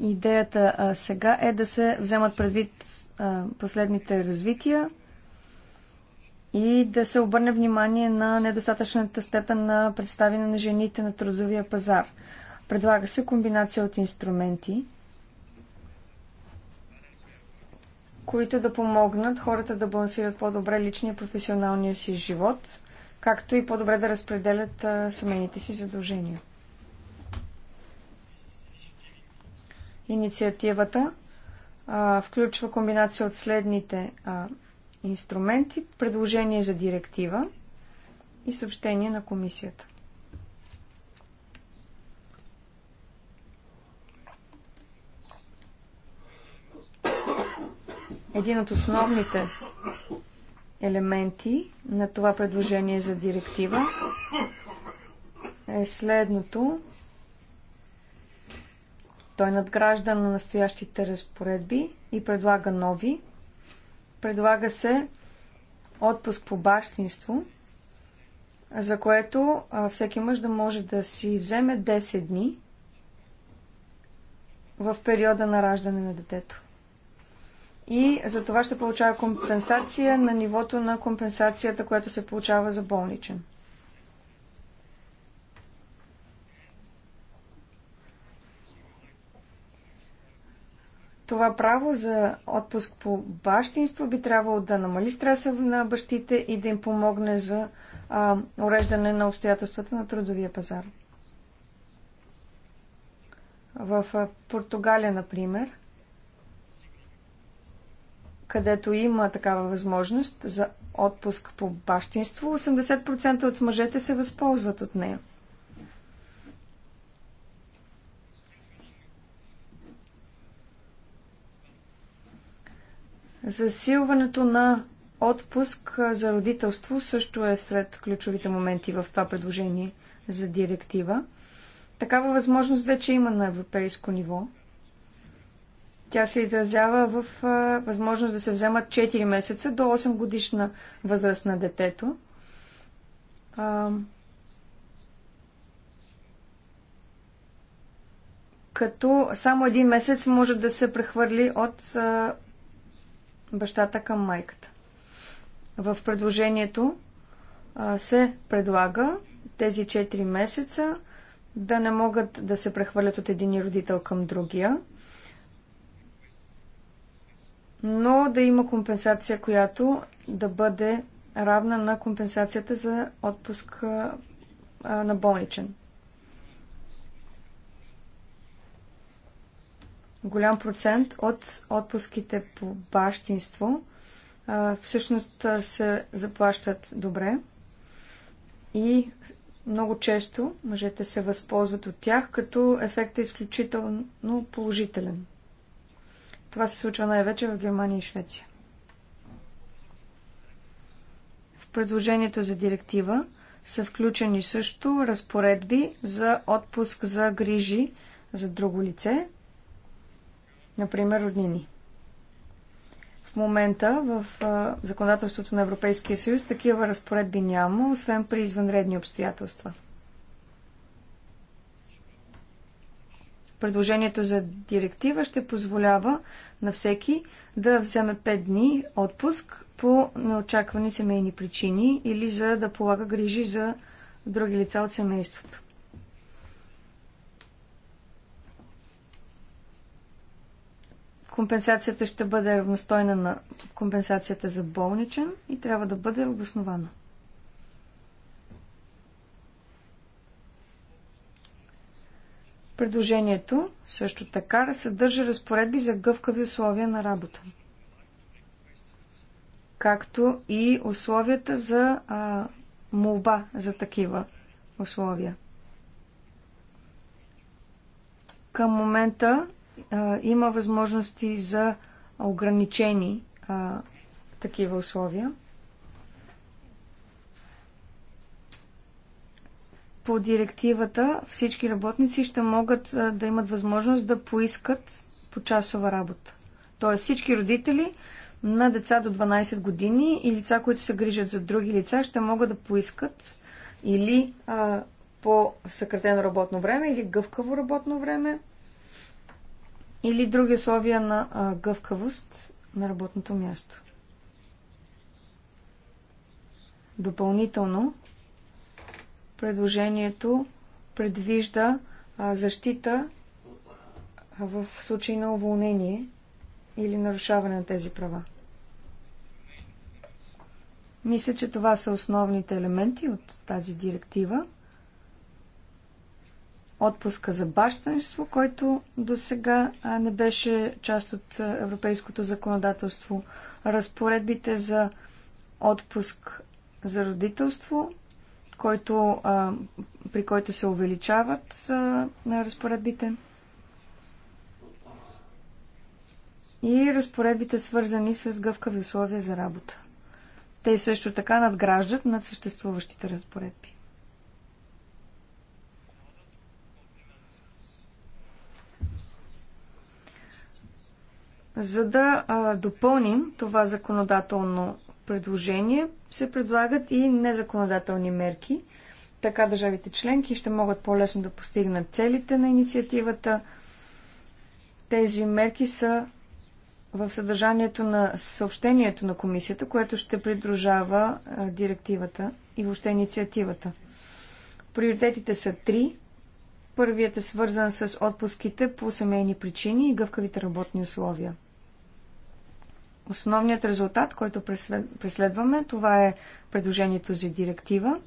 Идеята а, сега е да се вземат предвид а, последните развития и да се обърне внимание на недостатъчната степен на представяне на жените на трудовия пазар. Предлага се комбинация от инструменти – които да помогнат хората да балансират по-добре личния и професионалния си живот, както и по-добре да разпределят семейните си задължения. Инициативата а, включва комбинация от следните а, инструменти, предложение за директива и съобщение на комисията. един от основните елементи на това предложение за директива е следното. Той надгражда на настоящите разпоредби и предлага нови. Предлага се отпуск по бащинство, за което всеки мъж да може да си вземе 10 дни в периода на раждане на детето и за това ще получава компенсация на нивото на компенсацията, която се получава за болничен. Това право за отпуск по бащинство би трябвало да намали стреса на бащите и да им помогне за а, уреждане на обстоятелствата на трудовия пазар. В Португалия, например, където има такава възможност за отпуск по бащинство, 80% от мъжете се възползват от нея. Засилването на отпуск за родителство също е сред ключовите моменти в това предложение за директива. Такава възможност вече има на европейско ниво – тя се изразява в а, възможност да се вземат 4 месеца до 8 годишна възраст на детето. А, като само един месец може да се прехвърли от а, бащата към майката. В предложението а, се предлага тези 4 месеца да не могат да се прехвърлят от един родител към другия, но да има компенсация, която да бъде равна на компенсацията за отпуск на болничен. Голям процент от отпуските по бащинство всъщност се заплащат добре и много често мъжете се възползват от тях, като ефектът е изключително положителен. Това се случва най-вече в Германия и Швеция. В предложението за директива са включени също разпоредби за отпуск за грижи за друго лице, например роднини. В момента в законодателството на Европейския съюз такива разпоредби няма, освен при извънредни обстоятелства – Предложението за директива ще позволява на всеки да вземе 5 дни отпуск по неочаквани семейни причини или за да полага грижи за други лица от семейството. Компенсацията ще бъде равностойна на компенсацията за болничен и трябва да бъде обоснована. Предложението също така съдържа разпоредби за гъвкави условия на работа, както и условията за а, молба за такива условия. Към момента а, има възможности за ограничени а, такива условия. по директивата всички работници ще могат да имат възможност да поискат почасова работа. Тоест всички родители на деца до 12 години и лица, които се грижат за други лица, ще могат да поискат или а, по съкратено работно време, или гъвкаво работно време, или други условия на а, гъвкавост на работното място. Допълнително, предложението предвижда защита в случай на уволнение или нарушаване на тези права. Мисля, че това са основните елементи от тази директива. Отпуска за бащанство, който до сега не беше част от европейското законодателство. Разпоредбите за отпуск за родителство който, а, при който се увеличават а, на разпоредбите. И разпоредбите свързани с гъвкави условия за работа. Те също така надграждат над съществуващите разпоредби. За да а, допълним това законодателно предложение се предлагат и незаконодателни мерки. Така държавите членки ще могат по-лесно да постигнат целите на инициативата. Тези мерки са в съдържанието на съобщението на комисията, което ще придружава директивата и въобще инициативата. Приоритетите са три. Първият е свързан с отпуските по семейни причини и гъвкавите работни условия. Основният резултат, който преследваме, това е предложението за директива.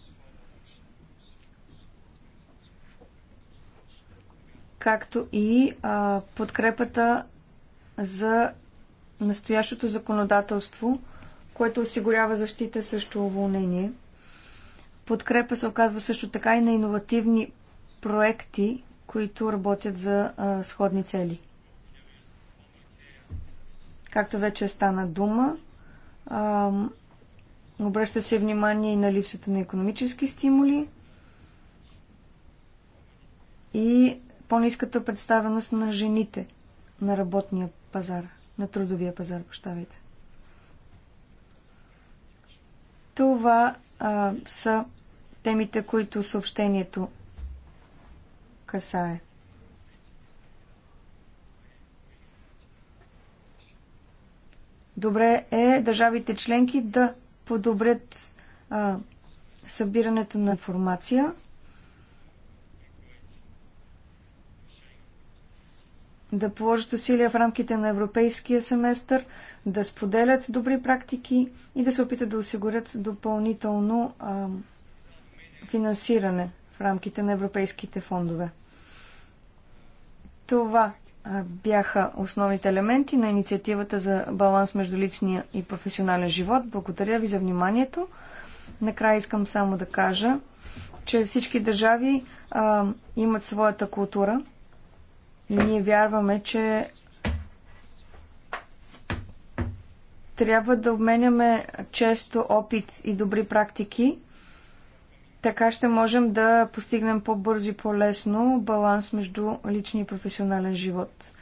както и а, подкрепата за настоящото законодателство, което осигурява защита срещу уволнение. Подкрепа се оказва също така и на иновативни проекти, които работят за а, сходни цели. Както вече стана дума, обръща се внимание и на липсата на економически стимули и по-низката представеност на жените на работния пазар, на трудовия пазар, прощавайте. Това а, са темите, които съобщението касае. Добре е държавите членки да подобрят а, събирането на информация. да положат усилия в рамките на европейския семестър, да споделят добри практики и да се опитат да осигурят допълнително а, финансиране в рамките на европейските фондове. Това бяха основните елементи на инициативата за баланс между личния и професионален живот. Благодаря ви за вниманието. Накрая искам само да кажа, че всички държави а, имат своята култура и ние вярваме, че трябва да обменяме често опит и добри практики така ще можем да постигнем по-бързо и по-лесно баланс между личния и професионален живот.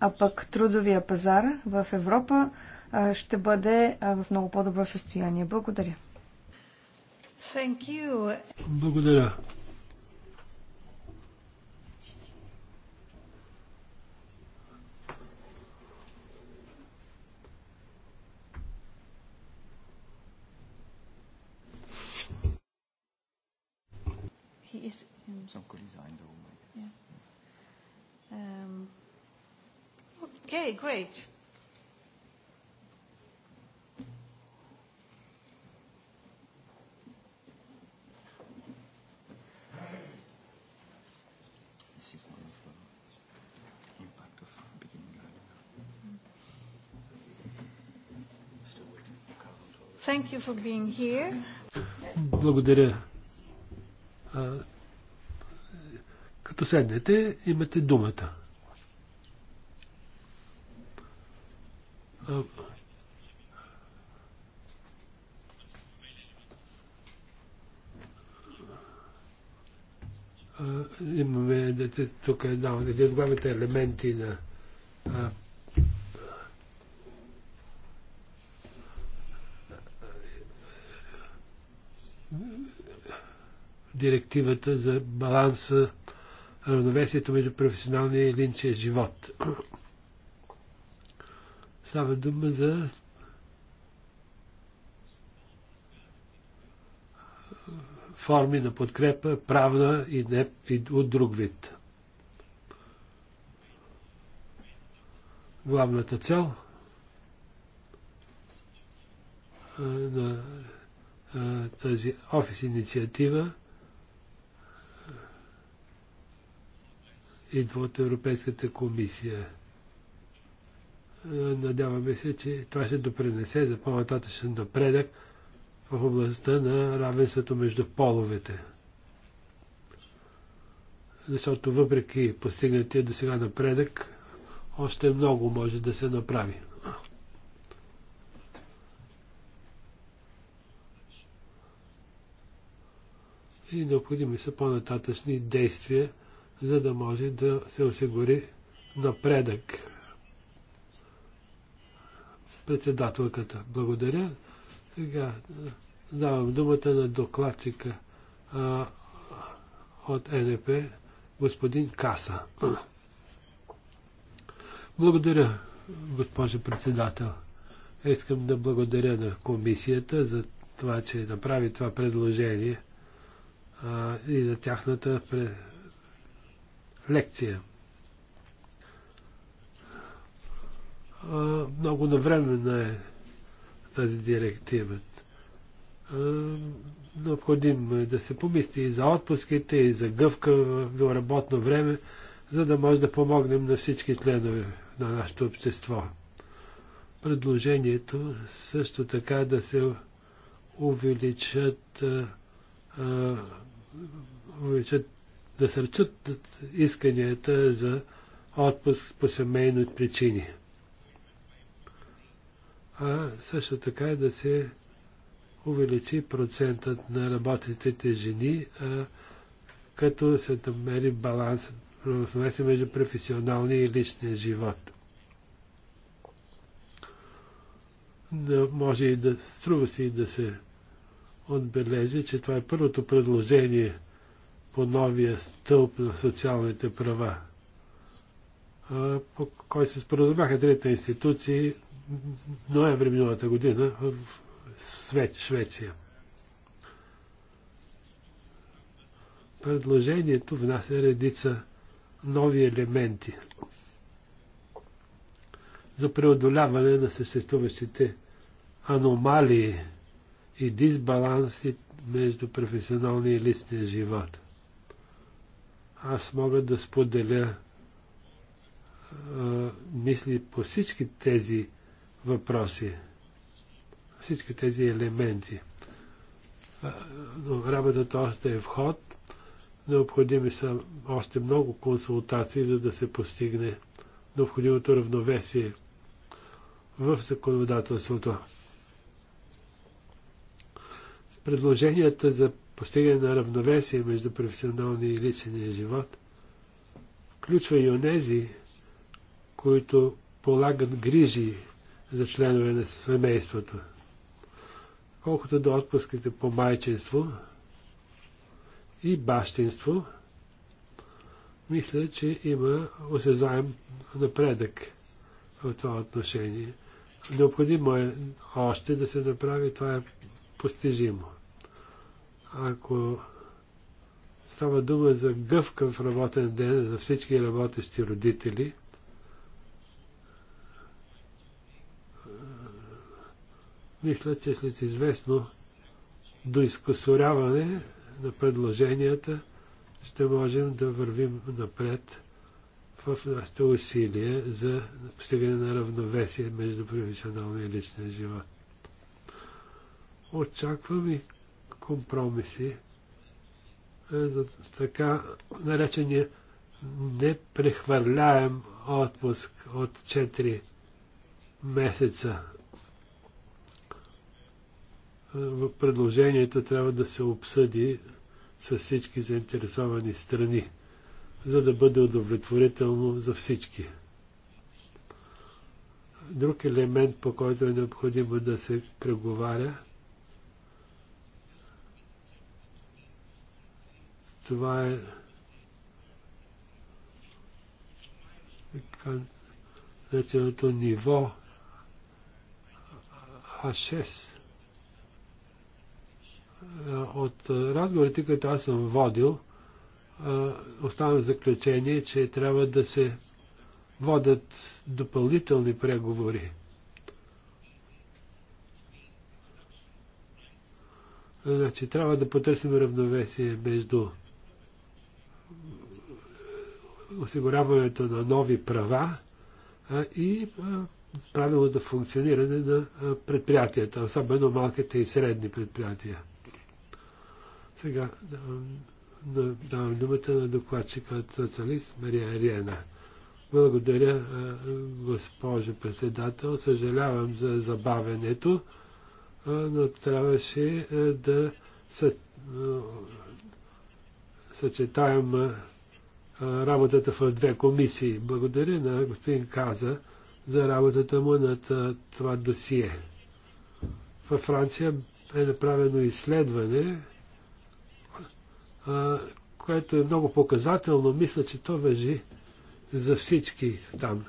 А пък трудовия пазар в Европа ще бъде в много по-добро състояние. Благодаря. Благодаря. Okay, great. Thank you for being here. Благодаря. Като седнете, имате думата. Е, е, имаме тук една един от главните елементи на директивата за баланса, равновесието между професионалния и линчия живот. Става дума за форми на подкрепа, правна и, не, и от друг вид. Главната цел на тази офис инициатива идва от Европейската комисия. Надяваме се, че това ще допринесе за по-нататъчен напредък в областта на равенството между половете. Защото въпреки постигнатия до сега напредък, още много може да се направи. И необходими са по-нататъчни действия, за да може да се осигури напредък. Председателката, благодаря. Сега е, давам думата на докладчика а, е, от НП, господин Каса. Благодаря, госпожо председател. Искам да благодаря на комисията за това, че направи това предложение а, е, и за тяхната пред... лекция. много навременна е тази директива. Необходимо е да се помисли и за отпуските, и за гъвка работно време, за да може да помогнем на всички членове на нашето общество. Предложението също така да се увеличат, увеличат да сърчат исканията за отпуск по семейни причини а също така и е да се увеличи процентът на работещите жени, а, като се намери баланс между професионалния и личния живот. Но може и да струва си да се отбележи, че това е първото предложение по новия стълб на социалните права, по който се споразумяха трите институции ноември миналата година в Швеция. Предложението внася редица нови елементи за преодоляване на съществуващите аномалии и дисбаланси между професионалния и личния живот. Аз мога да споделя а, мисли по всички тези въпроси. Всички тези елементи. Но работата още е в ход. Необходими са още много консултации, за да се постигне необходимото равновесие в законодателството. Предложенията за постигане на равновесие между професионалния и личния живот включва и онези, които полагат грижи за членове на семейството. Колкото до отпуските по майчинство и бащинство, мисля, че има осезаем напредък в това отношение. Необходимо е още да се направи, това е постижимо. Ако става дума за гъвкав работен ден за всички работещи родители – Мисля, че след известно до изкосоряване на предложенията ще можем да вървим напред в нашите усилия за постигане на равновесие между професионалния и личния живот. Очаквам и компромиси е, за така наречения непрехвърляем отпуск от 4 месеца в предложението трябва да се обсъди с всички заинтересовани страни, за да бъде удовлетворително за всички. Друг елемент, по който е необходимо да се преговаря, това е значеното е ниво А6 е, от е, разговорите, които аз съм водил, е, оставам заключение, че трябва да се водят допълнителни преговори. Значи, трябва да потърсим равновесие между осигуряването на нови права и правилното функциониране на предприятията, особено малките и средни предприятия. Сега давам думата на докладчика от социалист Мария Ариена. Благодаря, госпожо председател. Съжалявам за забавенето, но трябваше да съчетаем работата в две комисии. Благодаря на господин Каза за работата му над това досие. Във Франция е направено изследване, което е много показателно. Мисля, че то въжи за всички там.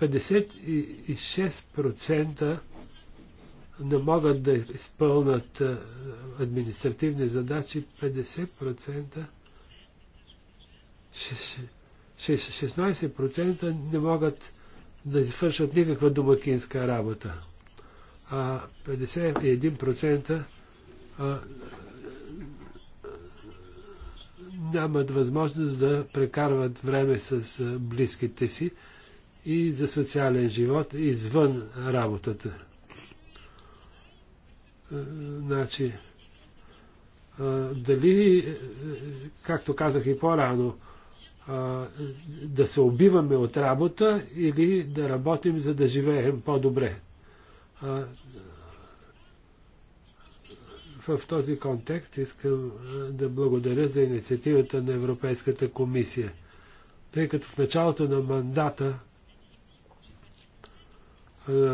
56% не могат да изпълнат административни задачи, 50%, 16% не могат да извършат никаква домакинска работа, а 51% нямат възможност да прекарват време с близките си и за социален живот извън работата. Значи, дали, както казах и по-рано, да се убиваме от работа или да работим, за да живеем по-добре. В този контекст искам да благодаря за инициативата на Европейската комисия, тъй като в началото на мандата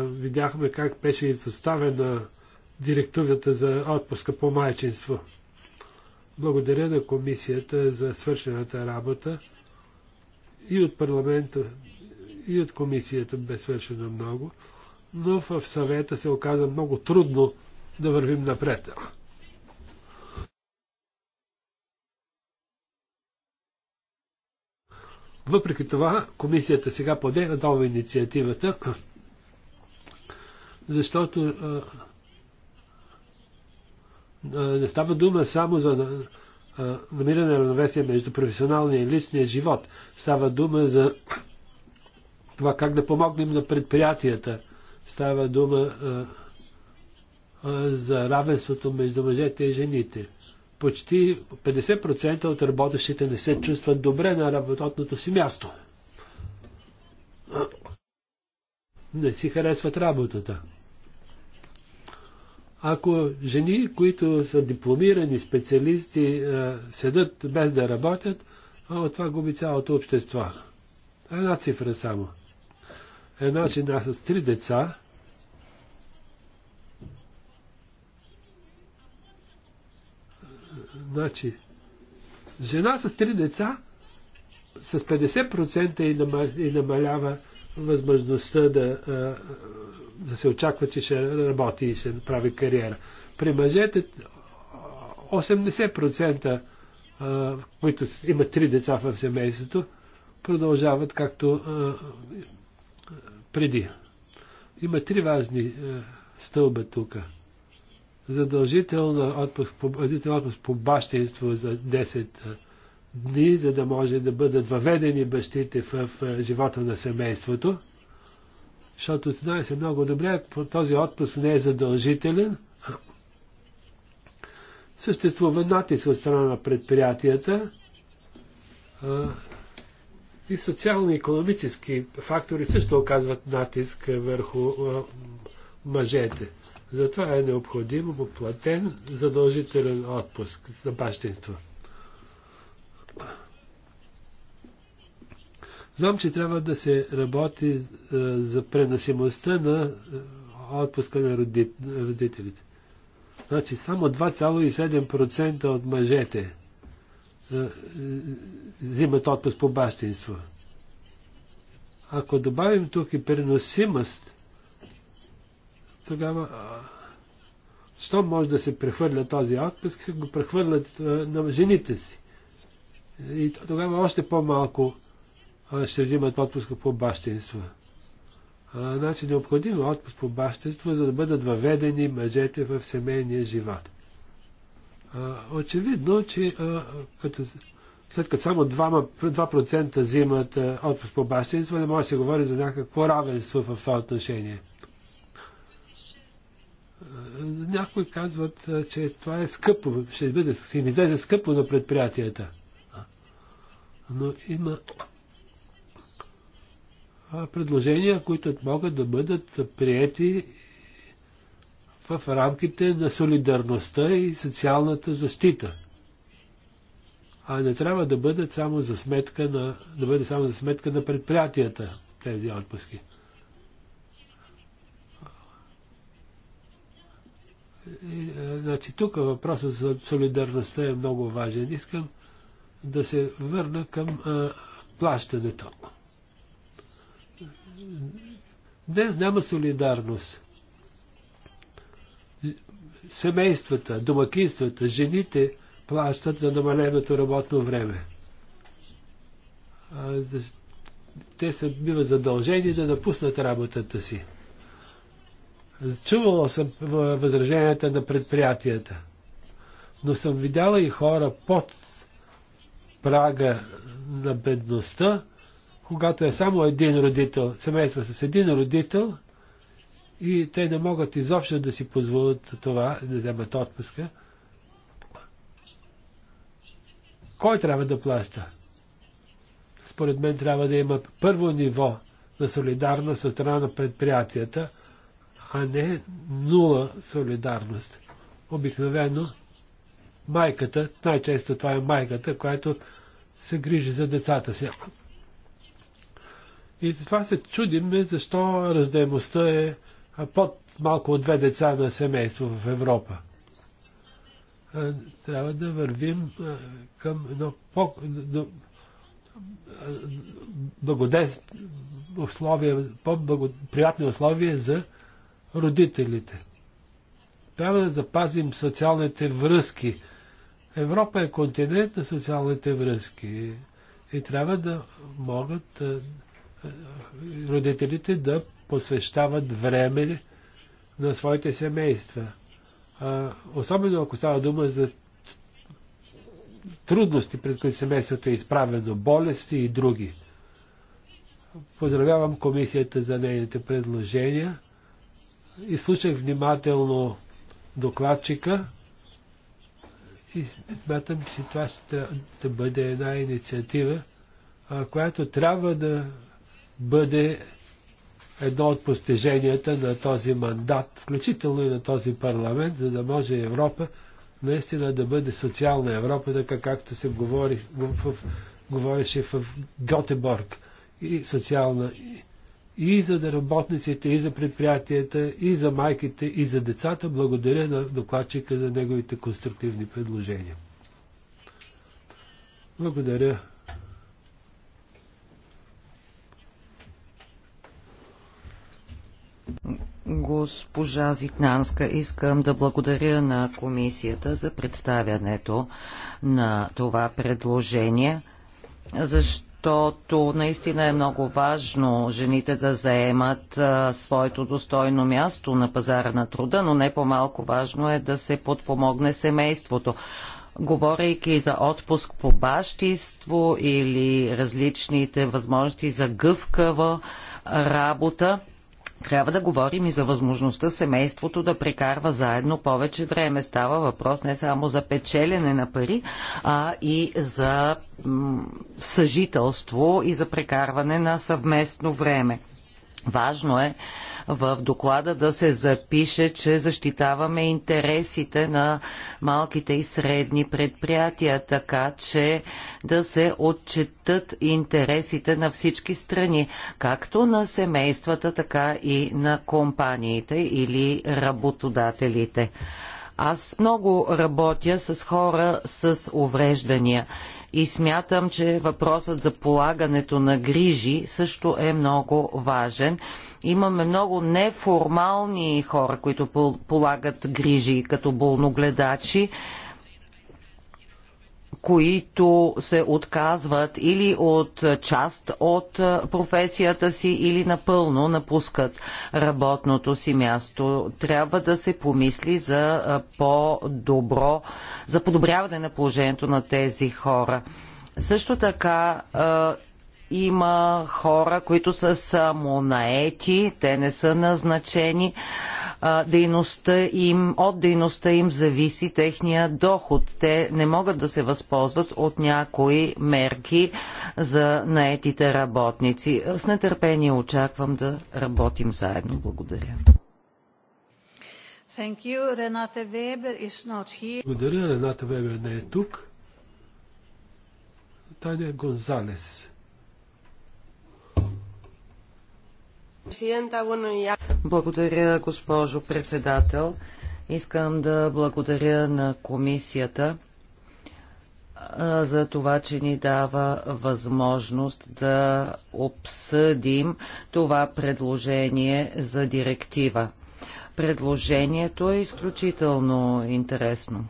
видяхме как беше изоставена директивата за отпуска по майчинство. Благодаря на комисията за свършената работа и от парламента, и от комисията бе свършено много, но в съвета се оказа много трудно да вървим напред. Въпреки това, комисията сега поде надолу инициативата, защото не става дума само за намиране на равновесие между професионалния и личния живот. Става дума за това как да помогнем на предприятията. Става дума а, а, за равенството между мъжете и жените почти 50% от работещите не се чувстват добре на работното си място. Не си харесват работата. Ако жени, които са дипломирани специалисти, е, седат без да работят, от това губи цялото общество. Една цифра само. Една жена с три деца Значи, жена с три деца с 50% и намалява възможността да, да се очаква, че ще работи и ще прави кариера. При мъжете 80%, които имат три деца в семейството, продължават както преди. Има три важни стълба тук задължителна отпуск по, отпуск по бащинство за 10 дни, за да може да бъдат въведени бащите в, в живота на семейството. Защото знае се много добре, този отпуск не е задължителен. Съществува натиск от страна на предприятията а, и социално-економически фактори също оказват натиск върху а, мъжете. Затова е необходимо поплатен задължителен отпуск за бащинство. Знам, че трябва да се работи е, за преносимостта на е, отпуска на родителите. Значи само 2,7% от мъжете е, взимат отпуск по бащинство. Ако добавим тук и преносимост, тогава, що може да се прехвърля този отпуск, ще го прехвърлят на жените си. И тогава още по-малко ще взимат отпуска по бащинство. значи необходим е отпуск по бащинство, за да бъдат въведени мъжете в семейния живот. очевидно, че като, след като само 2%, 2% взимат отпуск по бащинство, не може да се говори за някакво равенство в това отношение. Някои казват, че това е скъпо, ще бъде, ще излезе скъпо на предприятията. Но има предложения, които могат да бъдат приети в рамките на солидарността и социалната защита. А не трябва да бъдат само за сметка на, да бъде само за сметка на предприятията тези отпуски. Е, значи, тук въпросът за солидарността е много важен. Искам да се върна към а, е, плащането. Днес няма солидарност. Семействата, домакинствата, жените плащат за намаленото работно време. А, те са биват задължени да напуснат работата си. Чувала съм възраженията на предприятията, но съм видяла и хора под прага на бедността, когато е само един родител, семейство с един родител, и те не могат изобщо да си позволят това, да вземат отпуска. Кой трябва да плаща? Според мен трябва да има първо ниво на солидарност от страна на предприятията, а не нула солидарност. Обикновено майката, най-често това е майката, която се грижи за децата си. И това се чудим е, защо раздаемостта е под малко от две деца на семейство в Европа. Трябва да вървим към едно по благодес, условия, по-благоприятни условия за родителите. Трябва да запазим социалните връзки. Европа е континент на социалните връзки и трябва да могат е, е, родителите да посвещават време на своите семейства. особено ако става дума за трудности, пред които семейството е изправено, болести и други. Поздравявам комисията за нейните предложения изслушах внимателно докладчика и смятам, че това ще, ще бъде една инициатива, а, която трябва да бъде едно от постиженията на този мандат, включително и на този парламент, за да може Европа наистина да бъде социална Европа, така както се говори, в, в, говореше в Готеборг. И социална и, и за работниците, и за предприятията, и за майките, и за децата. Благодаря на докладчика за неговите конструктивни предложения. Благодаря. Госпожа Зитнанска, искам да благодаря на комисията за представянето на това предложение, защото защото наистина е много важно жените да заемат а, своето достойно място на пазара на труда, но не по-малко важно е да се подпомогне семейството. Говорейки за отпуск по бащиство или различните възможности за гъвкава работа, трябва да говорим и за възможността семейството да прекарва заедно повече време. Става въпрос не само за печелене на пари, а и за съжителство и за прекарване на съвместно време. Важно е в доклада да се запише, че защитаваме интересите на малките и средни предприятия, така че да се отчетат интересите на всички страни, както на семействата, така и на компаниите или работодателите. Аз много работя с хора с увреждания и смятам, че въпросът за полагането на грижи също е много важен. Имаме много неформални хора, които полагат грижи като болногледачи които се отказват или от част от професията си, или напълно напускат работното си място. Трябва да се помисли за по-добро, за подобряване на положението на тези хора. Също така има хора, които са самонаети, те не са назначени дейността им, от дейността им зависи техния доход. Те не могат да се възползват от някои мерки за наетите работници. С нетърпение очаквам да работим заедно. Благодаря. Thank you. Renate Weber is not here. Благодаря. Рената Вебер не е тук. Таня Гонзалес Благодаря, госпожо председател. Искам да благодаря на комисията за това, че ни дава възможност да обсъдим това предложение за директива. Предложението е изключително интересно.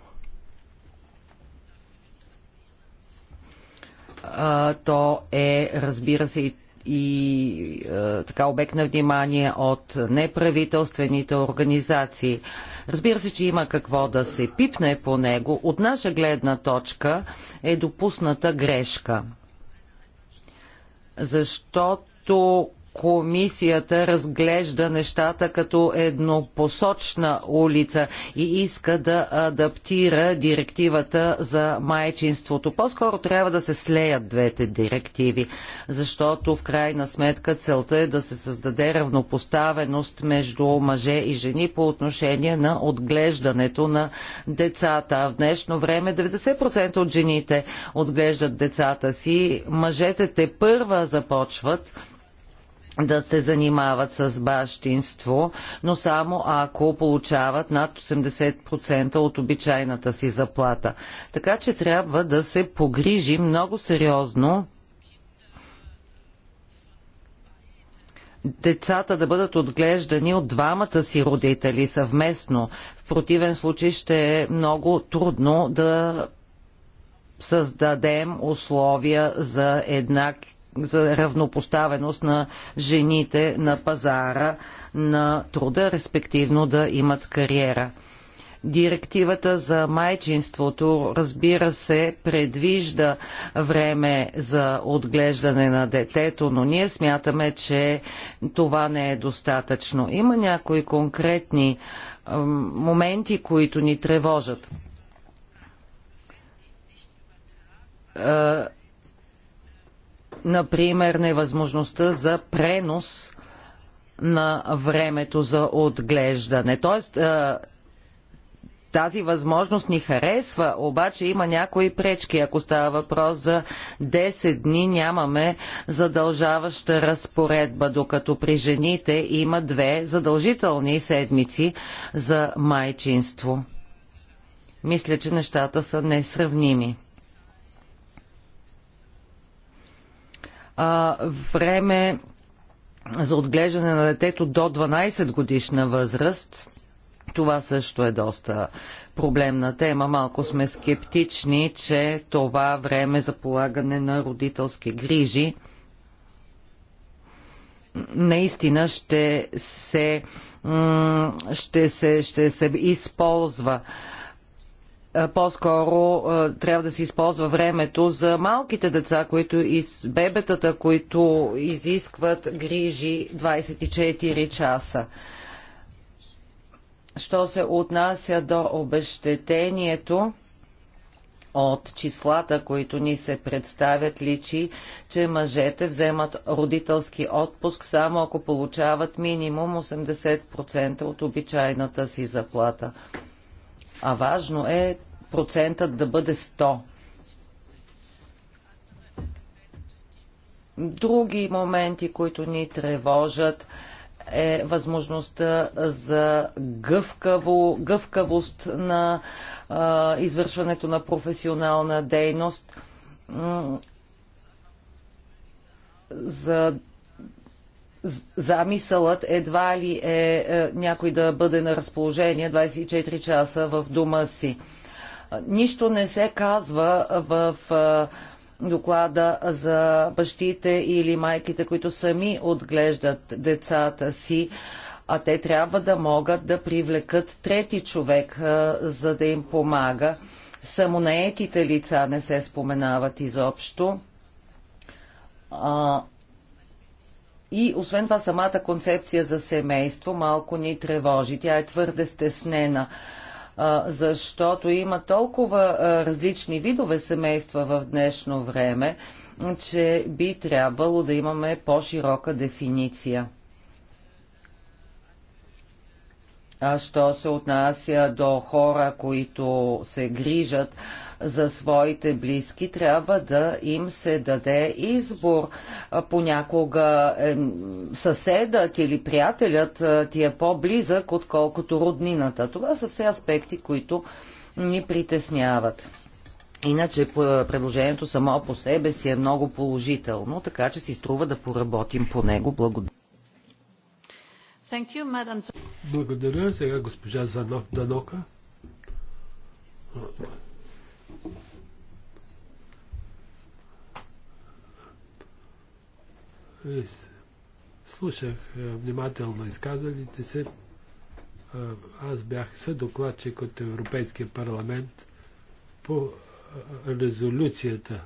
то е, разбира се, и и е, така обект на внимание от неправителствените организации. Разбира се, че има какво да се пипне по него. От наша гледна точка е допусната грешка. Защото комисията разглежда нещата като еднопосочна улица и иска да адаптира директивата за майчинството. По-скоро трябва да се слеят двете директиви, защото в крайна сметка целта е да се създаде равнопоставеност между мъже и жени по отношение на отглеждането на децата. В днешно време 90% от жените отглеждат децата си, мъжете те първа започват да се занимават с бащинство, но само ако получават над 80% от обичайната си заплата. Така че трябва да се погрижи много сериозно децата да бъдат отглеждани от двамата си родители съвместно. В противен случай ще е много трудно да създадем условия за еднакви за равнопоставеност на жените на пазара на труда, респективно да имат кариера. Директивата за майчинството, разбира се, предвижда време за отглеждане на детето, но ние смятаме, че това не е достатъчно. Има някои конкретни моменти, които ни тревожат е, Например, невъзможността за пренос на времето за отглеждане. Тоест, тази възможност ни харесва, обаче има някои пречки. Ако става въпрос за 10 дни, нямаме задължаваща разпоредба, докато при жените има две задължителни седмици за майчинство. Мисля, че нещата са несравними. а, време за отглеждане на детето до 12 годишна възраст. Това също е доста проблемна тема. Малко сме скептични, че това време за полагане на родителски грижи наистина ще се, ще се, ще се използва. Е, по-скоро е, трябва да се използва времето за малките деца, които бебетата, които изискват грижи 24 часа. Що се отнася до обещетението, от числата, които ни се представят, личи, че мъжете вземат родителски отпуск само ако получават минимум 80% от обичайната си заплата а важно е процентът да бъде 100. Други моменти, които ни тревожат, е възможността за гъвкаво, гъвкавост на а, извършването на професионална дейност, за замисълът едва ли е, е някой да бъде на разположение 24 часа в дома си. Нищо не се казва в е, доклада за бащите или майките, които сами отглеждат децата си, а те трябва да могат да привлекат трети човек, е, за да им помага. Самонаетите лица не се споменават изобщо. А, и освен това самата концепция за семейство малко ни тревожи. Тя е твърде стеснена, защото има толкова различни видове семейства в днешно време, че би трябвало да имаме по-широка дефиниция. А що се отнася до хора, които се грижат за своите близки, трябва да им се даде избор. Понякога съседът или приятелят ти е по-близък, отколкото роднината. Това са все аспекти, които ни притесняват. Иначе предложението само по себе си е много положително, така че си струва да поработим по него. Благодаря. You, Благодаря. Сега госпожа Занов Данока. слушах е, внимателно изказалите се. Е, аз бях съдокладчик от Европейския парламент по е, резолюцията,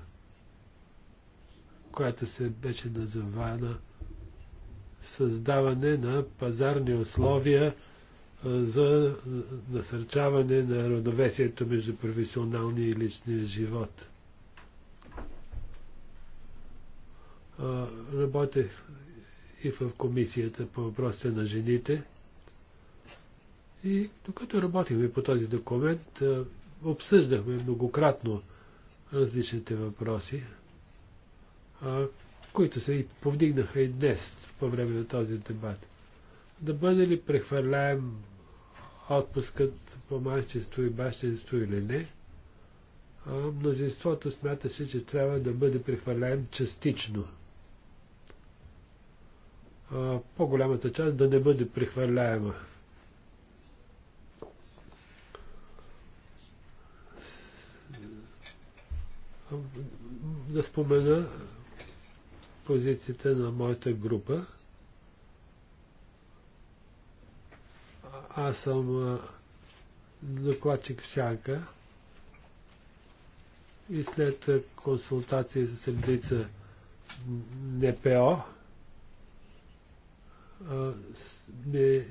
която се беше назована създаване на пазарни условия за насърчаване на равновесието между професионалния и личния живот. работех и в комисията по въпросите на жените. И докато работихме по този документ, обсъждахме многократно различните въпроси, които се и повдигнаха и днес по време на този дебат. Да бъде ли прехвърляем отпускът по майчество и бащинство или не, мнозинството смяташе, че трябва да бъде прехвърляем частично – по-голямата част да не бъде прехвърляема. Да спомена позицията на моята група. Аз съм докладчик в Сянка и след консултации с редица НПО, е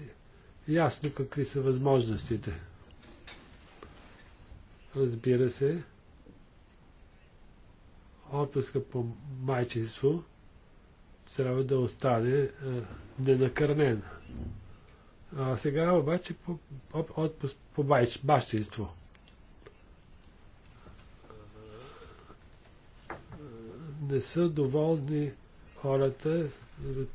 ясно какви са възможностите. Разбира се, отпуска по майчинство трябва да остане а, ненакърнен. А сега обаче по, отпуск по байч, бащинство. Не са доволни хората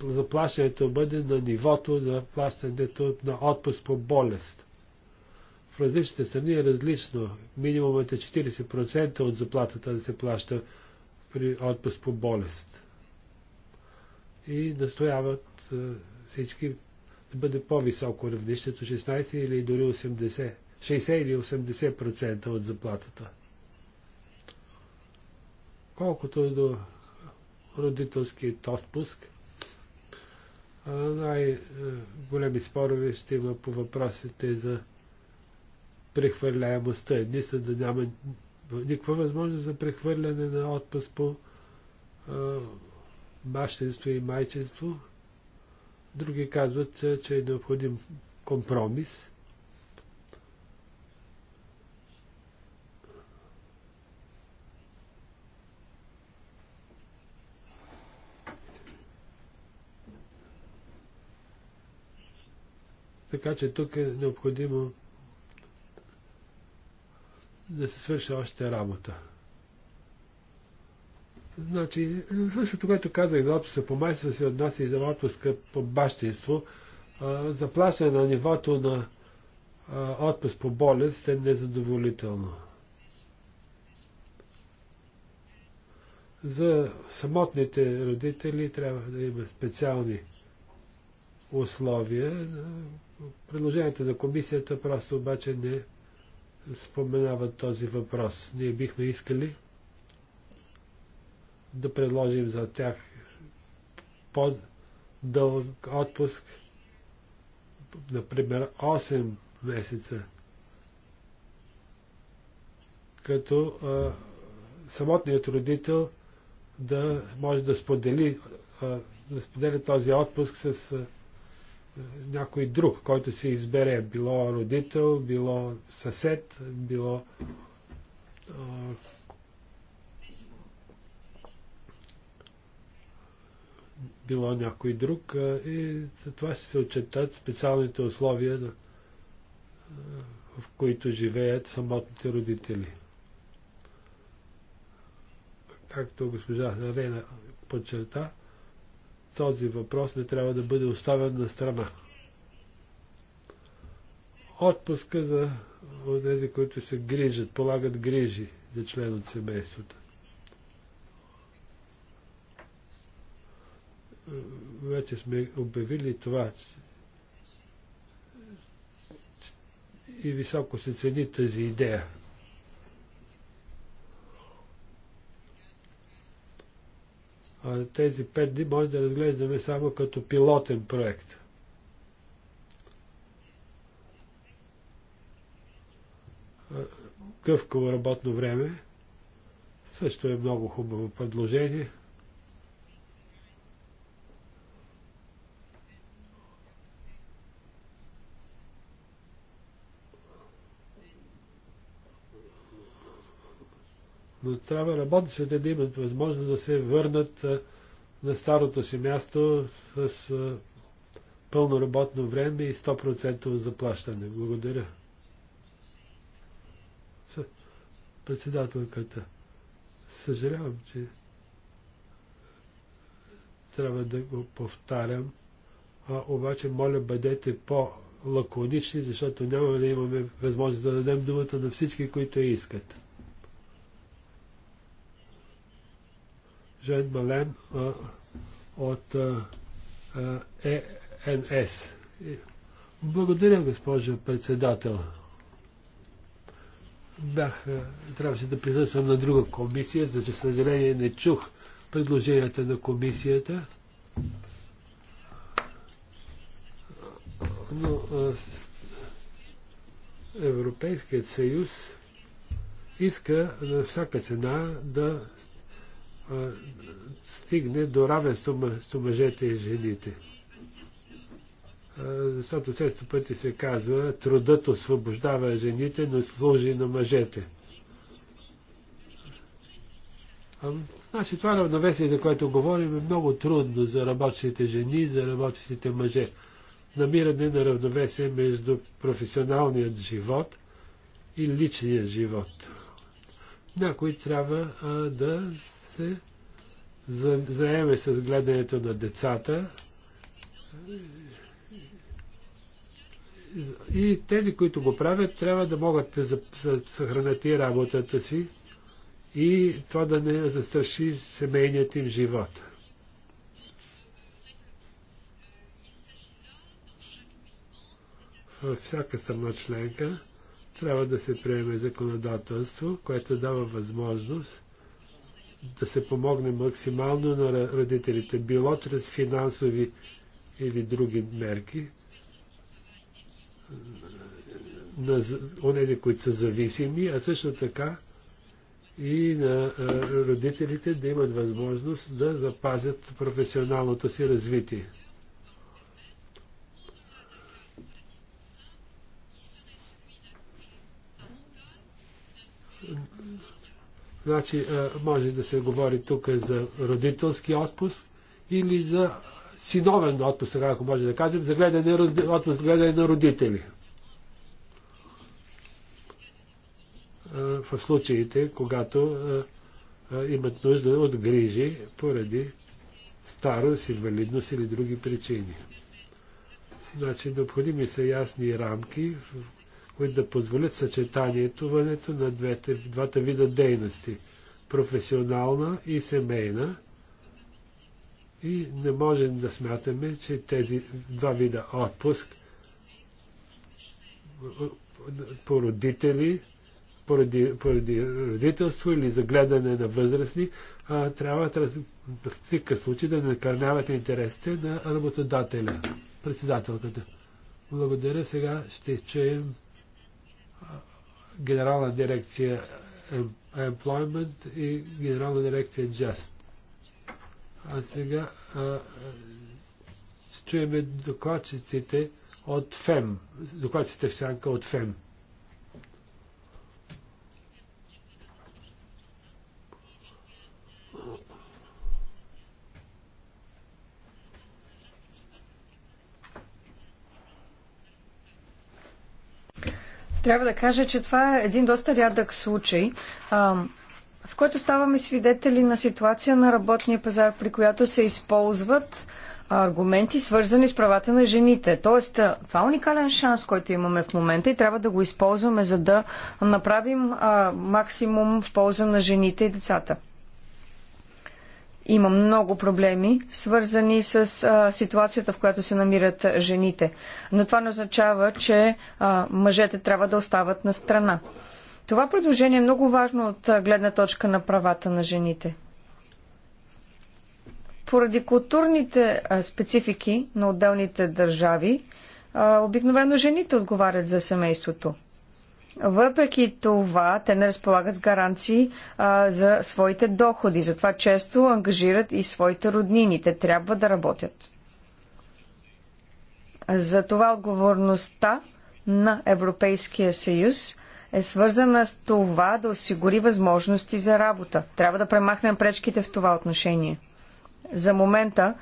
заплащането бъде на нивото на плащането на отпуск по болест. В различните страни е различно. Минимумът е 40% от заплатата да се плаща при отпуск по болест. И настояват е, всички да бъде по-високо равнището 16 или дори 80, 60 или 80% от заплатата. Колкото до родителският отпуск, най-големи спорове ще има по въпросите за прехвърляемостта. са да няма никаква възможност за прехвърляне на отпуск по а, и майчество. Други казват, че е необходим компромис. така че тук е необходимо да се свърши още работа. Значи, същото, което казах за отпуска по майство, се отнася и за отпуска по бащинство. Заплащане на нивото на отпуск по болест е незадоволително. За самотните родители трябва да има специални условие. Предложенията на комисията просто обаче не споменават този въпрос. Ние бихме искали да предложим за тях по-дълъг отпуск, например 8 месеца, като а, самотният родител да може да сподели, а, да сподели този отпуск с а, някой друг, който се избере, било родител, било съсед, било а, било някой друг а, и за това ще се отчетат специалните условия, а, в които живеят самотните родители. Както госпожа Зарена подчерта, този въпрос не трябва да бъде оставен на страна. Отпуска за тези, които се грижат, полагат грижи за член от семейството. Вече сме обявили това, и високо се цени тази идея. тези пет дни може да разглеждаме само като пилотен проект. Къвково работно време също е много хубаво предложение. но трябва работниците да имат възможност да се върнат на старото си място с пълно работно време и 100% заплащане. Благодаря. Председателката. Съжалявам, че трябва да го повтарям. А, обаче, моля, бъдете по-лаконични, защото няма да имаме възможност да дадем думата на всички, които я искат. Жан Мален от е, ЕНС. Благодаря, госпожо председател. Бях, трябваше да присъствам на друга комисия, за че съжаление не чух предложенията на комисията. Но Европейският съюз иска на всяка цена да стигне до равенство между мъжете и жените. Защото често пъти се казва, трудът освобождава жените, но служи на мъжете. Значи това равновесие, за което говорим, е много трудно за работещите жени, за работещите мъже. Намиране на равновесие между професионалният живот и личният живот. Някой трябва а, да се заеме с гледането на децата и тези, които го правят, трябва да могат да съхранят и работата си и това да не застраши семейният им живот. Във всяка страна членка трябва да се приеме законодателство, което дава възможност да се помогне максимално на родителите, било чрез финансови или други мерки на онези, които са зависими, а също така и на родителите да имат възможност да запазят професионалното си развитие. Значи, е, може да се говори тук за родителски отпуск или за синовен отпуск, така ако може да кажем, за гледане, отпуск за гледане на родители. Е, в случаите, когато е, имат нужда от грижи поради старост, инвалидност или други причини. Значи, необходими са ясни рамки, които да позволят съчетанието вънето на двете, двата вида дейности професионална и семейна. И не можем да смятаме, че тези два вида отпуск по родители, поради, поради родителство или загледане на възрастни, а, трябва в всеки случай да накърняват интересите на работодателя, председателката. Благодаря. Сега ще чуем Генерална дирекция Employment и Генерална дирекция Just. А сега а, чуеме докладчиците от ФЕМ, докладчиците в сянка от ФЕМ. трябва да кажа, че това е един доста рядък случай, в който ставаме свидетели на ситуация на работния пазар, при която се използват аргументи, свързани с правата на жените. Тоест, това е уникален шанс, който имаме в момента и трябва да го използваме, за да направим максимум в полза на жените и децата. Има много проблеми, свързани с а, ситуацията, в която се намират жените. Но това не означава, че а, мъжете трябва да остават на страна. Това предложение е много важно от гледна точка на правата на жените. Поради културните специфики на отделните държави, обикновено жените отговарят за семейството. Въпреки това, те не разполагат с гаранции а, за своите доходи, затова често ангажират и своите роднини. Те трябва да работят. Затова отговорността на Европейския съюз е свързана с това да осигури възможности за работа. Трябва да премахнем пречките в това отношение. За момента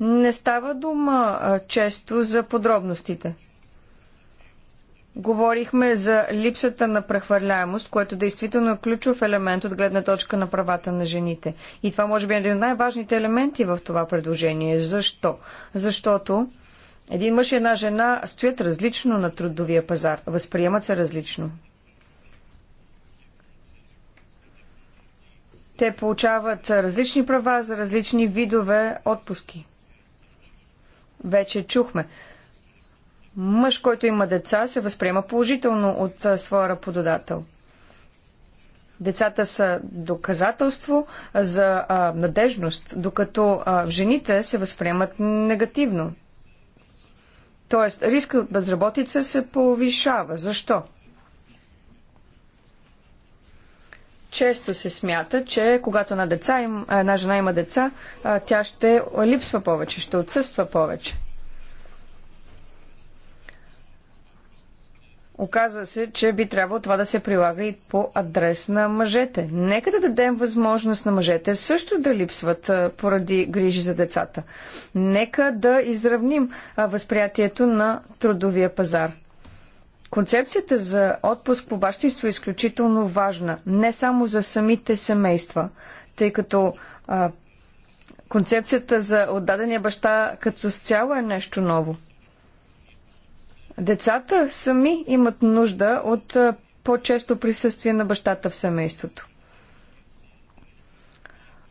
не става дума а, често за подробностите. Говорихме за липсата на прехвърляемост, което действително е ключов елемент от гледна точка на правата на жените. И това може би е един от най-важните елементи в това предложение. Защо? Защото един мъж и една жена стоят различно на трудовия пазар, възприемат се различно. Те получават различни права за различни видове отпуски. Вече чухме мъж, който има деца, се възприема положително от своя работодател. Децата са доказателство за а, надежност, докато а, жените се възприемат негативно. Тоест, риска от безработица се повишава. Защо? Често се смята, че когато на деца им, една жена има деца, а, тя ще липсва повече, ще отсъства повече. Оказва се, че би трябвало това да се прилага и по адрес на мъжете. Нека да дадем възможност на мъжете също да липсват поради грижи за децата. Нека да изравним възприятието на трудовия пазар. Концепцията за отпуск по бащинство е изключително важна, не само за самите семейства, тъй като а, концепцията за отдадения баща като с цяло е нещо ново. Децата сами имат нужда от по-често присъствие на бащата в семейството.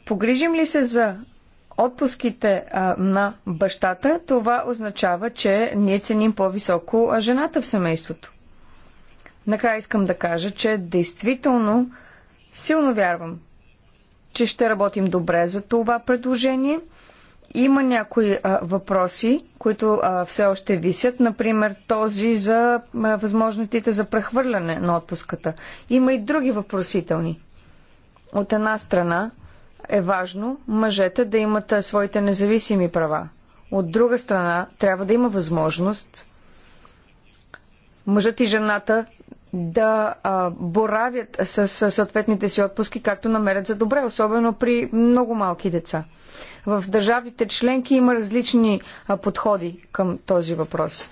Погрижим ли се за отпуските а, на бащата, това означава, че ние ценим по-високо жената в семейството. Накрая искам да кажа, че действително силно вярвам, че ще работим добре за това предложение – има някои а, въпроси, които а, все още висят, например този за а, възможностите за прехвърляне на отпуската. Има и други въпросителни. От една страна е важно мъжете да имат а, своите независими права. От друга страна трябва да има възможност мъжът и жената да а, боравят с, с съответните си отпуски, както намерят за добре, особено при много малки деца. В държавите членки има различни а, подходи към този въпрос.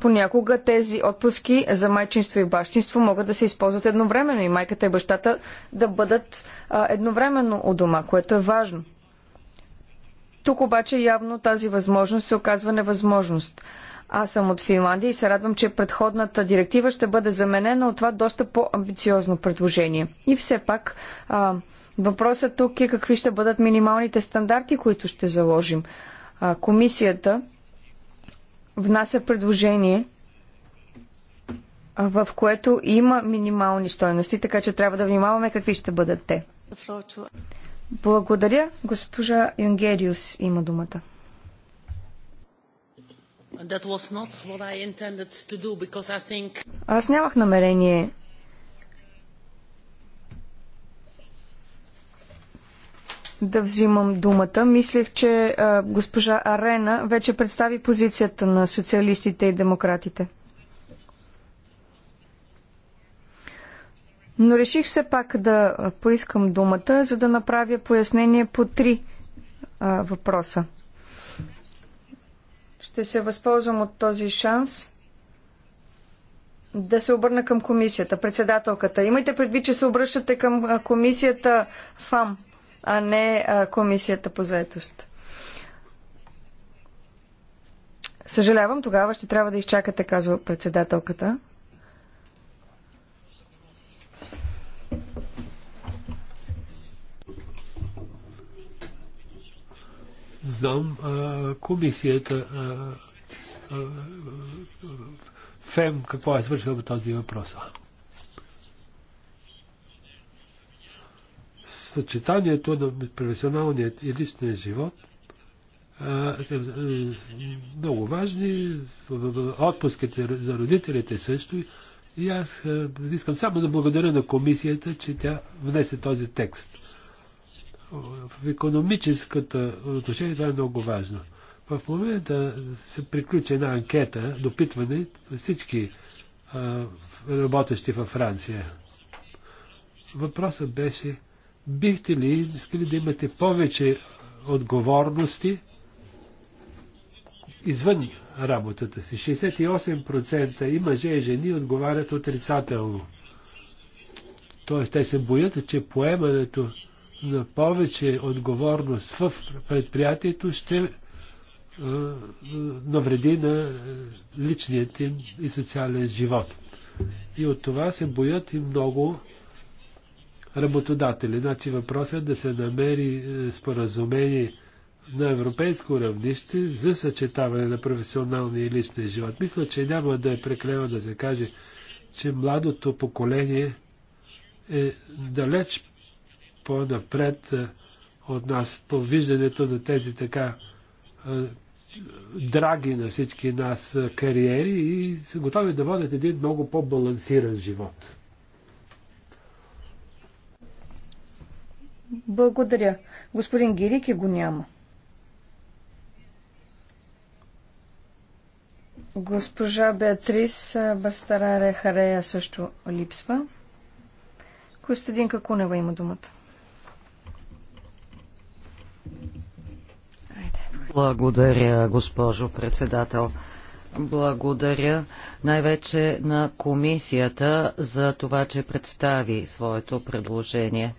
Понякога тези отпуски за майчинство и бащинство могат да се използват едновременно и майката и бащата да бъдат а, едновременно у дома, което е важно. Тук обаче явно тази възможност се оказва невъзможност. Аз съм от Финландия и се радвам, че предходната директива ще бъде заменена от това доста по-амбициозно предложение. И все пак а, въпросът тук е какви ще бъдат минималните стандарти, които ще заложим. А, комисията внася предложение, в което има минимални стоености, така че трябва да внимаваме какви ще бъдат те. Благодаря. Госпожа Юнгериус има думата. Аз нямах намерение да взимам думата. Мислех, че а, госпожа Арена вече представи позицията на социалистите и демократите. Но реших все пак да поискам думата, за да направя пояснение по три а, въпроса. Ще се възползвам от този шанс да се обърна към комисията, председателката. Имайте предвид, че се обръщате към комисията ФАМ, а не комисията по заетост. Съжалявам, тогава ще трябва да изчакате, казва председателката. знам, комисията ФЕМ какво е свършила по този въпрос. Съчетанието на професионалният и личния живот са е, много важни. Отпуските за родителите също. И аз е, искам само да благодаря на комисията, че тя внесе този текст в економическото отношение това е много важно. В момента се приключи една анкета, допитване всички а, работещи във Франция. Въпросът беше, бихте ли искали да имате повече отговорности извън работата си? 68% и мъже и жени отговарят отрицателно. Тоест, те се боят, че поемането на повече отговорност в предприятието ще е, навреди на е, личният им и социален живот. И от това се боят и много работодатели. Значи въпросът е да се намери е, споразумение на европейско равнище за съчетаване на професионалния и личния живот. Мисля, че няма да е преклева да се каже, че младото поколение е далеч по-напред е, от нас по виждането на тези така е, драги на всички нас е, кариери и са готови да водят един много по-балансиран живот. Благодаря. Господин Гирики го няма. Госпожа Беатрис Бастараре Харея също липсва. Костадин Какунева има думата. Благодаря, госпожо председател. Благодаря най-вече на комисията за това, че представи своето предложение.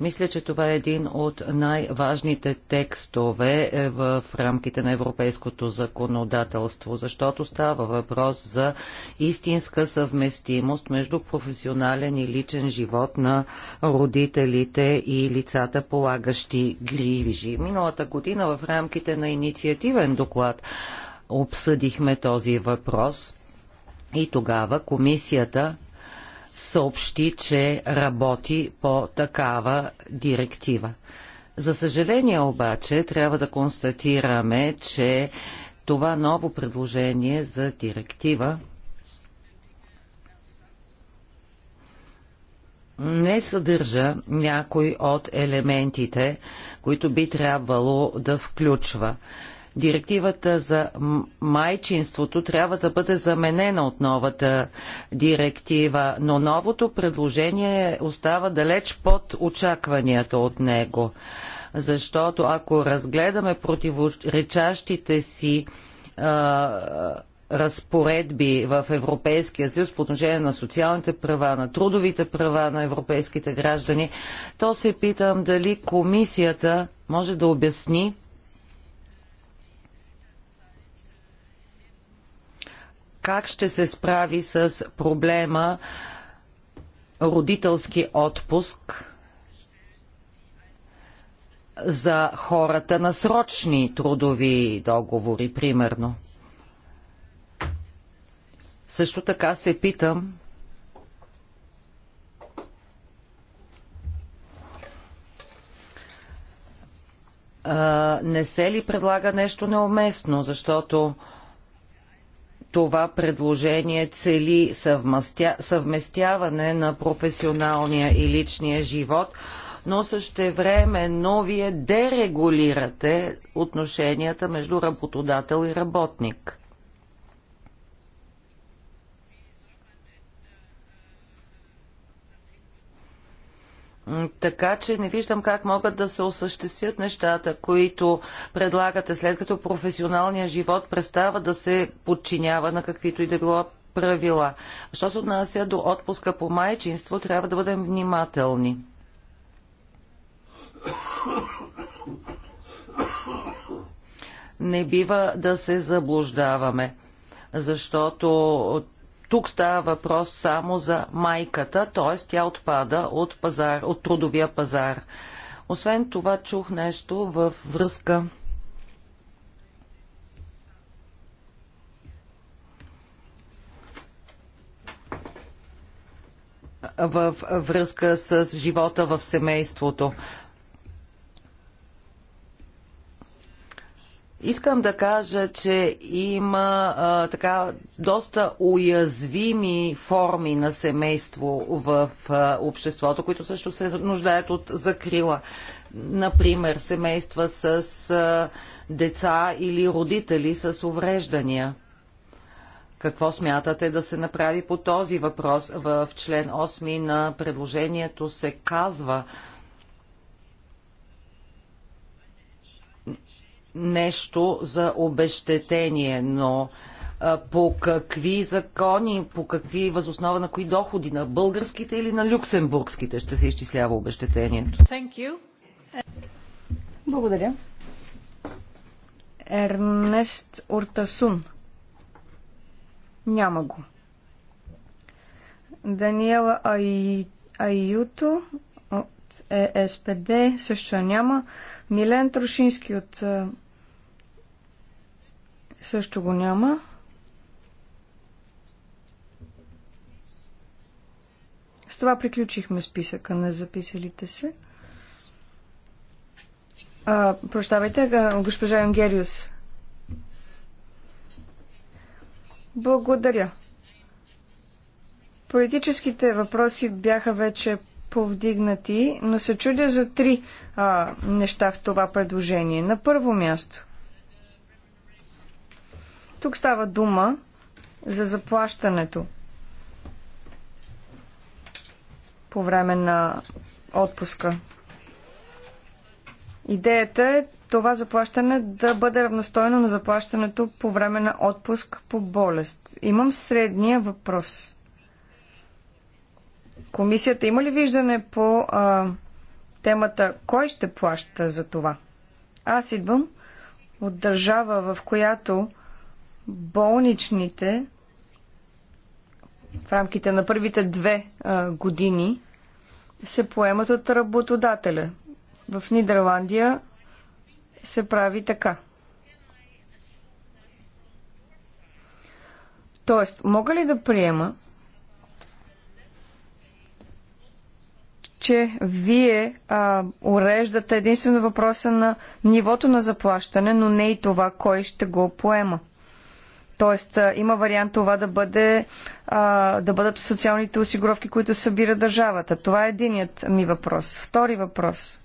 Мисля, че това е един от най-важните текстове е, в рамките на европейското законодателство, защото става въпрос за истинска съвместимост между професионален и личен живот на родителите и лицата, полагащи грижи. Миналата година в рамките на инициативен доклад обсъдихме този въпрос – и тогава комисията съобщи, че работи по такава директива. За съжаление обаче трябва да констатираме, че това ново предложение за директива не съдържа някой от елементите, които би трябвало да включва. Директивата за майчинството трябва да бъде заменена от новата директива, но новото предложение остава далеч под очакванията от него. Защото ако разгледаме противоречащите си а, разпоредби в Европейския съюз по отношение на социалните права, на трудовите права на европейските граждани, то се питам дали комисията може да обясни как ще се справи с проблема родителски отпуск за хората на срочни трудови договори, примерно. Също така се питам не се ли предлага нещо неуместно, защото това предложение цели съвместяване на професионалния и личния живот, но същевременно вие дерегулирате отношенията между работодател и работник. Така че не виждам как могат да се осъществят нещата, които предлагате, след като професионалния живот престава да се подчинява на каквито и да било правила. Що се отнася до отпуска по майчинство, трябва да бъдем внимателни. Не бива да се заблуждаваме, защото тук става въпрос само за майката, т.е. тя отпада от, пазар, от трудовия пазар. Освен това чух нещо във връзка в връзка с живота в семейството. Искам да кажа, че има а, така доста уязвими форми на семейство в а, обществото, които също се нуждаят от закрила. Например, семейства с а, деца или родители с увреждания. Какво смятате да се направи по този въпрос? В член 8 на предложението се казва нещо за обещетение, но по какви закони, по какви възоснова на кои доходи, на българските или на люксембургските ще се изчислява обещетението? Благодаря. Ернест Уртасун. Няма го. Даниела Ай... Айюто от е ЕСПД също няма. Милен Трошински от също го няма. С това приключихме списъка на записалите се. А, прощавайте, госпожа Ангериус. Благодаря. Политическите въпроси бяха вече повдигнати, но се чудя за три а, неща в това предложение. На първо място, тук става дума за заплащането по време на отпуска. Идеята е това заплащане да бъде равностойно на заплащането по време на отпуск по болест. Имам средния въпрос. Комисията има ли виждане по а, темата кой ще плаща за това? Аз идвам от държава, в която болничните в рамките на първите две а, години се поемат от работодателя. В Нидерландия се прави така. Тоест, мога ли да приема, че вие а, уреждате единствено въпроса на нивото на заплащане, но не и това кой ще го поема. Тоест, а, има вариант това да, бъде, а, да бъдат социалните осигуровки, които събира държавата. Това е единият ми въпрос. Втори въпрос.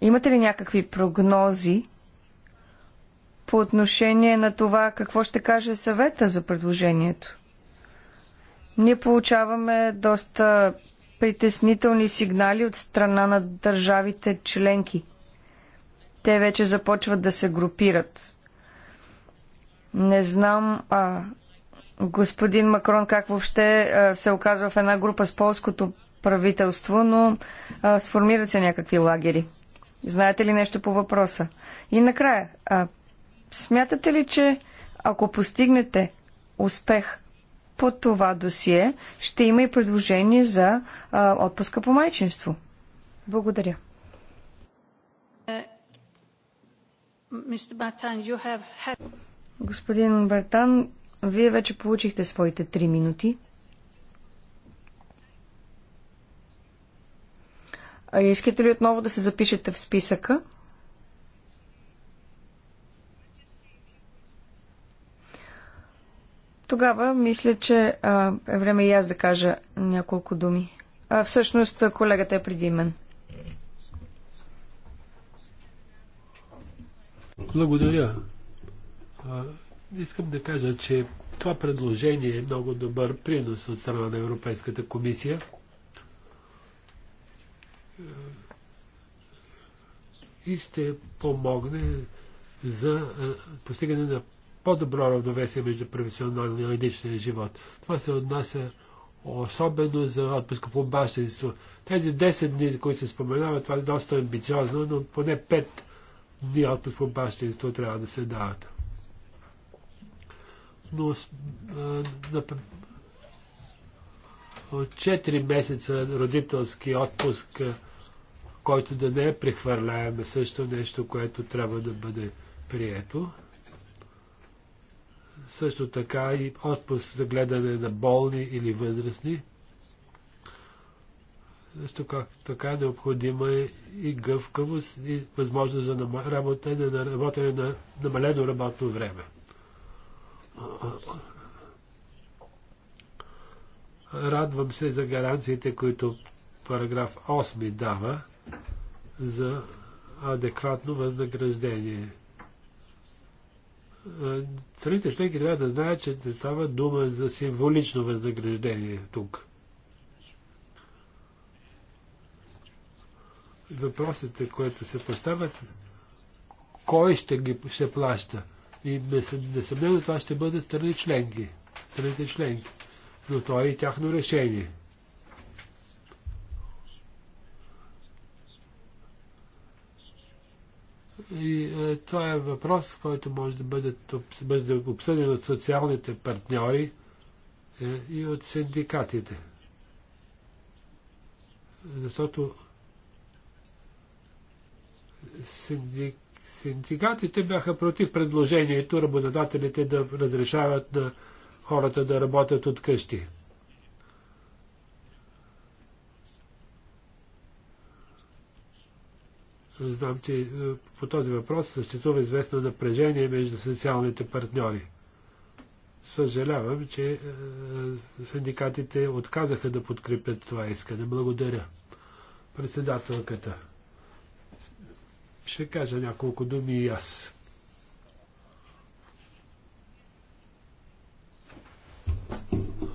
Имате ли някакви прогнози по отношение на това какво ще каже съвета за предложението? Ние получаваме доста притеснителни сигнали от страна на държавите членки. Те вече започват да се групират. Не знам а, господин Макрон как въобще а, се оказва в една група с полското правителство, но а, сформират се някакви лагери. Знаете ли нещо по въпроса? И накрая, а, смятате ли, че ако постигнете успех по това досие ще има и предложение за а, отпуска по майчинство. Благодаря. Е, Господин Бартан, вие вече получихте своите три минути. А искате ли отново да се запишете в списъка? Тогава мисля, че а, е време и аз да кажа няколко думи. А, всъщност колегата е преди мен. Благодаря. А, искам да кажа, че това предложение е много добър принос от страна на Европейската комисия. И ще помогне за постигане на по-добро равновесие между професионалния и личния живот. Това се отнася особено за отпуск по бащинство. Тези 10 дни, за които се споменават, това е доста амбициозно, но поне 5 дни отпуск по бащинство трябва да се дават. Но а, от 4 месеца родителски отпуск, който да не е прехвърляем, е също нещо, което трябва да бъде прието също така и отпуск за гледане на болни или възрастни. Също как, така е необходима е и гъвкавост и възможност за работене на, работене на намалено работно време. Радвам се за гаранциите, които параграф 8 дава за адекватно възнаграждение. Царите членки трябва да знаят, че не става дума за символично възнаграждение тук. Въпросите, които се поставят, кой ще ги ще плаща? И несъмнено това ще бъдат страни членки. Страните членки. Но това е и тяхно решение. И е, това е въпрос, който може да бъде, бъде обсъден от социалните партньори е, и от синдикатите. Защото синдик, синдикатите бяха против предложението работодателите да разрешават на хората да работят от къщи. Знам, че е, по този въпрос съществува известно напрежение между социалните партньори. Съжалявам, че е, синдикатите отказаха да подкрепят това искане. Благодаря. Председателката. Ще кажа няколко думи и аз.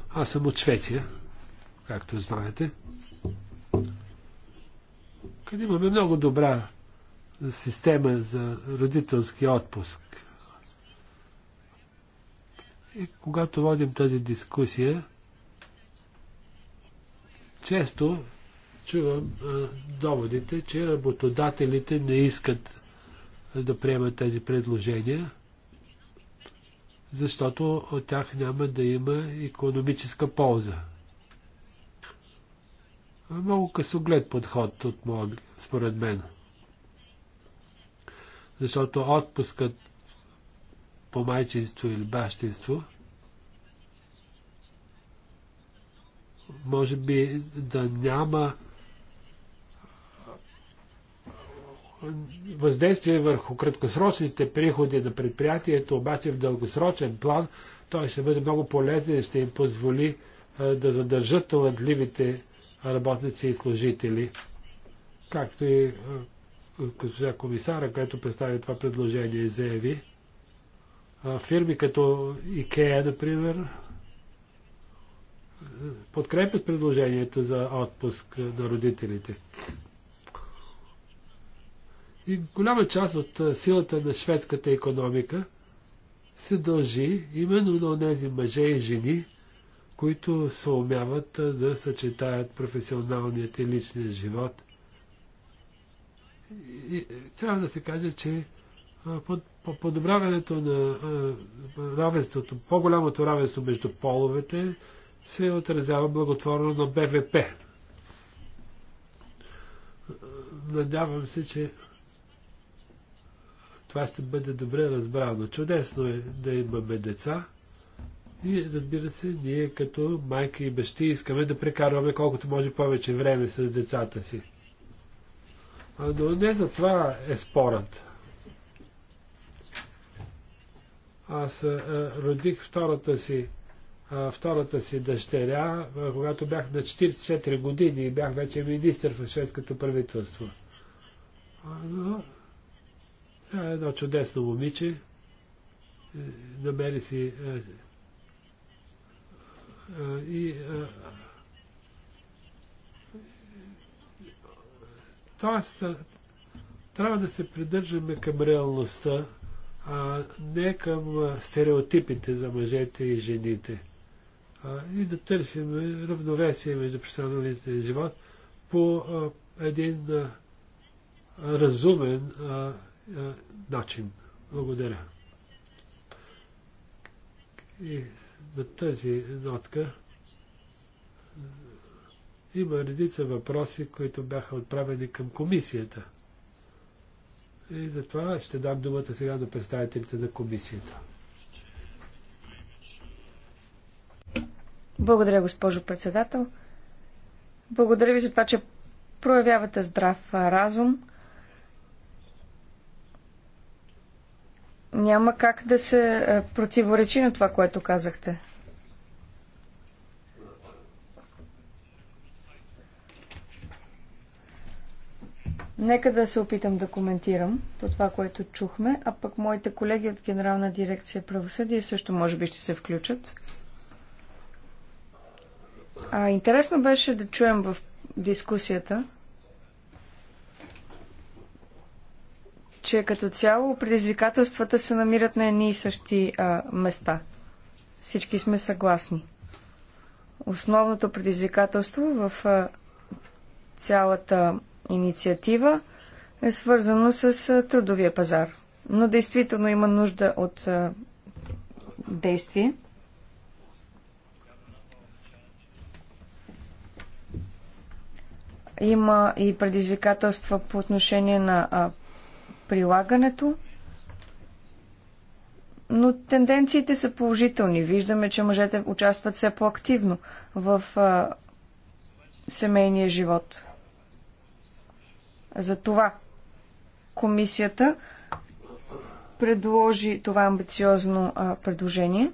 Аз съм от Швеция, както знаете, къде имаме много добра система за родителски отпуск. И когато водим тази дискусия, често чувам а, доводите, че работодателите не искат да приемат тези предложения, защото от тях няма да има економическа полза. Много късоглед подход от моя, според мен защото отпускът по майчинство или бащинство може би да няма въздействие върху краткосрочните приходи на предприятието, обаче в дългосрочен план той ще бъде много полезен и ще им позволи да задържат талантливите работници и служители, както и госпожа комисара, която представи това предложение, и заяви, фирми като IKEA, например, подкрепят предложението за отпуск на родителите. И голяма част от силата на шведската економика се дължи именно на тези мъже и жени, които се умяват да съчетаят професионалният и личния живот и, трябва да се каже, че под, по, подобряването на равенството, по-голямото равенство между половете се отразява благотворно на БВП. Надявам се, че това ще бъде добре разбрано. Чудесно е да имаме деца. И разбира се, ние като майки и бащи искаме да прекарваме колкото може повече време с децата си. Но не за това е спорът. Аз а, родих втората си, а, втората си дъщеря, а, когато бях на 44 години и бях вече министър в шведското правителство. А, но, тя е едно чудесно момиче. Е, намери си а, е, а, е, и а, Тоест, трябва да се придържаме към реалността, а не към стереотипите за мъжете и жените. А, и да търсим равновесие между професионалните живот по а, един а, разумен а, а, начин. Благодаря. И на тази нотка има редица въпроси, които бяха отправени към комисията. И затова ще дам думата сега до представителите на комисията. Благодаря, госпожо председател. Благодаря ви за това, че проявявате здрав разум. Няма как да се е, противоречи на това, което казахте. Нека да се опитам да коментирам по това, което чухме, а пък моите колеги от Генерална дирекция правосъдие също може би ще се включат. А, интересно беше да чуем в дискусията, че като цяло предизвикателствата се намират на едни и същи а, места. Всички сме съгласни. Основното предизвикателство в а, цялата инициатива е свързано с трудовия пазар. Но действително има нужда от действие. Има и предизвикателства по отношение на прилагането но тенденциите са положителни. Виждаме, че мъжете участват все по-активно в а, семейния живот. За това комисията предложи това амбициозно а, предложение.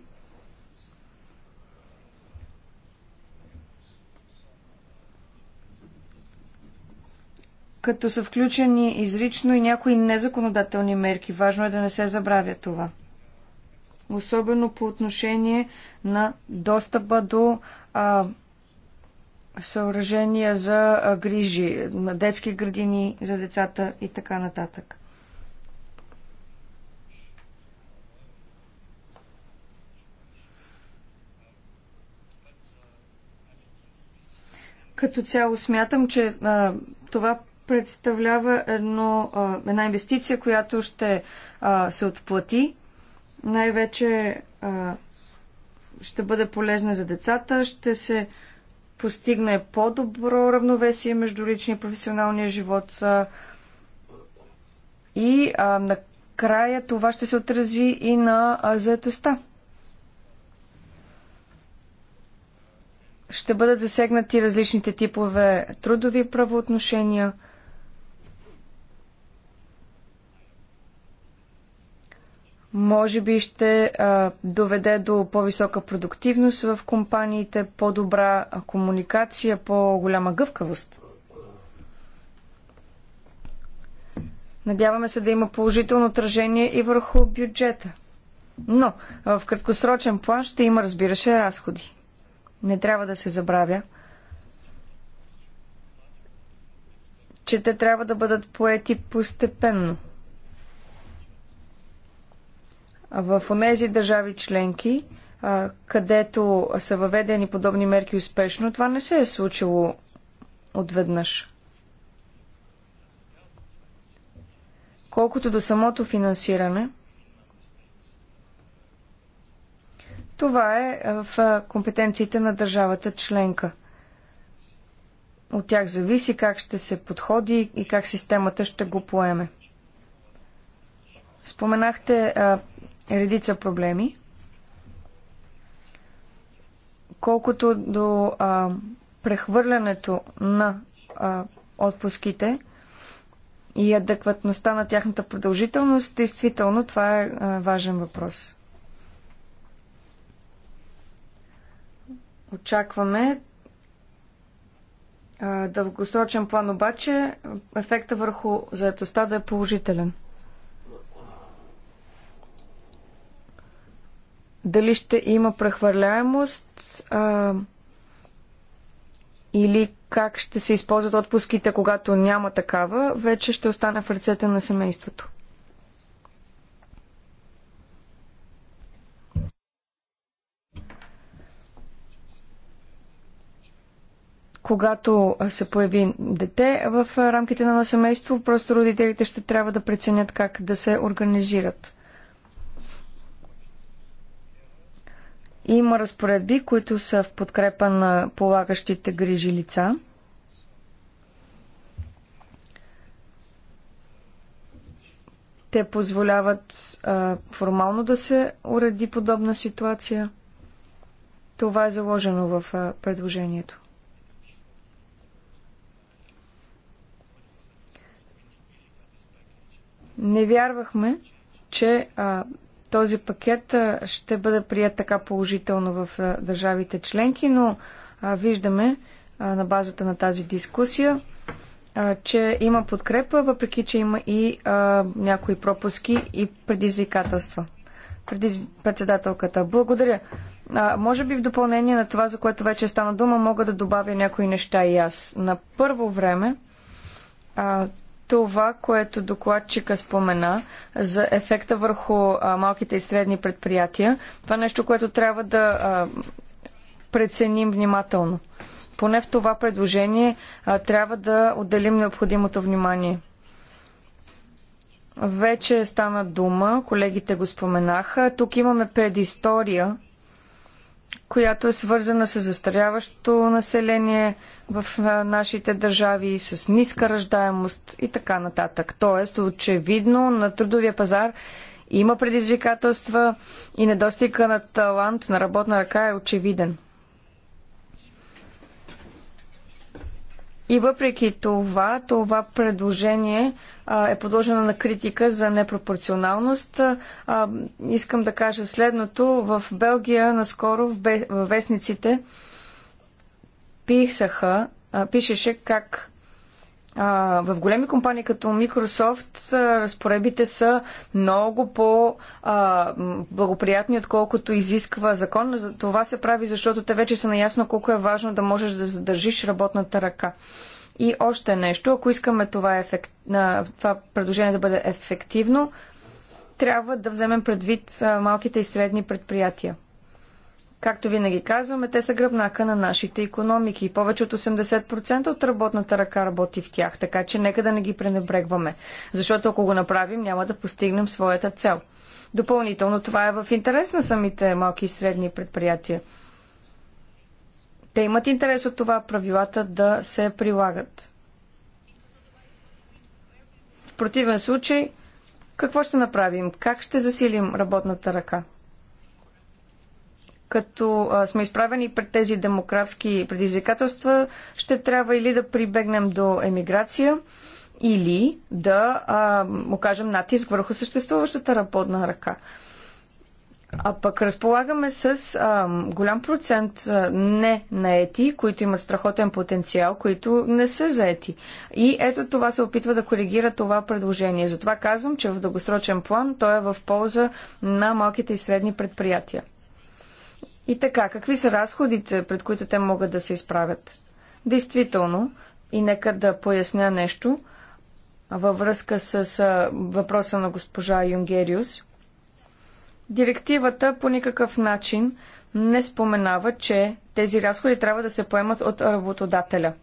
като са включени изрично и някои незаконодателни мерки. Важно е да не се забравя това. Особено по отношение на достъпа до а, съоръжения за грижи, детски градини за децата и така нататък. Като цяло смятам, че а, това представлява едно, а, една инвестиция, която ще а, се отплати. Най-вече ще бъде полезна за децата, ще се а, постигне по-добро равновесие между личния и професионалния живот. И а, накрая това ще се отрази и на а, заедостта. Ще бъдат засегнати различните типове трудови правоотношения – може би ще а, доведе до по-висока продуктивност в компаниите, по-добра комуникация, по-голяма гъвкавост. Надяваме се да има положително отражение и върху бюджета. Но в краткосрочен план ще има, разбира се, разходи. Не трябва да се забравя, че те трябва да бъдат поети постепенно – в онези държави членки, където са въведени подобни мерки успешно, това не се е случило отведнъж. Колкото до самото финансиране, това е в компетенциите на държавата членка. От тях зависи как ще се подходи и как системата ще го поеме. Споменахте а, редица проблеми. Колкото до а, прехвърлянето на а, отпуските и адекватността на тяхната продължителност, действително това е а, важен въпрос. Очакваме дългосрочен план обаче ефекта върху заедостта да е положителен. дали ще има прехвърляемост а, или как ще се използват отпуските, когато няма такава, вече ще остане в ръцете на семейството. Когато се появи дете в рамките на семейство, просто родителите ще трябва да преценят как да се организират. Има разпоредби, които са в подкрепа на полагащите грижи лица. Те позволяват а, формално да се уреди подобна ситуация. Това е заложено в а, предложението. Не вярвахме, че а, този пакет ще бъде прият така положително в държавите членки, но виждаме на базата на тази дискусия, че има подкрепа, въпреки че има и някои пропуски и предизвикателства. Председателката, благодаря. А, може би в допълнение на това, за което вече стана дума, мога да добавя някои неща и аз. На първо време, а, това, което докладчика спомена за ефекта върху а, малките и средни предприятия. Това е нещо, което трябва да а, преценим внимателно. Поне в това предложение а, трябва да отделим необходимото внимание. Вече стана дума, колегите го споменаха. Тук имаме предистория която е свързана с застаряващо население в нашите държави, с ниска ръждаемост и така нататък. Тоест, очевидно на трудовия пазар има предизвикателства и недостига на талант на работна ръка е очевиден. И въпреки това, това предложение е подложено на критика за непропорционалност. Искам да кажа следното. В Белгия наскоро в вестниците писаха, пишеше как в големи компании като Microsoft разпоредбите са много по-благоприятни, отколкото изисква закон. Това се прави, защото те вече са наясно колко е важно да можеш да задържиш работната ръка. И още нещо, ако искаме това, ефект, това предложение да бъде ефективно, трябва да вземем предвид малките и средни предприятия. Както винаги казваме, те са гръбнака на нашите економики и повече от 80% от работната ръка работи в тях, така че нека да не ги пренебрегваме, защото ако го направим, няма да постигнем своята цел. Допълнително това е в интерес на самите малки и средни предприятия. Те имат интерес от това правилата да се прилагат. В противен случай, какво ще направим? Как ще засилим работната ръка? като сме изправени пред тези демографски предизвикателства, ще трябва или да прибегнем до емиграция, или да а, окажем натиск върху съществуващата работна ръка. А пък разполагаме с а, голям процент а, не наети, които имат страхотен потенциал, които не са заети. И ето това се опитва да коригира това предложение. Затова казвам, че в дългосрочен план то е в полза на малките и средни предприятия. И така, какви са разходите, пред които те могат да се изправят? Действително, и нека да поясня нещо във връзка с въпроса на госпожа Юнгериус. Директивата по никакъв начин не споменава, че тези разходи трябва да се поемат от работодателя.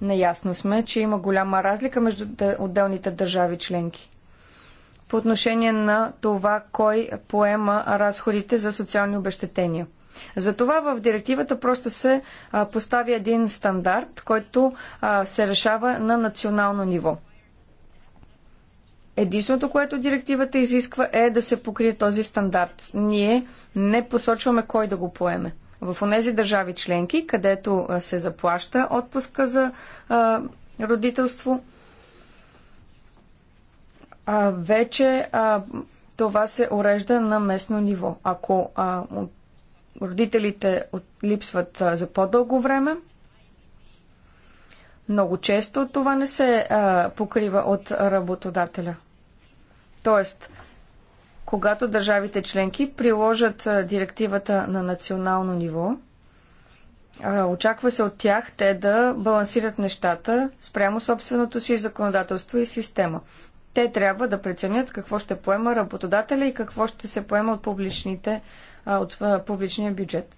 Неясно сме, че има голяма разлика между отделните държави членки по отношение на това кой поема разходите за социални обещетения. Затова в директивата просто се а, постави един стандарт, който а, се решава на национално ниво. Единственото, което директивата изисква е да се покрие този стандарт. Ние не посочваме кой да го поеме. В тези държави членки, където се заплаща отпуска за а, родителство, а, вече а, това се урежда на местно ниво. Ако а, родителите от, липсват а, за по-дълго време, много често това не се а, покрива от работодателя. Тоест, когато държавите членки приложат а, директивата на национално ниво, а, очаква се от тях те да балансират нещата спрямо собственото си законодателство и система те трябва да преценят какво ще поема работодателя и какво ще се поема от, публичните, от публичния бюджет.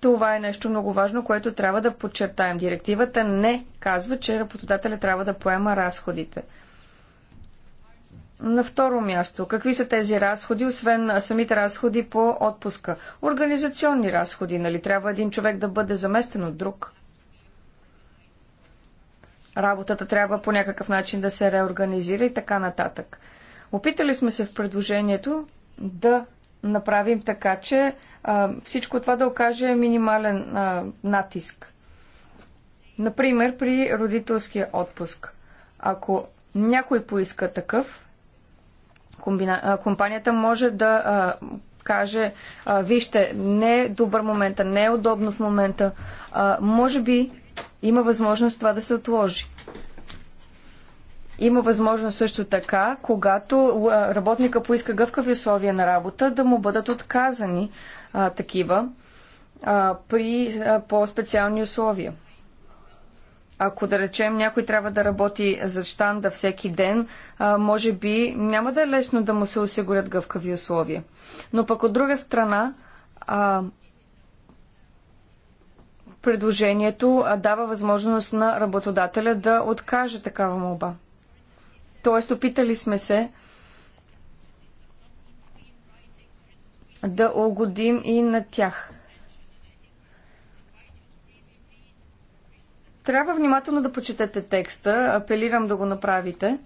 Това е нещо много важно, което трябва да подчертаем. Директивата не казва, че работодателя трябва да поема разходите. На второ място, какви са тези разходи, освен самите разходи по отпуска? Организационни разходи, нали? Трябва един човек да бъде заместен от друг работата трябва по някакъв начин да се реорганизира и така нататък. Опитали сме се в предложението да направим така, че а, всичко това да окаже минимален а, натиск. Например, при родителския отпуск. Ако някой поиска такъв, комбина... компанията може да а, каже, а, вижте, не е добър момента, не е удобно в момента. А, може би има възможност това да се отложи. Има възможност също така, когато работника поиска гъвкави условия на работа, да му бъдат отказани а, такива а, при по-специални условия. Ако да речем някой трябва да работи за штанда всеки ден, а, може би няма да е лесно да му се осигурят гъвкави условия. Но пък от друга страна, а, предложението дава възможност на работодателя да откаже такава молба. Тоест, опитали сме се да угодим и на тях. Трябва внимателно да почетете текста. Апелирам да го направите.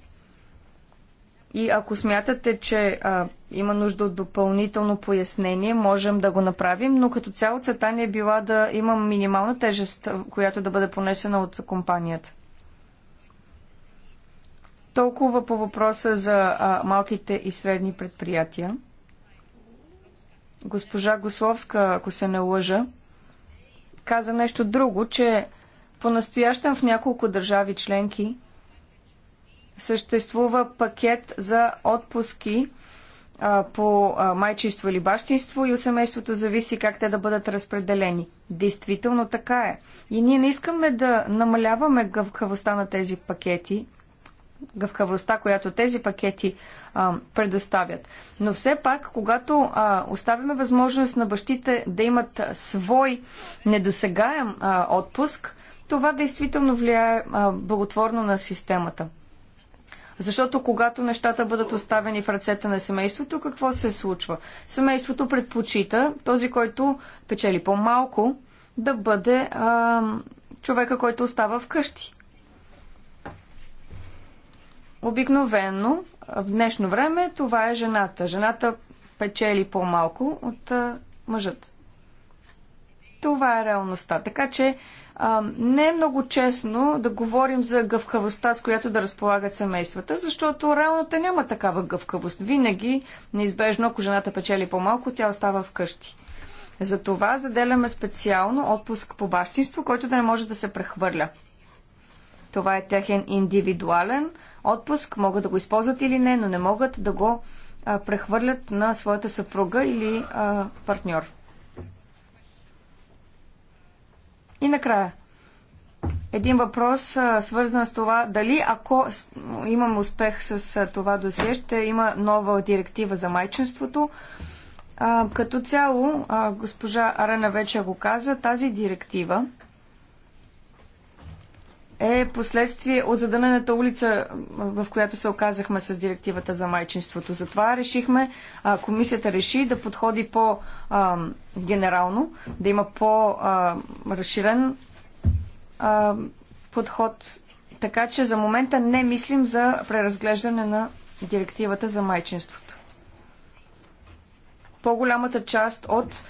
И ако смятате, че а, има нужда от допълнително пояснение, можем да го направим, но като цяло целта ни е била да има минимална тежест, която да бъде понесена от компанията. Толкова по въпроса за а, малките и средни предприятия. Госпожа Гословска, ако се не лъжа, каза нещо друго, че по-настоящем в няколко държави членки – съществува пакет за отпуски а, по а, майчество или бащинство и от семейството зависи как те да бъдат разпределени. Действително така е. И ние не искаме да намаляваме гъвкавостта на тези пакети, гъвкавостта, която тези пакети а, предоставят. Но все пак, когато а, оставяме възможност на бащите да имат свой недосегаем а, отпуск, това действително влияе а, благотворно на системата. Защото когато нещата бъдат оставени в ръцете на семейството, какво се случва? Семейството предпочита този, който печели по-малко, да бъде а, човека, който остава вкъщи. Обикновено в днешно време това е жената. Жената печели по-малко от а, мъжът. Това е реалността. Така че не е много честно да говорим за гъвкавостта, с която да разполагат семействата, защото реално те няма такава гъвкавост. Винаги, неизбежно, ако жената печели по-малко, тя остава вкъщи. Затова заделяме специално отпуск по бащинство, който да не може да се прехвърля. Това е техен индивидуален отпуск, могат да го използват или не, но не могат да го а, прехвърлят на своята съпруга или а, партньор. И накрая, един въпрос, свързан с това, дали ако имам успех с това досие, ще има нова директива за майчинството. Като цяло, госпожа Арена вече го каза, тази директива е последствие от задънената улица, в която се оказахме с директивата за майчинството. Затова решихме, комисията реши да подходи по-генерално, да има по-разширен подход. Така че за момента не мислим за преразглеждане на директивата за майчинството. По-голямата част от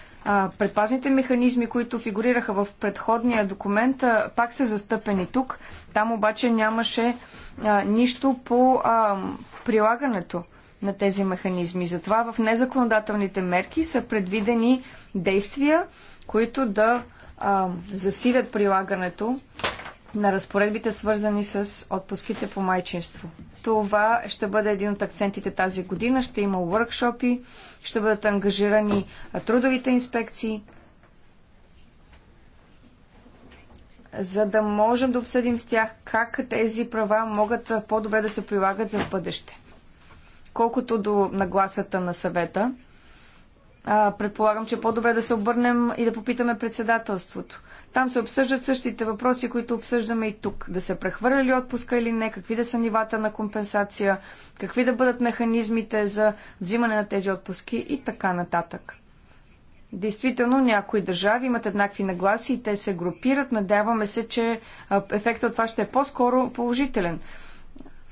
предпазните механизми, които фигурираха в предходния документ, пак са застъпени тук. Там обаче нямаше а, нищо по а, прилагането на тези механизми. Затова в незаконодателните мерки са предвидени действия, които да а, засилят прилагането на разпоредбите, свързани с отпуските по майчинство. Това ще бъде един от акцентите тази година. Ще има уркшопи, ще бъдат ангажирани трудовите инспекции, за да можем да обсъдим с тях как тези права могат по-добре да се прилагат за бъдеще. Колкото до нагласата на съвета, предполагам, че е по-добре да се обърнем и да попитаме председателството там се обсъждат същите въпроси, които обсъждаме и тук. Да се прехвърля ли отпуска или не, какви да са нивата на компенсация, какви да бъдат механизмите за взимане на тези отпуски и така нататък. Действително, някои държави имат еднакви нагласи и те се групират. Надяваме се, че ефектът от това ще е по-скоро положителен.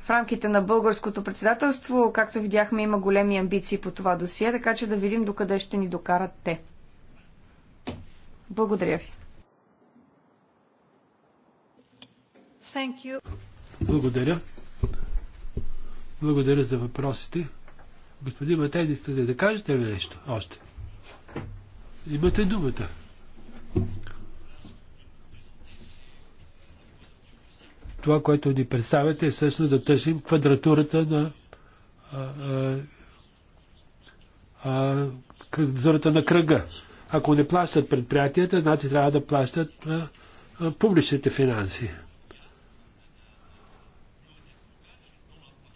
В рамките на българското председателство, както видяхме, има големи амбиции по това досие, така че да видим докъде ще ни докарат те. Благодаря ви. Thank you. Благодаря. Благодаря за въпросите. Господин Матейни, искате да кажете ли нещо още? Имате думата. Това, което ни представяте, е всъщност да тъжим квадратурата на а, а, а, квадратурата на кръга. Ако не плащат предприятията, значи трябва да плащат а, а, публичните финанси.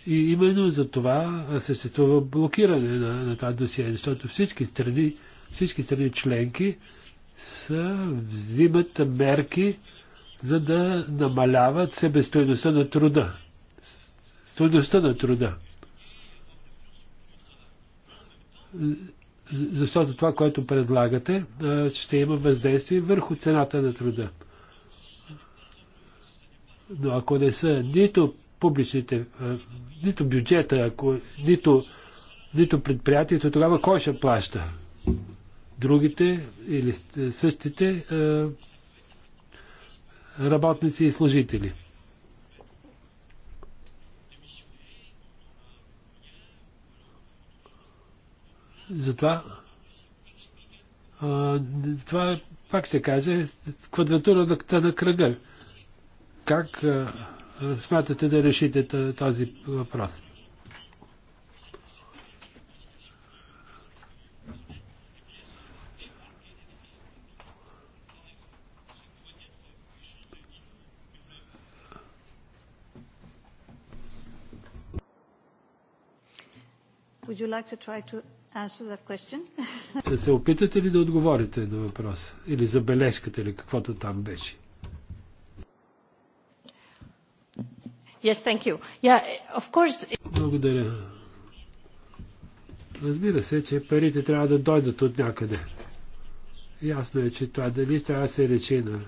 И именно за това съществува блокиране на, на това досие, защото всички страни, всички страни членки са, взимат мерки, за да намаляват себестойността на труда. Стойността на труда. Защото това, което предлагате, ще има въздействие върху цената на труда. Но ако не са нито публичните, нито бюджета, ако, нито, нито предприятието, тогава кой ще плаща? Другите или същите работници и служители. Затова това пак ще каже квадратурата на кръга. Как смятате да решите този въпрос? Ще се опитате ли да отговорите на въпроса? Или забележката, или каквото там беше? Yes, thank you. Yeah, of course... Благодаря. Разбира се, че парите трябва да дойдат от някъде. Ясно е, че това дали трябва да се речи на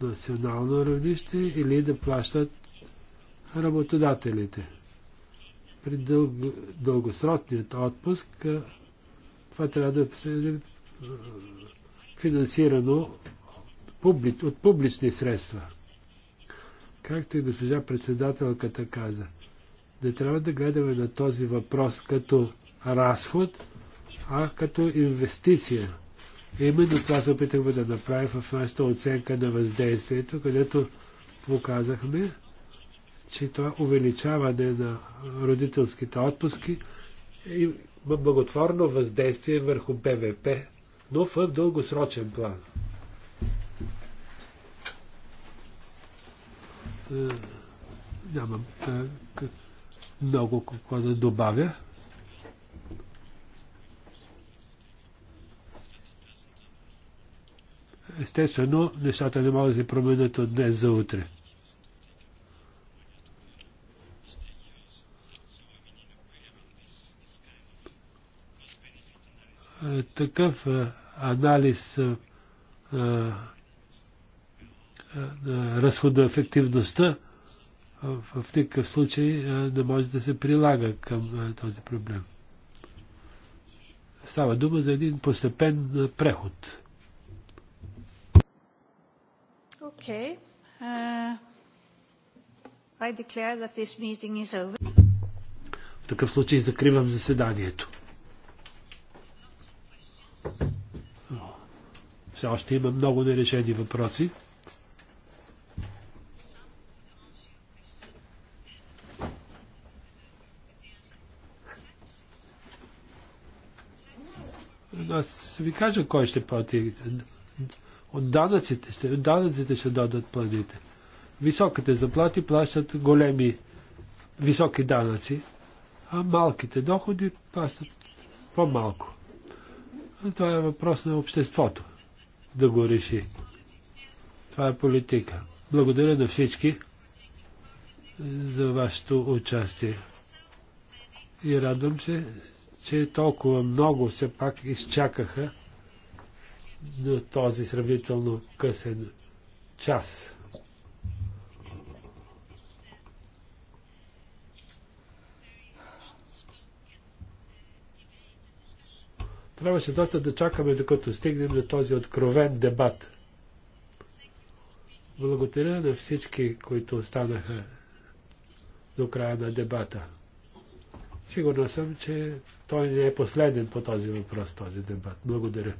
национално равнище или да плащат работодателите. При дълг, дългосрочният отпуск това трябва да се е, финансирано от публични средства както и госпожа председателката каза, не трябва да гледаме на този въпрос като разход, а като инвестиция. Именно това се опитахме да направим в нашата оценка на въздействието, където показахме, че това увеличаване на родителските отпуски има благотворно въздействие върху БВП, но в дългосрочен план. Е, нямам е, е, много какво да добавя. Естествено, нещата не могат да се променят от днес за утре. Такъв анализ разхода ефективността в такъв случай да може да се прилага към този проблем. Става дума за един постепен преход. Okay. Uh, I declare that this meeting is over. В такъв случай закривам заседанието. Все още има много нерешени въпроси. аз ви кажа кой ще плати. От данъците ще, от данъците ще дадат планите. Високите заплати плащат големи, високи данъци, а малките доходи плащат по-малко. Това е въпрос на обществото да го реши. Това е политика. Благодаря на всички за вашето участие. И радвам се, че толкова много все пак изчакаха на този сравнително късен час. Трябваше доста да чакаме, докато стигнем до този откровен дебат. Благодаря на всички, които останаха до края на дебата. Сигурна съм, че той не е последен по този въпрос, този дебат. Благодаря.